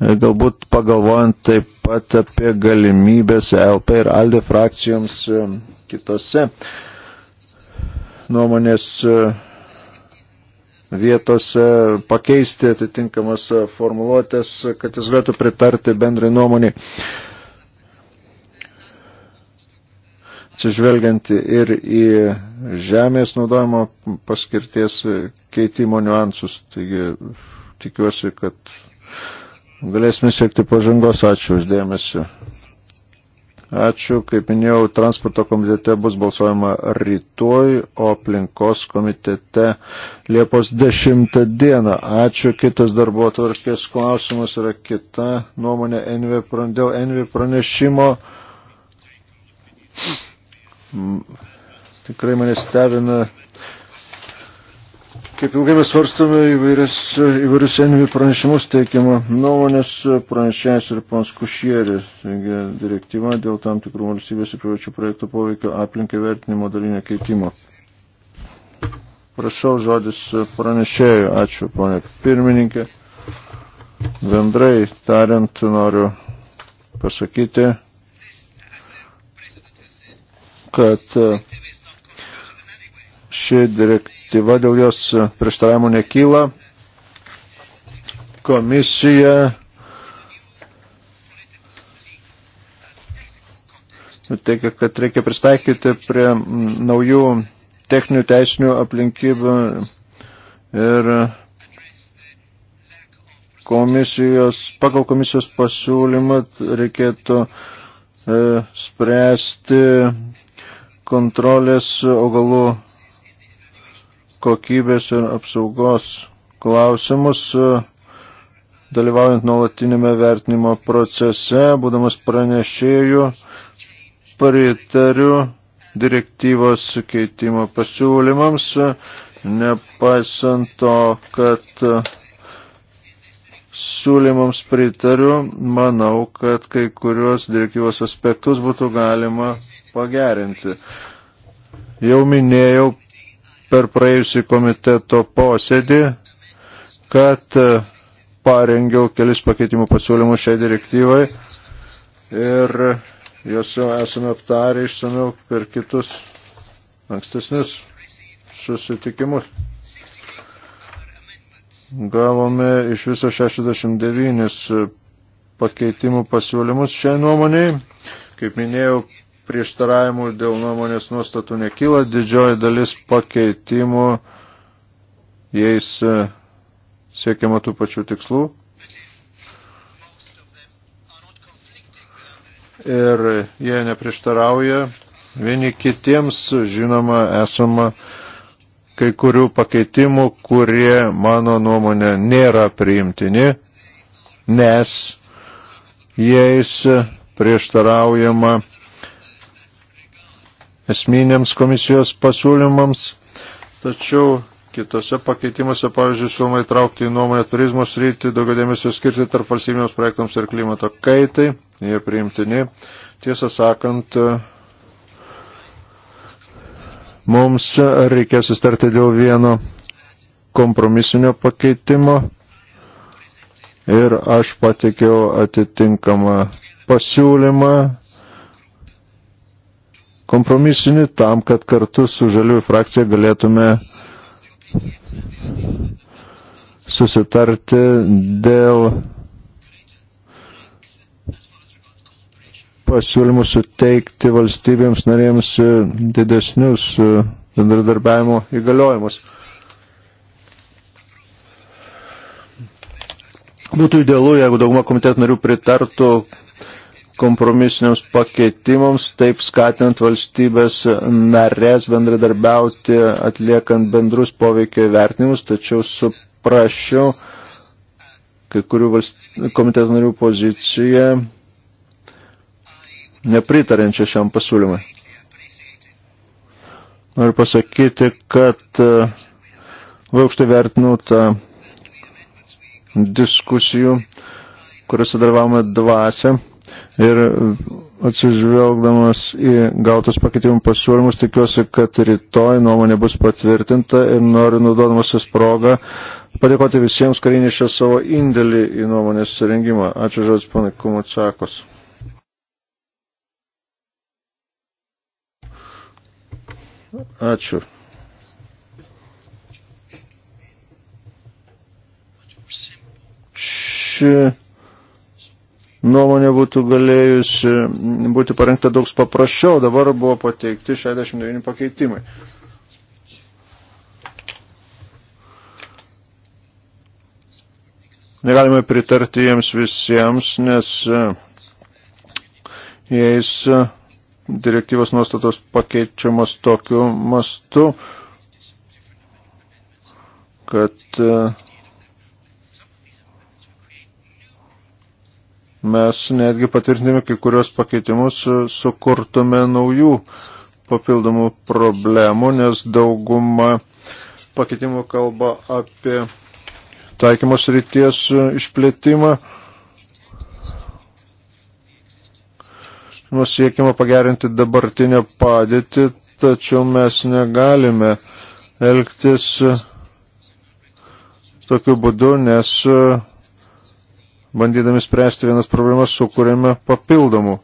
Speaker 2: galbūt pagalvojant taip pat apie galimybės LP ir ALDE frakcijoms e, kitose nuomonės e, vietose pakeisti atitinkamas formuluotės, kad jis galėtų pritarti bendrai nuomonį. atsižvelgianti ir į žemės naudojimo paskirties keitimo niuansus. Taigi tikiuosi, kad galėsime siekti pažangos. Ačiū uždėmesi. Ačiū. Kaip minėjau, transporto komitete bus balsuojama rytoj, o aplinkos komitete Liepos 10 dieną. Ačiū. Kitas darbo tvarkės klausimas yra kita nuomonė NV, dėl NV pranešimo. Tikrai mane stebina, kaip ilgai mes svarstame įvairius, įvairius envi pranešimus teikiamą nuomonės pranešėjas ir pons Kušieris. Taigi direktyva dėl tam tikrų valstybės ir privačių projektų poveikio aplinkai vertinimo dalinio keitimo. Prašau žodis pranešėjų. Ačiū, ponė pirmininkė. Bendrai tariant, noriu pasakyti, kad e, ši direktyva dėl jos prieštaravimų nekyla. Komisija teikia, kad reikia pristaikyti prie naujų techninių teisinių aplinkybių ir komisijos, pagal komisijos pasiūlymą reikėtų e, spręsti kontrolės augalų kokybės ir apsaugos klausimus, e, dalyvaujant nuolatinėme vertinimo procese, būdamas pranešėjų, pritariu direktyvos keitimo pasiūlymams, nepaisant to, kad siūlymams pritariu, manau, kad kai kurios direktyvos aspektus būtų galima pagerinti. Jau minėjau per praėjusį komiteto posėdį, kad e, parengiau kelis pakeitimų pasiūlymus šiai direktyvai ir juos jau esame aptarę išsamiau per kitus ankstesnius susitikimus. Gavome iš viso 69 e, pakeitimų pasiūlymus šiai nuomoniai. Kaip minėjau, prieštaravimų dėl nuomonės nuostatų nekyla. Didžioji dalis pakeitimų jais e, siekiama tų pačių tikslų. Ir jie neprieštarauja vieni kitiems, žinoma, esama kai kurių pakeitimų, kurie mano nuomonė nėra priimtini, nes jais prieštaraujama esminėms komisijos pasiūlymams, tačiau kitose pakeitimuose, pavyzdžiui, siūloma įtraukti į nuomonę turizmo sritį, daugiau dėmesio skirti tarp valstybėms projektams ir klimato kaitai, jie priimtini. Tiesą sakant, Mums reikės sustarti dėl vieno kompromisinio pakeitimo ir aš patikiau atitinkamą pasiūlymą kompromisinį tam, kad kartu su žaliųjų frakcija galėtume susitarti dėl pasiūlymų suteikti valstybėms narėms e, didesnius e, bendradarbiavimo įgaliojimus. Būtų idealu, jeigu dauguma komitetų narių pritartų kompromisiniams pakeitimams, taip skatinant valstybės narės bendradarbiauti, atliekant bendrus poveikio vertinimus, tačiau suprašiau kai kurių valst... komitetų narių poziciją nepritarančią šiam pasiūlymui. Noriu pasakyti, kad vaukštai e, vertinu tą diskusijų, kuriuose dalyvavome dvasę ir atsižvelgdamas į gautus pakeitimų pasiūlymus, tikiuosi, kad rytoj nuomonė bus patvirtinta ir noriu naudodamasis progą padėkoti visiems, kurie nešė savo indėlį į nuomonės rengimą. Ačiū žodis, panai Kumutsakos. Ačiū. Ši nuomonė būtų galėjusi būti parengta daug paprasčiau, dabar buvo pateikti 69 pakeitimai. Negalime pritarti jiems visiems, nes jais direktyvos nuostatos pakeičiamos tokiu mastu, kad e, mes netgi patvirtinime kai kurios pakeitimus e, sukurtume naujų papildomų problemų, nes dauguma pakeitimų kalba apie taikymos ryties e, išplėtimą nusiekiama pagerinti dabartinę padėtį, tačiau mes negalime elgtis tokiu būdu, nes bandydami spręsti vienas problemas sukūrėme papildomų.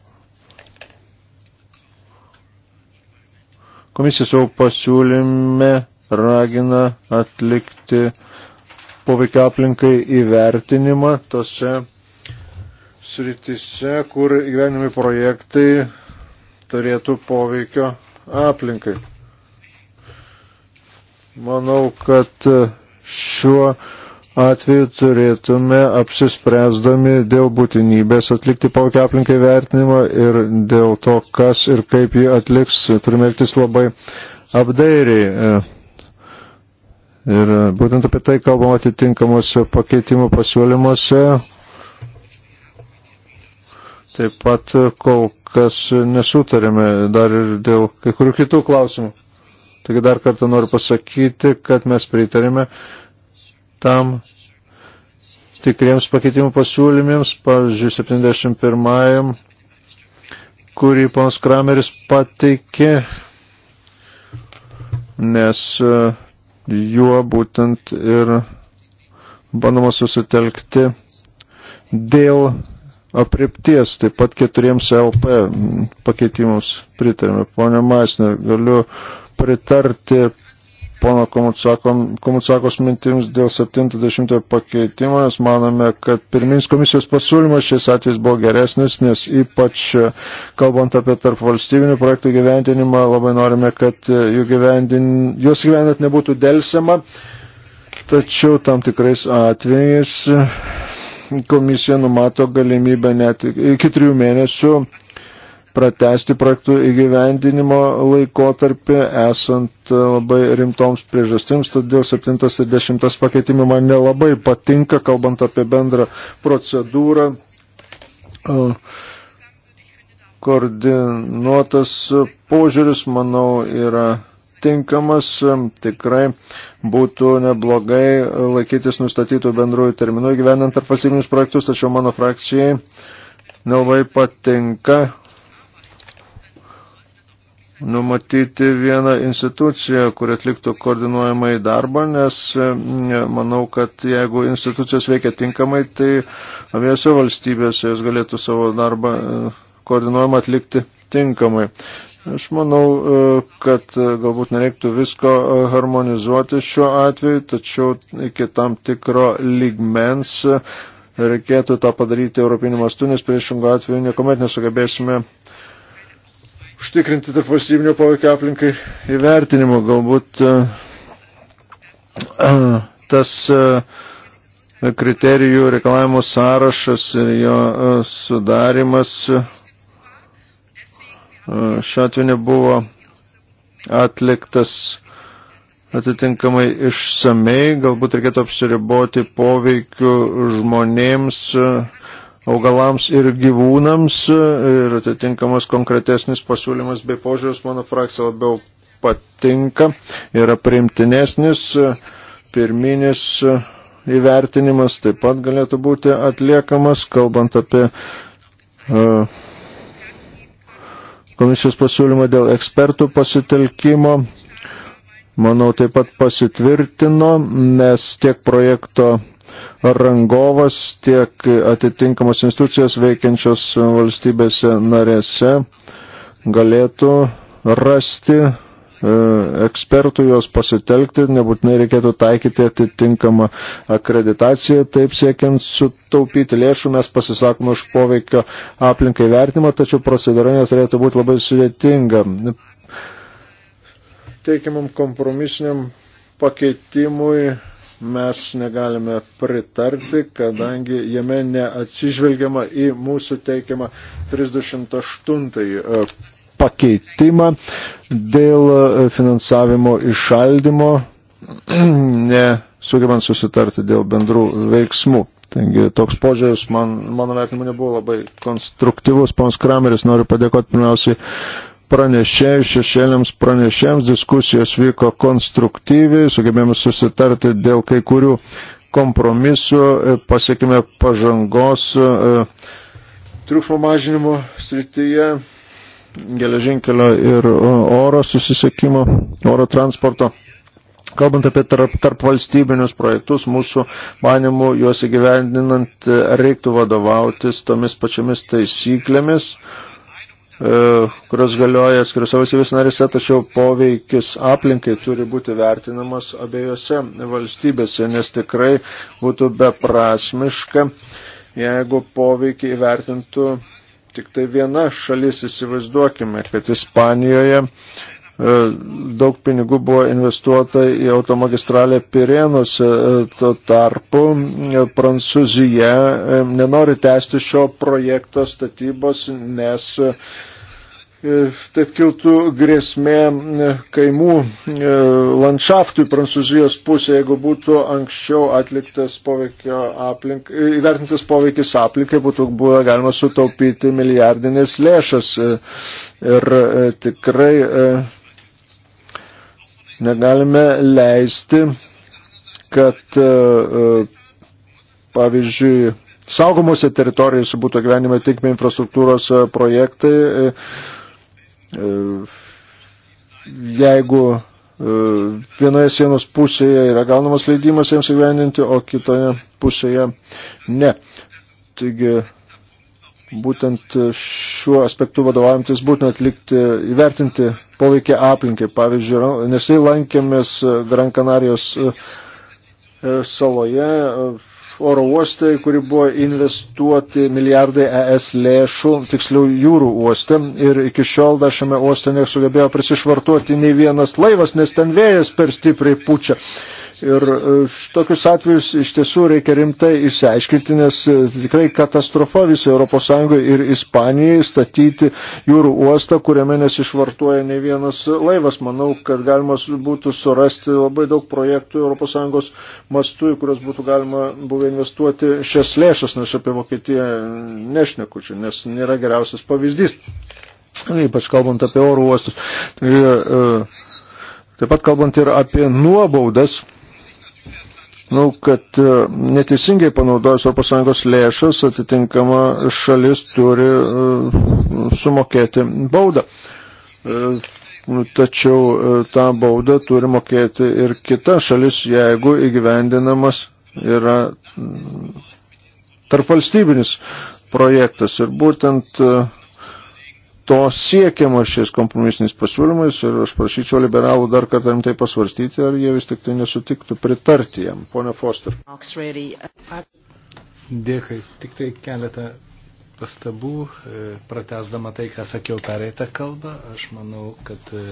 Speaker 2: Komisija savo pasiūlyme ragina atlikti poveikia aplinkai įvertinimą tose sritise, kur gyvenimai projektai turėtų poveikio aplinkai. Manau, kad šiuo atveju turėtume apsispręsdami dėl būtinybės atlikti poveikio aplinkai vertinimą ir dėl to, kas ir kaip jį atliks, turime elgtis labai apdairiai. Ir būtent apie tai kalbam atitinkamuose pakeitimų pasiūlymuose, Taip pat kol kas nesutarėme dar ir dėl kai kurių kitų klausimų. Taigi dar kartą noriu pasakyti, kad mes pritarėme tam tikriems pakeitimų pasiūlymėms, pavyzdžiui, 71-ajam, kurį panas Krameris pateikė, nes e, juo būtent ir bandoma susitelkti dėl apripties, taip pat keturiems LP pakeitimams pritarėme. Pone Maisner, galiu pritarti pono Komutsakos mintims dėl 70 pakeitimo, nes manome, kad pirminis komisijos pasiūlymas šiais atvejais buvo geresnis, nes ypač e, kalbant apie tarp valstybinių projektų gyvendinimą, labai norime, kad e, jų gyvendin, juos gyvendinat nebūtų dėlsiama, tačiau tam tikrais atvejais komisija numato galimybę net iki trijų mėnesių pratesti projektų įgyvendinimo laikotarpį, esant labai rimtoms priežastims, todėl 7 ir 10 pakeitimai man nelabai patinka, kalbant apie bendrą procedūrą. Koordinuotas požiūris, manau, yra tinkamas, tikrai būtų neblogai laikytis nustatytų bendrųjų terminų gyvenant tarp valstybinius projektus, tačiau mano frakcijai nelabai patinka numatyti vieną instituciją, kuri atliktų koordinuojamai darbą, nes manau, kad jeigu institucijos veikia tinkamai, tai abiejose valstybėse jos galėtų savo darbą koordinuojamą atlikti tinkamai. Aš manau, e, kad e, galbūt nereiktų visko e, harmonizuoti šiuo atveju, tačiau iki tam tikro ligmens reikėtų tą padaryti europiniu mastu, nes priešingų atveju niekuomet nesugebėsime užtikrinti tarp valstybinio poveikio aplinkai įvertinimo. Galbūt [CLEARS THROAT] tas kriterijų reikalavimo sąrašas ir jo sudarimas Šiuo atveju nebuvo atliktas atitinkamai išsamei, galbūt reikėtų apsiriboti poveikiu žmonėms, augalams ir gyvūnams ir atitinkamas konkretesnis pasiūlymas bei požiūris mano frakcija labiau patinka, yra priimtinesnis, pirminis įvertinimas taip pat galėtų būti atliekamas, kalbant apie uh, komisijos pasiūlymą dėl ekspertų pasitelkimo, manau, taip pat pasitvirtino, nes tiek projekto rangovas, tiek atitinkamos institucijos veikiančios valstybėse narėse galėtų rasti E, ekspertų juos pasitelkti, nebūtinai reikėtų taikyti atitinkamą akreditaciją, taip siekiant sutaupyti lėšų, mes pasisakome už poveikio aplinkai vertimą, tačiau procedūra neturėtų būti labai sudėtinga. Teikiamam kompromisiniam pakeitimui mes negalime pritarti, kadangi jame neatsižvelgiama į mūsų teikiamą 38 pakeitimą dėl e, finansavimo išaldimo, [CLEARS THROAT] nesugebant susitarti dėl bendrų veiksmų. Taigi toks požiūris, man, mano vertinimu, nebuvo labai konstruktyvus. Pons Krameris, noriu padėkoti pirmiausiai pranešėjų, šešėliams pranešėjams. Diskusijos vyko konstruktyviai, sugebėjome susitarti dėl kai kurių kompromisų, e, pasiekime pažangos e, triukšmo mažinimo srityje geležinkelio ir oro susisiekimo, oro transporto. Kalbant apie tarp, tarp valstybinius projektus, mūsų manimų juos įgyvendinant e, reiktų vadovautis tomis pačiomis taisyklėmis, e, kurios galioja skiriuose valstybės narėse, tačiau poveikis aplinkai turi būti vertinamas abiejose valstybėse, nes tikrai būtų beprasmiška, jeigu poveikį įvertintų tik tai viena šalis įsivaizduokime, kad Ispanijoje e, daug pinigų buvo investuota į automagistralę Pirėnuose, tuo tarpu e, Prancūzija e, nenori tęsti šio projekto statybos, nes taip kiltų grėsmė e, kaimų e, landšaftui Prancūzijos pusė, jeigu būtų anksčiau atliktas poveikio aplink, e, įvertintas poveikis aplinkai, būtų buvę galima sutaupyti milijardinės lėšas. Ir tikrai negalime leisti, kad pavyzdžiui, saugomose teritorijose būtų gyvenime tinkami infrastruktūros projektai E, jeigu e, vienoje sienos pusėje yra gaunamas leidimas jiems įgyvendinti, o kitoje pusėje ne. Taigi būtent šiuo aspektu vadovaujantis būtent atlikti, įvertinti poveikį aplinkai. Pavyzdžiui, nesai lankėmės Gran Kanarijos e, saloje, oro uoste, kuri buvo investuoti milijardai ES lėšų, tiksliau jūrų uoste. Ir iki šiol dar šiame uoste nesugebėjo prisišvartuoti nei vienas laivas, nes ten vėjas per stipriai pučia. Ir e, tokius atvejus iš tiesų reikia rimtai išsiaiškinti, nes e, tikrai katastrofa visai ES ir Ispanijai statyti jūrų uostą, kuriame nesišvartuoja ne vienas laivas. Manau, kad galima būtų surasti labai daug projektų ES mastų, į kurias būtų galima buvo investuoti šias lėšas, nes apie Vokietiją nešneku čia, nes nėra geriausias pavyzdys. Ypač kalbant apie oro uostus. E, taip pat kalbant ir apie nuobaudas Manau, kad e, neteisingai panaudojus ES lėšas atitinkama šalis turi e, sumokėti baudą. E, nu, tačiau tą baudą turi mokėti ir kita šalis, jeigu įgyvendinamas yra tarpvalstybinis projektas. Ir būtent to siekiama šiais kompromisiniais pasiūlymais ir aš prašyčiau liberalų dar kartą rimtai pasvarstyti, ar jie vis tik tai nesutiktų pritarti jam. Pone Foster.
Speaker 1: Uh, Dėkui. Tik tai keletą pastabų, e, pratesdama tai, ką sakiau pereitą kalbą. Aš manau, kad e,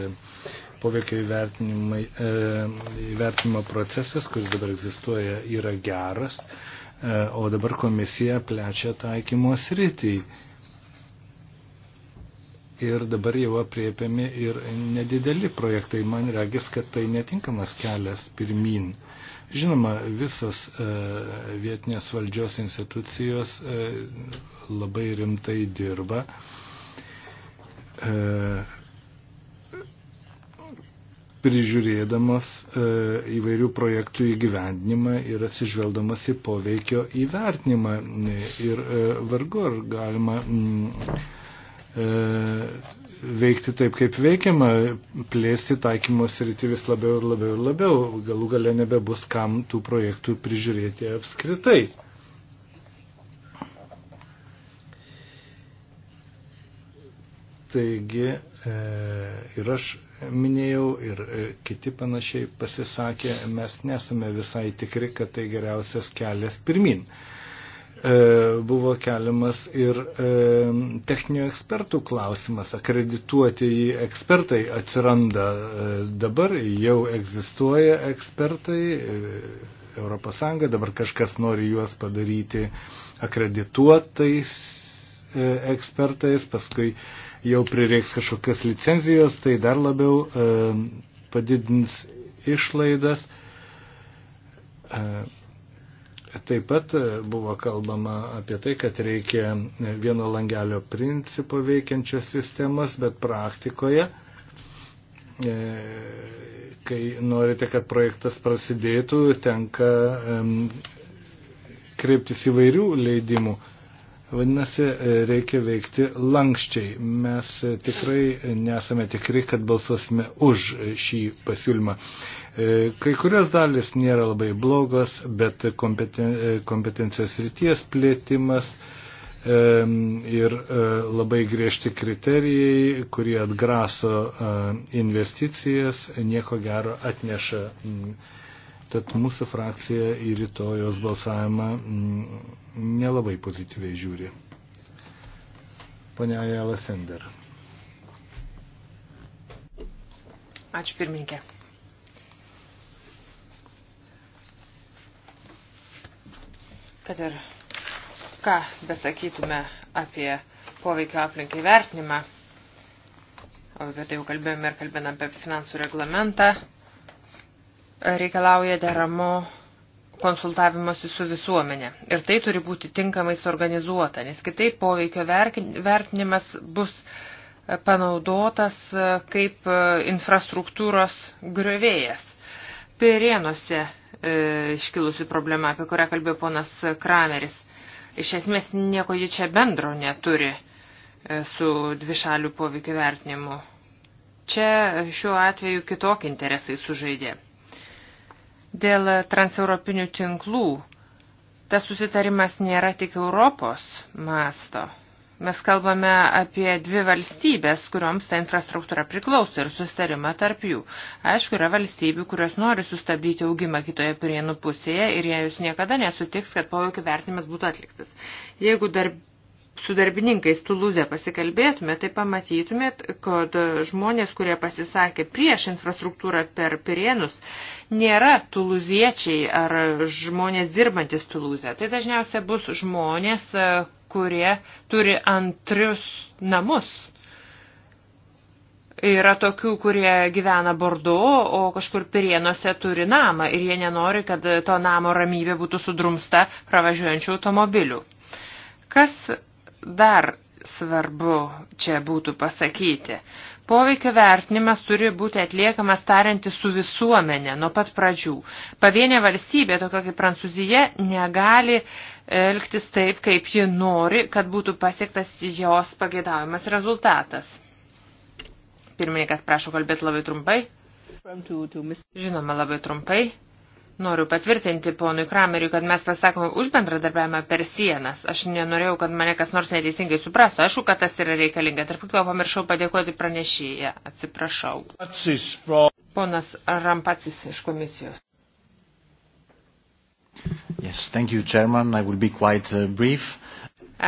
Speaker 1: poveikio e, įvertinimo procesas, kuris dabar egzistuoja, yra geras, o dabar komisija plečia taikymo sritį ir dabar jau apriepiami ir nedideli projektai. Man regis, kad tai netinkamas kelias pirmin. Žinoma, visas e, vietinės valdžios institucijos e, labai rimtai dirba. E, prižiūrėdamas įvairių projektų įgyvendinimą ir atsižvelgdamas į poveikio įvertinimą. Ir vargu ar galima E, veikti taip, kaip veikiama, plėsti taikymo sritį vis labiau ir labiau ir labiau. Galų gale nebebus kam tų projektų prižiūrėti apskritai. Taigi e, ir aš minėjau, ir e, kiti panašiai pasisakė, mes nesame visai tikri, kad tai geriausias kelias pirmin. E, E, buvo keliamas ir e, techninių ekspertų klausimas. Akredituotieji ekspertai atsiranda e, dabar, jau egzistuoja ekspertai, ES dabar kažkas nori juos padaryti akredituotais ekspertais, paskui jau prireiks kažkokios licenzijos, tai dar labiau padidins išlaidas. Uh, Taip pat e, buvo kalbama apie tai, kad reikia vieno langelio principo veikiančios sistemas, bet praktikoje, e, kai norite, kad projektas prasidėtų, tenka kreiptis įvairių leidimų. Vadinasi, e, reikia veikti lankščiai. Mes tikrai nesame tikri, kad balsuosime už šį pasiūlymą. E, kai kurios dalis nėra labai blogos, bet kompeten, e, kompetencijos ryties plėtimas e, ir labai griežti kriterijai, kurie atgraso investicijas, nieko gero atneša. Tad mūsų frakcija į rytojos balsavimą nelabai pozityviai žiūri. Pane Ajala
Speaker 3: Sender. Ačiū pirmininkė. kad ir ką besakytume apie poveikio aplinkai vertinimą, o apie tai jau kalbėjome ir kalbėjome apie finansų reglamentą, reikalauja deramo konsultavimuose su visuomenė. Ir tai turi būti tinkamai suorganizuota, nes kitaip poveikio vertinimas bus e, panaudotas e, kaip e, infrastruktūros griovėjas. Pirėnuose E, iškilusi problema, apie kurią kalbėjo ponas Krameris. Iš esmės nieko jie čia bendro neturi e, su dvišalių poveikio vertinimu. Čia šiuo atveju kitokie interesai sužaidė. Dėl transeuropinių tinklų tas susitarimas nėra tik Europos masto. Mes kalbame apie dvi valstybės, kuriuoms ta infrastruktūra priklauso ir sustarimą tarp jų. Aišku, yra valstybių, kurios nori sustabdyti augimą kitoje pirienų pusėje ir jie jūs niekada nesutiks, kad poveikio vertinimas būtų atliktas. Jeigu dar su darbininkais Tulūzė pasikalbėtumėt, tai pamatytumėt, kad žmonės, kurie pasisakė prieš infrastruktūrą per pirienus, nėra tuluziečiai ar žmonės dirbantis Tulūzė. Tai dažniausia bus žmonės, kurie turi antrius namus. Yra tokių, kurie gyvena Bordu, o kažkur Pirienuose turi namą ir jie nenori, kad to namo ramybė būtų sudrumsta pravažiuojančių automobilių. Kas dar svarbu čia būtų pasakyti? Poveikio vertinimas turi būti atliekamas tarianti su visuomenė nuo pat pradžių. Pavienė valstybė, tokia kaip Prancūzija, negali elgtis taip, kaip ji nori, kad būtų pasiektas jos pagėdavimas rezultatas. Pirmininkas prašo kalbėti labai trumpai. Žinoma, labai trumpai. Noriu patvirtinti ponui Krameriui, kad mes pasakome už bendradarbiavimą per sienas. Aš nenorėjau, kad mane kas nors neteisingai suprastų. Aišku, kad tas yra reikalinga. Tarp kitko pamiršau padėkoti pranešėją. Atsiprašau. Ponas Rampacis iš komisijos.
Speaker 1: Yes, thank you, Chairman. I will be quite uh, brief.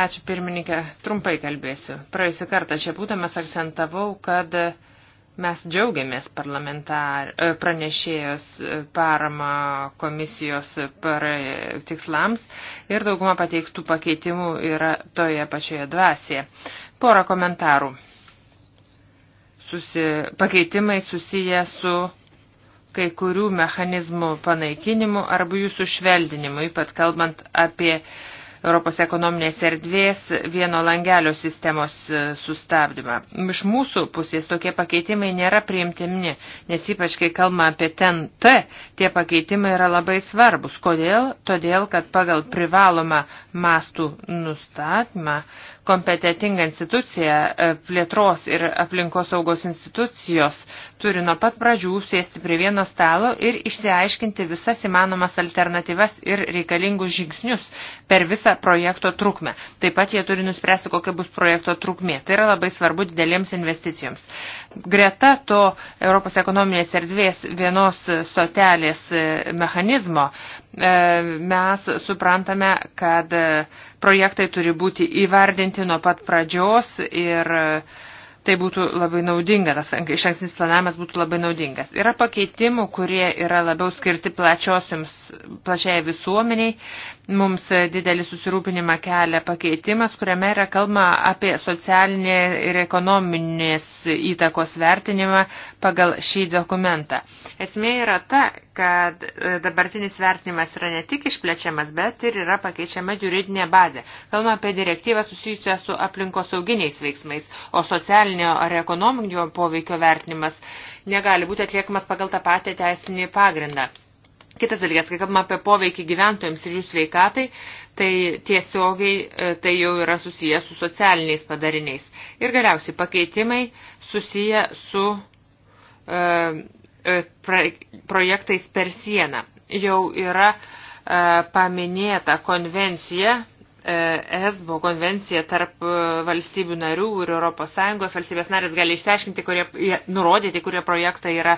Speaker 3: Ačiū pirmininkė, trumpai kalbėsiu. Praėjusią kartą čia būdamas akcentavau, kad uh, Mes džiaugiamės parlamentar, e, pranešėjos e, parama komisijos par e, tikslams ir dauguma pateiktų pakeitimų yra toje pačioje dvasėje. Porą komentarų. Susi, pakeitimai susiję su kai kurių mechanizmų panaikinimu arba jų sušveldinimu, ypat kalbant apie uh, Europos ekonominės erdvės vieno langelio sistemos e, sustabdymą. Iš mūsų pusės tokie pakeitimai nėra priimtini, nes ypač kai kalbame apie TNT, tie pakeitimai yra labai svarbus. Kodėl? Todėl, kad pagal privalomą mastų nustatymą kompetitinga institucija, e, plėtros ir aplinkos saugos institucijos turi nuo pat pradžių sėsti prie vieno stalo ir išsiaiškinti visas įmanomas alternatyvas ir reikalingus žingsnius per visą projekto trukmę. Taip pat jie turi nuspręsti, kokia bus projekto trukmė. Tai yra labai svarbu didelėms investicijoms. Greta to Europos ekonominės erdvės vienos stotelės e, mechanizmo E, mes suprantame, kad projektai turi būti įvardinti nuo pat pradžios ir uh, tai būtų labai naudinga, tas išankstinis planavimas būtų labai naudingas. Yra pakeitimų, kurie yra labiau skirti plačiosioms, plačiai visuomeniai. Mums didelį susirūpinimą kelia pakeitimas, kuriame yra kalba apie socialinį ir ekonominės įtakos vertinimą pagal šį dokumentą. Esmė yra ta, kad e, dabartinis vertinimas yra ne tik išplečiamas, bet ir yra pakeičiama juridinė bazė. Kalbama apie direktyvą susijusią su aplinkosauginiais veiksmais, o socialinė socialinio ar ekonominio poveikio vertinimas negali būti atliekamas pagal tą patį teisinį pagrindą. Kitas dalykas, kai kalbame apie poveikį gyventojams ir jų sveikatai, tai tiesiogiai e, tai jau yra susiję su socialiniais padariniais. Ir galiausiai pakeitimai susiję su e, e pra, projektais per sieną. Jau yra e, paminėta konvencija ESBO konvencija tarp e, valstybių narių ir ES valstybės narės gali išsiaiškinti, kurie, nurodyti, kurie projektai yra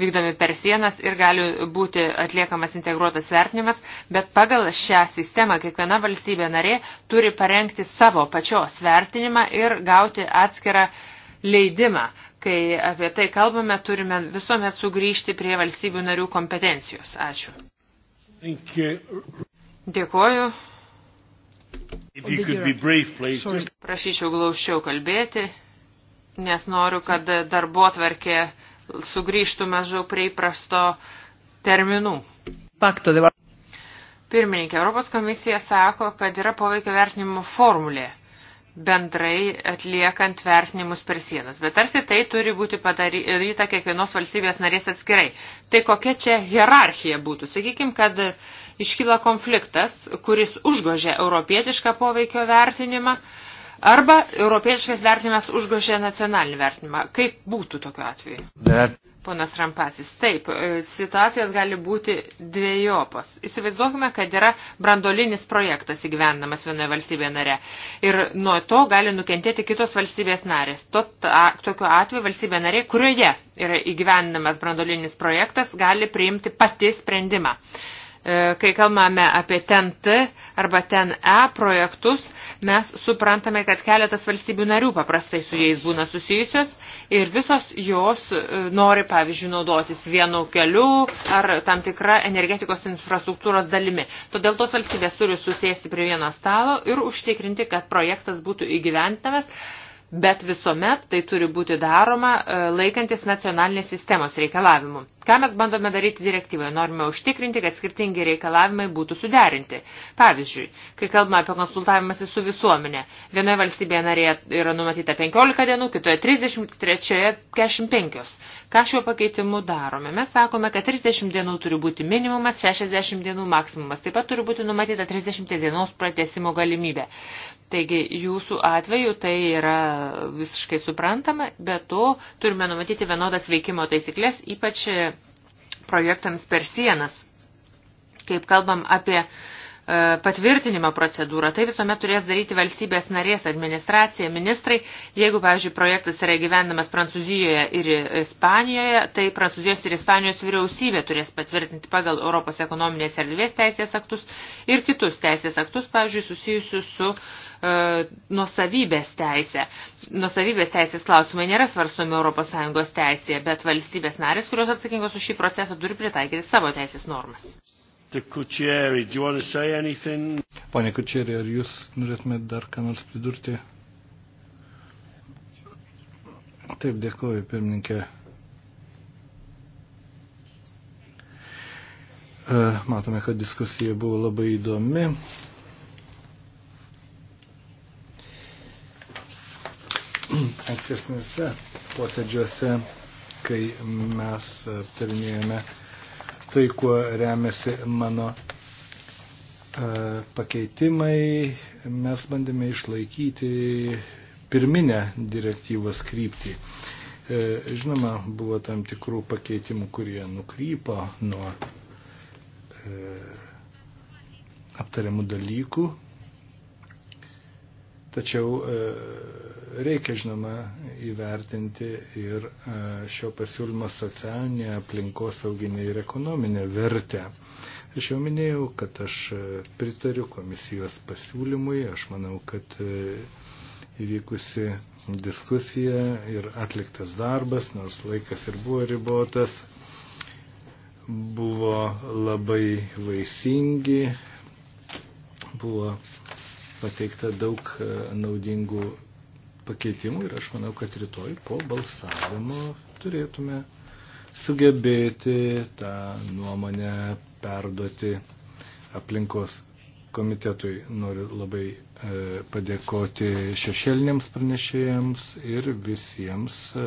Speaker 3: vykdomi per sienas ir gali būti atliekamas integruotas vertinimas, bet pagal šią sistemą kiekviena valstybė narė turi parengti savo pačios vertinimą ir gauti atskirą leidimą. Kai apie tai kalbame, turime visuomet sugrįžti prie valstybių narių kompetencijos. Ačiū. Dėkuoju. Brief, Prašyčiau glaušiau kalbėti, nes noriu, kad darbo atverkė sugrįžtų mažiau prie įprasto terminų. Pakto dabar. Pirmininkė, Europos komisija sako, kad yra poveikio vertinimo formulė bendrai atliekant vertinimus per sienas. Bet tarsi tai turi būti padaryta kiekvienos valstybės narės atskirai. Tai kokia čia hierarchija būtų? Sakykime, kad uh, iškyla konfliktas, kuris užgožia europietišką poveikio vertinimą arba europietiškas vertinimas užgožia nacionalinį vertinimą. Kaip būtų tokiu atveju? That... Ponas Rampasis, taip, e, situacijos gali būti dviejopos. Įsivaizduokime, kad yra brandolinis projektas įgyvendamas vienoje valstybėje nare ir nuo to gali nukentėti kitos valstybės narės. Tot, a, tokiu atveju valstybė narė, kurioje yra įgyvendamas brandolinis projektas, gali priimti pati sprendimą. E, kai kalbame apie TNT arba TNE projektus, mes suprantame, kad keletas valstybių narių paprastai su jais būna susijusios ir visos jos e, nori, pavyzdžiui, naudotis vienu keliu ar tam tikra energetikos infrastruktūros dalimi. Todėl tos valstybės turi susėsti prie vieno stalo ir užtikrinti, kad projektas būtų įgyventamas bet visuomet tai turi būti daroma e, laikantis nacionalinės sistemos reikalavimų. Ką mes bandome daryti direktyvoje? Norime užtikrinti, kad skirtingi reikalavimai būtų suderinti. Pavyzdžiui, kai kalbame apie konsultavimąsi su visuomenė, vienoje valstybėje narėje yra numatyta 15 dienų, kitoje 30, trečioje 45. Ką šiuo pakeitimu darome? Mes sakome, kad 30 dienų turi būti minimumas, 60 dienų maksimumas. Taip pat turi būti numatyta 30 dienos pratesimo galimybė. Taigi jūsų atveju tai yra visiškai suprantama, bet to turime numatyti vienodas veikimo taisyklės, ypač projektams per sienas. Kaip kalbam apie E, patvirtinimo procedūrą. Tai visuomet turės daryti valstybės narės administracija, ministrai. Jeigu, pavyzdžiui, projektas yra gyvenamas Prancūzijoje ir Ispanijoje, tai Prancūzijos ir Ispanijos vyriausybė turės patvirtinti pagal Europos ekonominės erdvės teisės aktus ir kitus teisės aktus, pavyzdžiui, susijusius su e, nusavybės teisė. Nusavybės teisės klausimai nėra svarstomi ES teisėje, bet valstybės narės, kurios atsakingos už šį procesą, turi pritaikyti savo teisės normas.
Speaker 1: Kucheri, Pane Kučerį, ar jūs norėtumėte dar ką nors pridurti? Taip, dėkuoju, pirmininkė. E, matome, kad diskusija buvo labai įdomi. Ankstesniuose posėdžiuose, kai mes aptarinėjome uh, tai, kuo remiasi mano e, pakeitimai, mes bandėme išlaikyti pirminę direktyvos kryptį. E, žinoma, buvo tam tikrų pakeitimų, kurie nukrypo nuo e, aptariamų dalykų, tačiau Reikia, žinoma, įvertinti ir e, šio pasiūlymo socialinę, aplinkosauginę ir ekonominę vertę. Aš jau minėjau, kad aš e, pritariu komisijos pasiūlymui. Aš manau, kad e, įvykusi diskusija ir atliktas darbas, nors laikas ir buvo ribotas, buvo labai vaisingi, buvo pateikta daug naudingų pakeitimų ir aš manau, kad rytoj po balsavimo turėtume sugebėti tą nuomonę perduoti aplinkos komitetui. Noriu labai e, padėkoti šešėlinėms pranešėjams ir visiems e,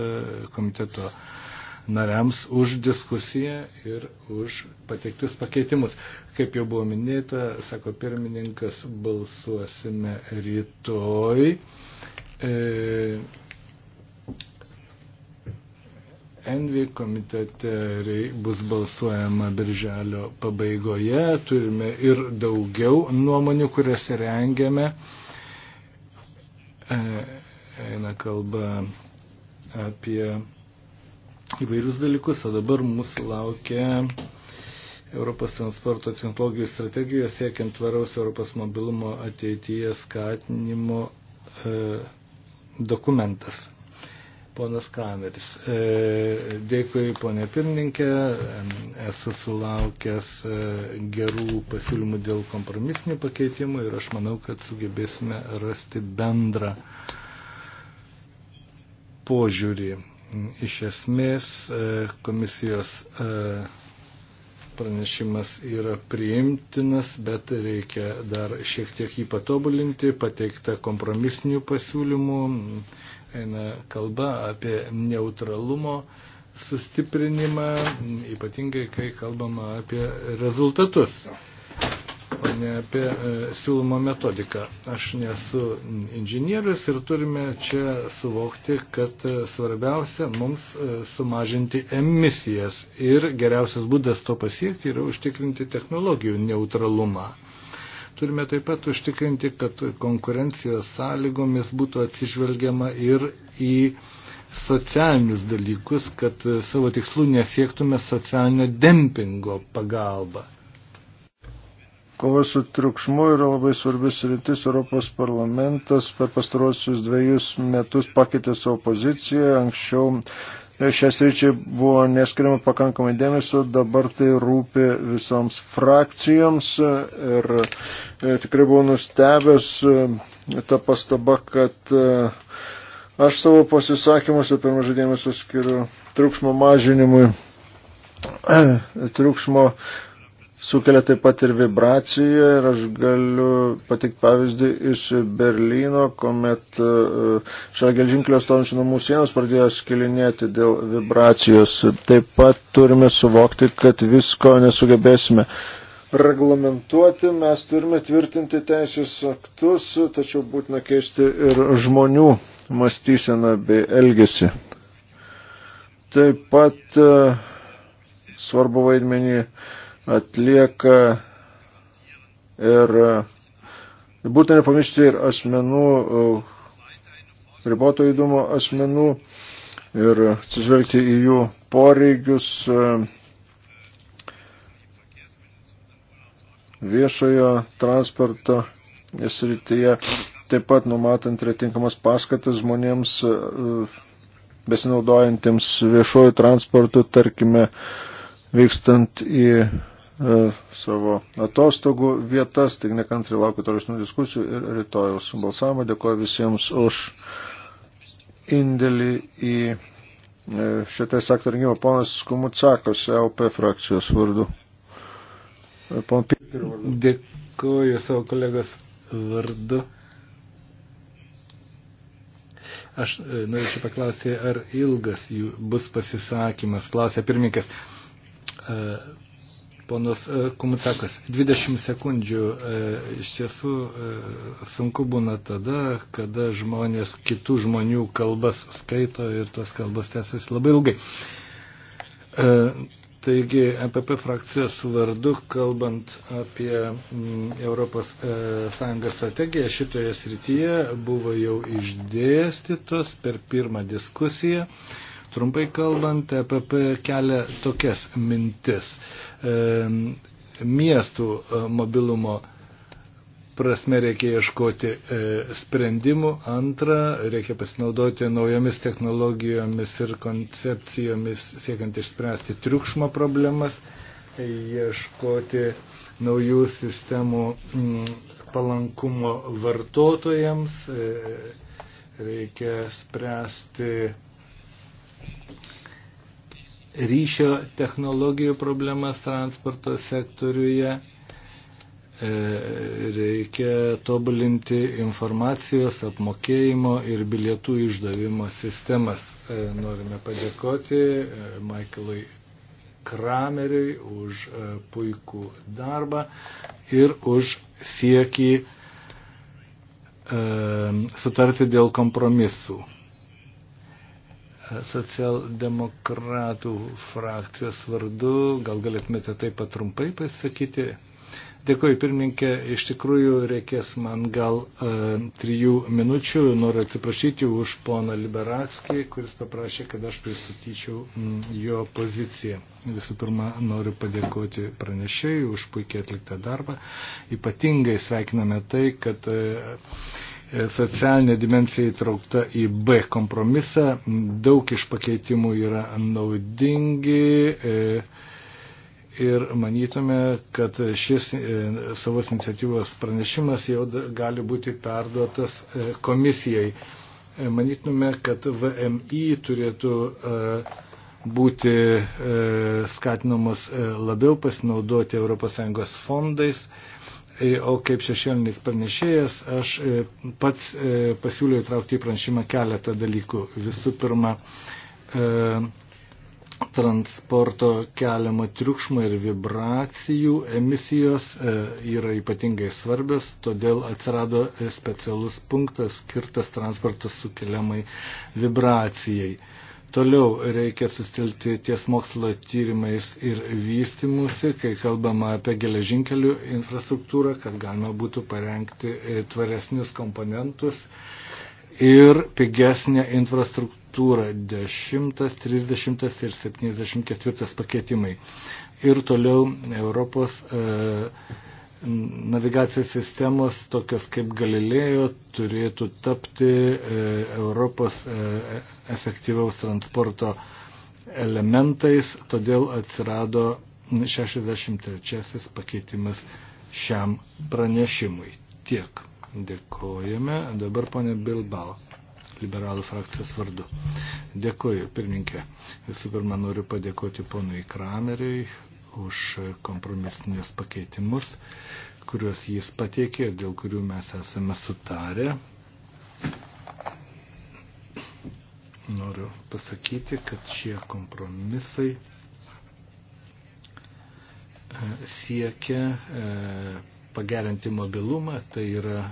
Speaker 1: komiteto nariams už diskusiją ir už pateiktus pakeitimus. Kaip jau buvo minėta, sako pirmininkas, balsuosime rytoj. E, Envi komitete bus balsuojama birželio pabaigoje, turime ir daugiau nuomonių, kurias rengiame. E, eina kalba apie įvairius dalykus, o dabar mūsų laukia Europos transporto technologijų strategijos siekiant tvaraus Europos mobilumo ateityje skatinimo. E, dokumentas. Ponas Krameris. E, dėkui, ponė pirmininkė. Esu sulaukęs e, gerų pasiūlymų dėl kompromisinių pakeitimų ir aš manau, kad sugebėsime rasti bendrą požiūrį. Iš esmės e, komisijos pranešimas yra priimtinas, bet reikia dar šiek tiek jį patobulinti, pateikta kompromisinių pasiūlymų, eina kalba apie neutralumo sustiprinimą, ypatingai kai kalbama apie rezultatus nuomonę apie e, siūlomą metodiką. Aš nesu inžinierius ir turime čia suvokti, kad e, svarbiausia mums e, sumažinti emisijas ir geriausias būdas to pasiekti yra užtikrinti technologijų neutralumą. Turime taip pat užtikrinti, kad konkurencijos sąlygomis būtų atsižvelgiama ir į socialinius dalykus, kad savo tikslų nesiektume socialinio dempingo pagalba. Kova su triukšmu yra labai
Speaker 2: svarbis rytis. Europos parlamentas per pastarosius dviejus metus pakeitė savo poziciją. Anksčiau šias ryčiai buvo neskiriama pakankamai dėmesio, dabar tai rūpi visoms frakcijoms. Ir tikrai buvau nustebęs tą pastabą, kad e, aš savo pasisakymuose per mažai dėmesio skiriu triukšmo mažinimui, [CLEARS THROAT] triukšmo mažinimui sukelia taip pat ir vibraciją ir aš galiu patikti pavyzdį iš Berlyno, kuomet e, šalia gelžinklio stovinčių namų sienos pradėjo skilinėti dėl vibracijos. Taip pat turime suvokti, kad visko nesugebėsime reglamentuoti, mes turime tvirtinti teisės aktus, tačiau būtina keisti ir žmonių mąstyseną bei elgesį. Taip pat e, svarbu vaidmenį atlieka ir būtent nepamiršti ir asmenų, uh, riboto įdumo asmenų ir atsižvelgti į jų poreigius uh, viešojo transporto srityje, taip pat numatant ir tinkamas paskatas žmonėms uh, besinaudojantiems viešojų transportų, tarkime, vykstant į E, savo atostogų vietas, tik nekantri laukiu tolesnių diskusijų ir rytojaus balsavimo. Dėkuoju visiems už indėlį į e, šitą sektorių rengimą. Ponas Kumutsakos, LP frakcijos vardu. E,
Speaker 1: Dėkuoju savo kolegos vardu. Aš norėčiau paklausti, ar ilgas jų bus pasisakymas, klausė pirmininkas Ponas e, Kumutsakas, 20 sekundžių. E, iš tiesų e, sunku būna tada, kada žmonės kitų žmonių kalbas skaito ir tas kalbas tęsiasi labai ilgai. Taigi, MPP frakcijos vardu, kalbant apie mm, Europos Sąjungos strategiją, šitoje srityje buvo jau išdėstytos per pirmą diskusiją. Trumpai kalbant, EPP kelia tokias mintis. E, E, miestų e, mobilumo prasme reikia ieškoti e, sprendimų. Antra, reikia pasinaudoti naujomis technologijomis ir koncepcijomis siekiant išspręsti triukšmo problemas, ieškoti naujų sistemų m, mm, palankumo vartotojams, e, reikia spręsti ryšio technologijų problemas transporto sektoriuje. E, reikia tobulinti informacijos, apmokėjimo ir bilietų išdavimo sistemas. E, norime padėkoti e, Michaelui Krameriui už puikų darbą ir už siekį sutarti dėl kompromisų socialdemokratų frakcijos vardu. Gal galėtumėte taip pat trumpai pasakyti? Dėkuoju, pirmininkė, iš tikrųjų reikės man gal e, trijų minučių. Noriu atsiprašyti už poną Liberatskį, kuris paprašė, kad aš pristatyčiau m, jo poziciją. Visų pirma, noriu padėkoti pranešėjui už puikiai atliktą darbą. Ypatingai sveikiname tai, kad e, socialinė dimensija įtraukta į B kompromisą. Daug iš pakeitimų yra naudingi e, ir manytume, kad šis e, savos iniciatyvos pranešimas jau gali būti perduotas e, komisijai. Manytume, kad VMI turėtų būti skatinamas labiau pasinaudoti ES fondais E, o kaip šešėlinis pranešėjas aš e, pats e, pasiūliau įtraukti į pranešimą keletą dalykų. Visų pirma, transporto keliamo triukšmo ir vibracijų emisijos yra ypatingai svarbios, todėl atsirado specialus punktas skirtas transporto sukeliamai vibracijai. Toliau reikia sustilti ties mokslo tyrimais ir vystimusi, kai kalbama apie geležinkelių infrastruktūrą, kad galima būtų parengti e, tvaresnius komponentus ir pigesnę infrastruktūrą 10, 30 ir 74 pakeitimai. Ir toliau Europos. E, navigacijos sistemos, tokios kaip Galilėjo, turėtų tapti e, Europos e, efektyvaus transporto elementais, todėl atsirado 63 pakeitimas šiam pranešimui. Tiek. Dėkojame. Dabar ponė Bilbao, liberalų frakcijos vardu. Dėkoju, pirmininkė. Visų pirma, noriu padėkoti ponui Krameriui už kompromisinius pakeitimus, kuriuos jis pateikė ir dėl kurių mes esame sutarę. Noriu pasakyti, kad šie kompromisai e, siekia e, pagerinti mobilumą, tai yra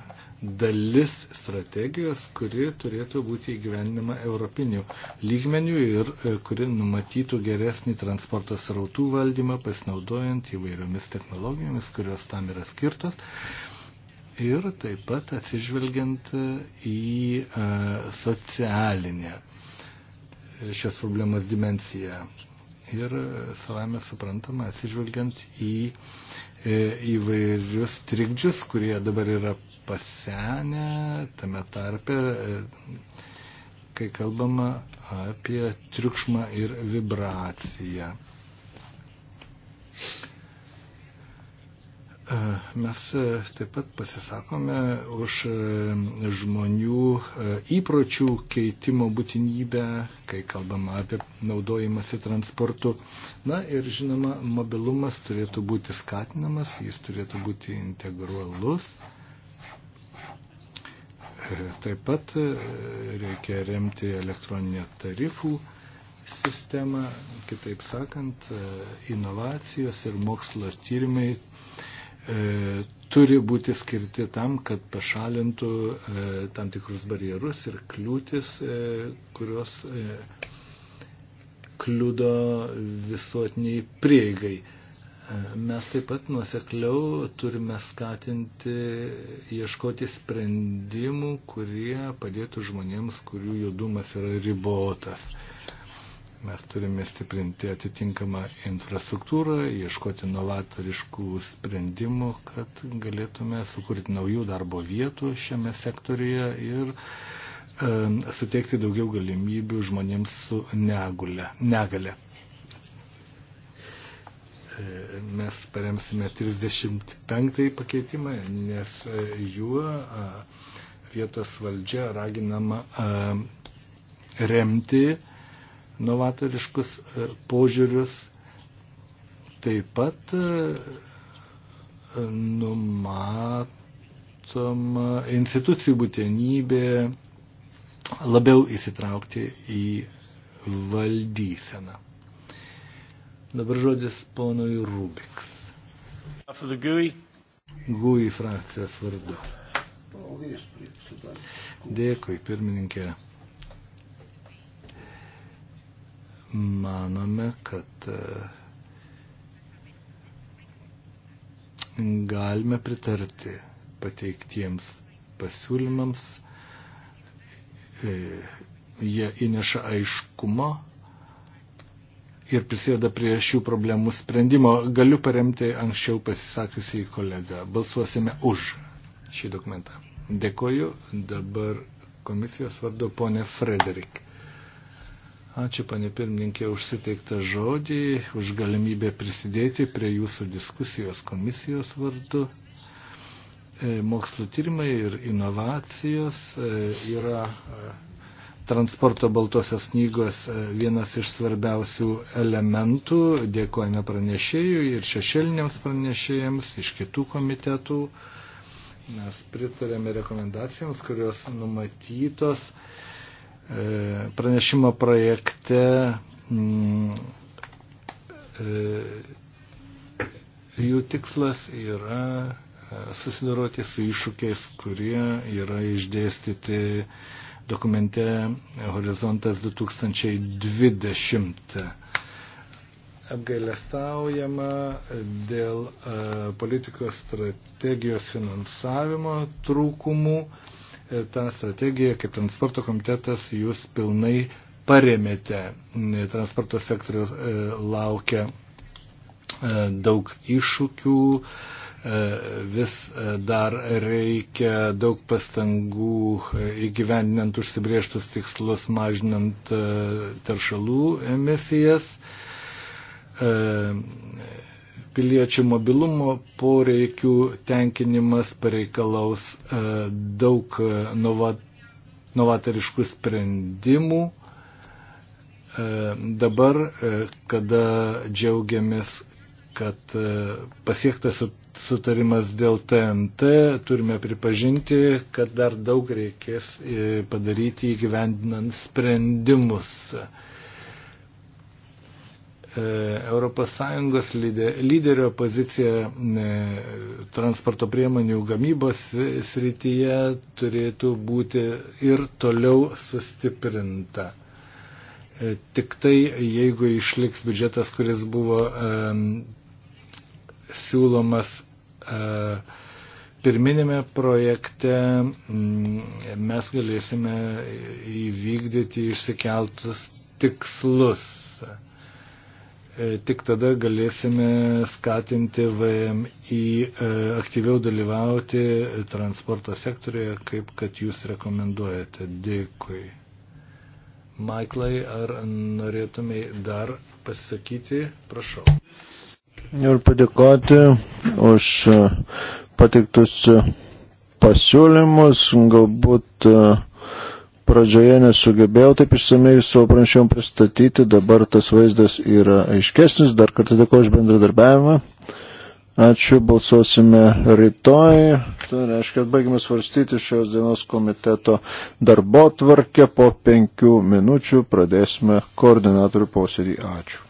Speaker 1: dalis strategijos, kuri turėtų būti įgyvendinama europiniu lygmeniu ir e, kuri numatytų geresnį transporto srautų valdymą, pasinaudojant įvairiomis technologijomis, kurios tam yra skirtos. Ir taip pat atsižvelgiant e, į e, socialinę šios problemos dimensiją. Ir savame suprantama, atsižvelgiant į įvairius trikdžius, kurie dabar yra pasenę, tame tarpe, e, kai kalbama apie triukšmą ir vibraciją. E, mes e, taip pat pasisakome už e, žmonių įpročių keitimo būtinybę, kai kalbama apie naudojimąsi transportu. Na ir žinoma, mobilumas turėtų būti skatinamas, jis turėtų būti integralus. Taip pat reikia remti elektroninę tarifų sistemą, kitaip sakant, inovacijos ir mokslo tyrimai E, turi būti skirti tam, kad pašalintų e, tam tikrus barjerus ir kliūtis, e, kurios kliudo visuotiniai prieigai. Mes taip pat nuosekliau turime skatinti ieškoti sprendimų, kurie padėtų žmonėms, kurių judumas yra ribotas. Mes turime stiprinti atitinkamą infrastruktūrą, ieškoti novatoriškų sprendimų, kad galėtume sukurti naujų darbo vietų šiame sektoriuje ir e, suteikti daugiau galimybių žmonėms su negule, negale. E, mes paremsime 35 pakeitimą, nes e, juo a, vietos valdžia raginama a, remti novatoriškus e, požiūrius. Taip pat e, e, numatoma institucijų būtinybė labiau įsitraukti į valdyseną. Dabar žodis ponui Rubiks. Gui frakcijos vardu. Dėkui, pirmininkė. manome, kad e, galime pritarti pateiktiems pasiūlymams. E, jie įneša aiškumo ir prisėda prie šių problemų sprendimo. Galiu paremti anksčiau pasisakiusiai kolegą. Balsuosime už šį dokumentą. Dėkoju dabar komisijos vardu ponė Frederik. Ačiū, panė pirmininkė, už suteiktą žodį, už galimybę prisidėti prie jūsų diskusijos komisijos vardu. E, mokslo tyrimai ir inovacijos e, yra e, transporto baltosios knygos vienas iš svarbiausių elementų. Dėkojame pranešėjui ir šešėliniams pranešėjams iš kitų komitetų. Mes pritarėme rekomendacijoms, kurios numatytos E, pranešimo projekte mm, e, jų tikslas yra e, susidoroti su iššūkiais, kurie yra išdėstyti dokumente Horizontas 2020. Apgailestaujama dėl politikos strategijos finansavimo trūkumų. E, tą strategiją kaip transporto komitetas jūs pilnai paremėte. Transporto sektorius e, laukia e, daug iššūkių, e, vis dar reikia daug pastangų įgyvendinant užsibrieštus tikslus, mažinant teršalų emisijas piliečių mobilumo poreikių tenkinimas pareikalaus e, daug e, novatoriškų sprendimų. E, dabar, kada džiaugiamės, kad pasiektas sutarimas dėl TNT, turime pripažinti, kad dar daug reikės padaryti įgyvendinant sprendimus. ES lyderio poziciją e, transporto priemonių gamybos e, srityje turėtų būti ir toliau sustiprinta. E, tik tai jeigu išliks biudžetas, kuris buvo siūlomas pirminėme projekte mes galėsime įvykdyti išsikeltus tikslus. E, tik tada galėsime skatinti VMI e, aktyviau dalyvauti transporto sektorioje, kaip kad jūs rekomenduojate. Dėkui. Maiklai, ar norėtumai dar pasisakyti? Prašau.
Speaker 2: Ir padėkoti už e, pateiktus pasiūlymus. Galbūt uh, pradžioje nesugebėjau taip išsamei savo pranešimą pristatyti, dabar tas vaizdas yra aiškesnis, dar kartą dėkoju už bendradarbiavimą. Ačiū, balsuosime rytoj. Tai reiškia, kad baigime svarstyti šios dienos komiteto darbo tvarkę. Po penkių minučių pradėsime koordinatorių posėdį. Ačiū.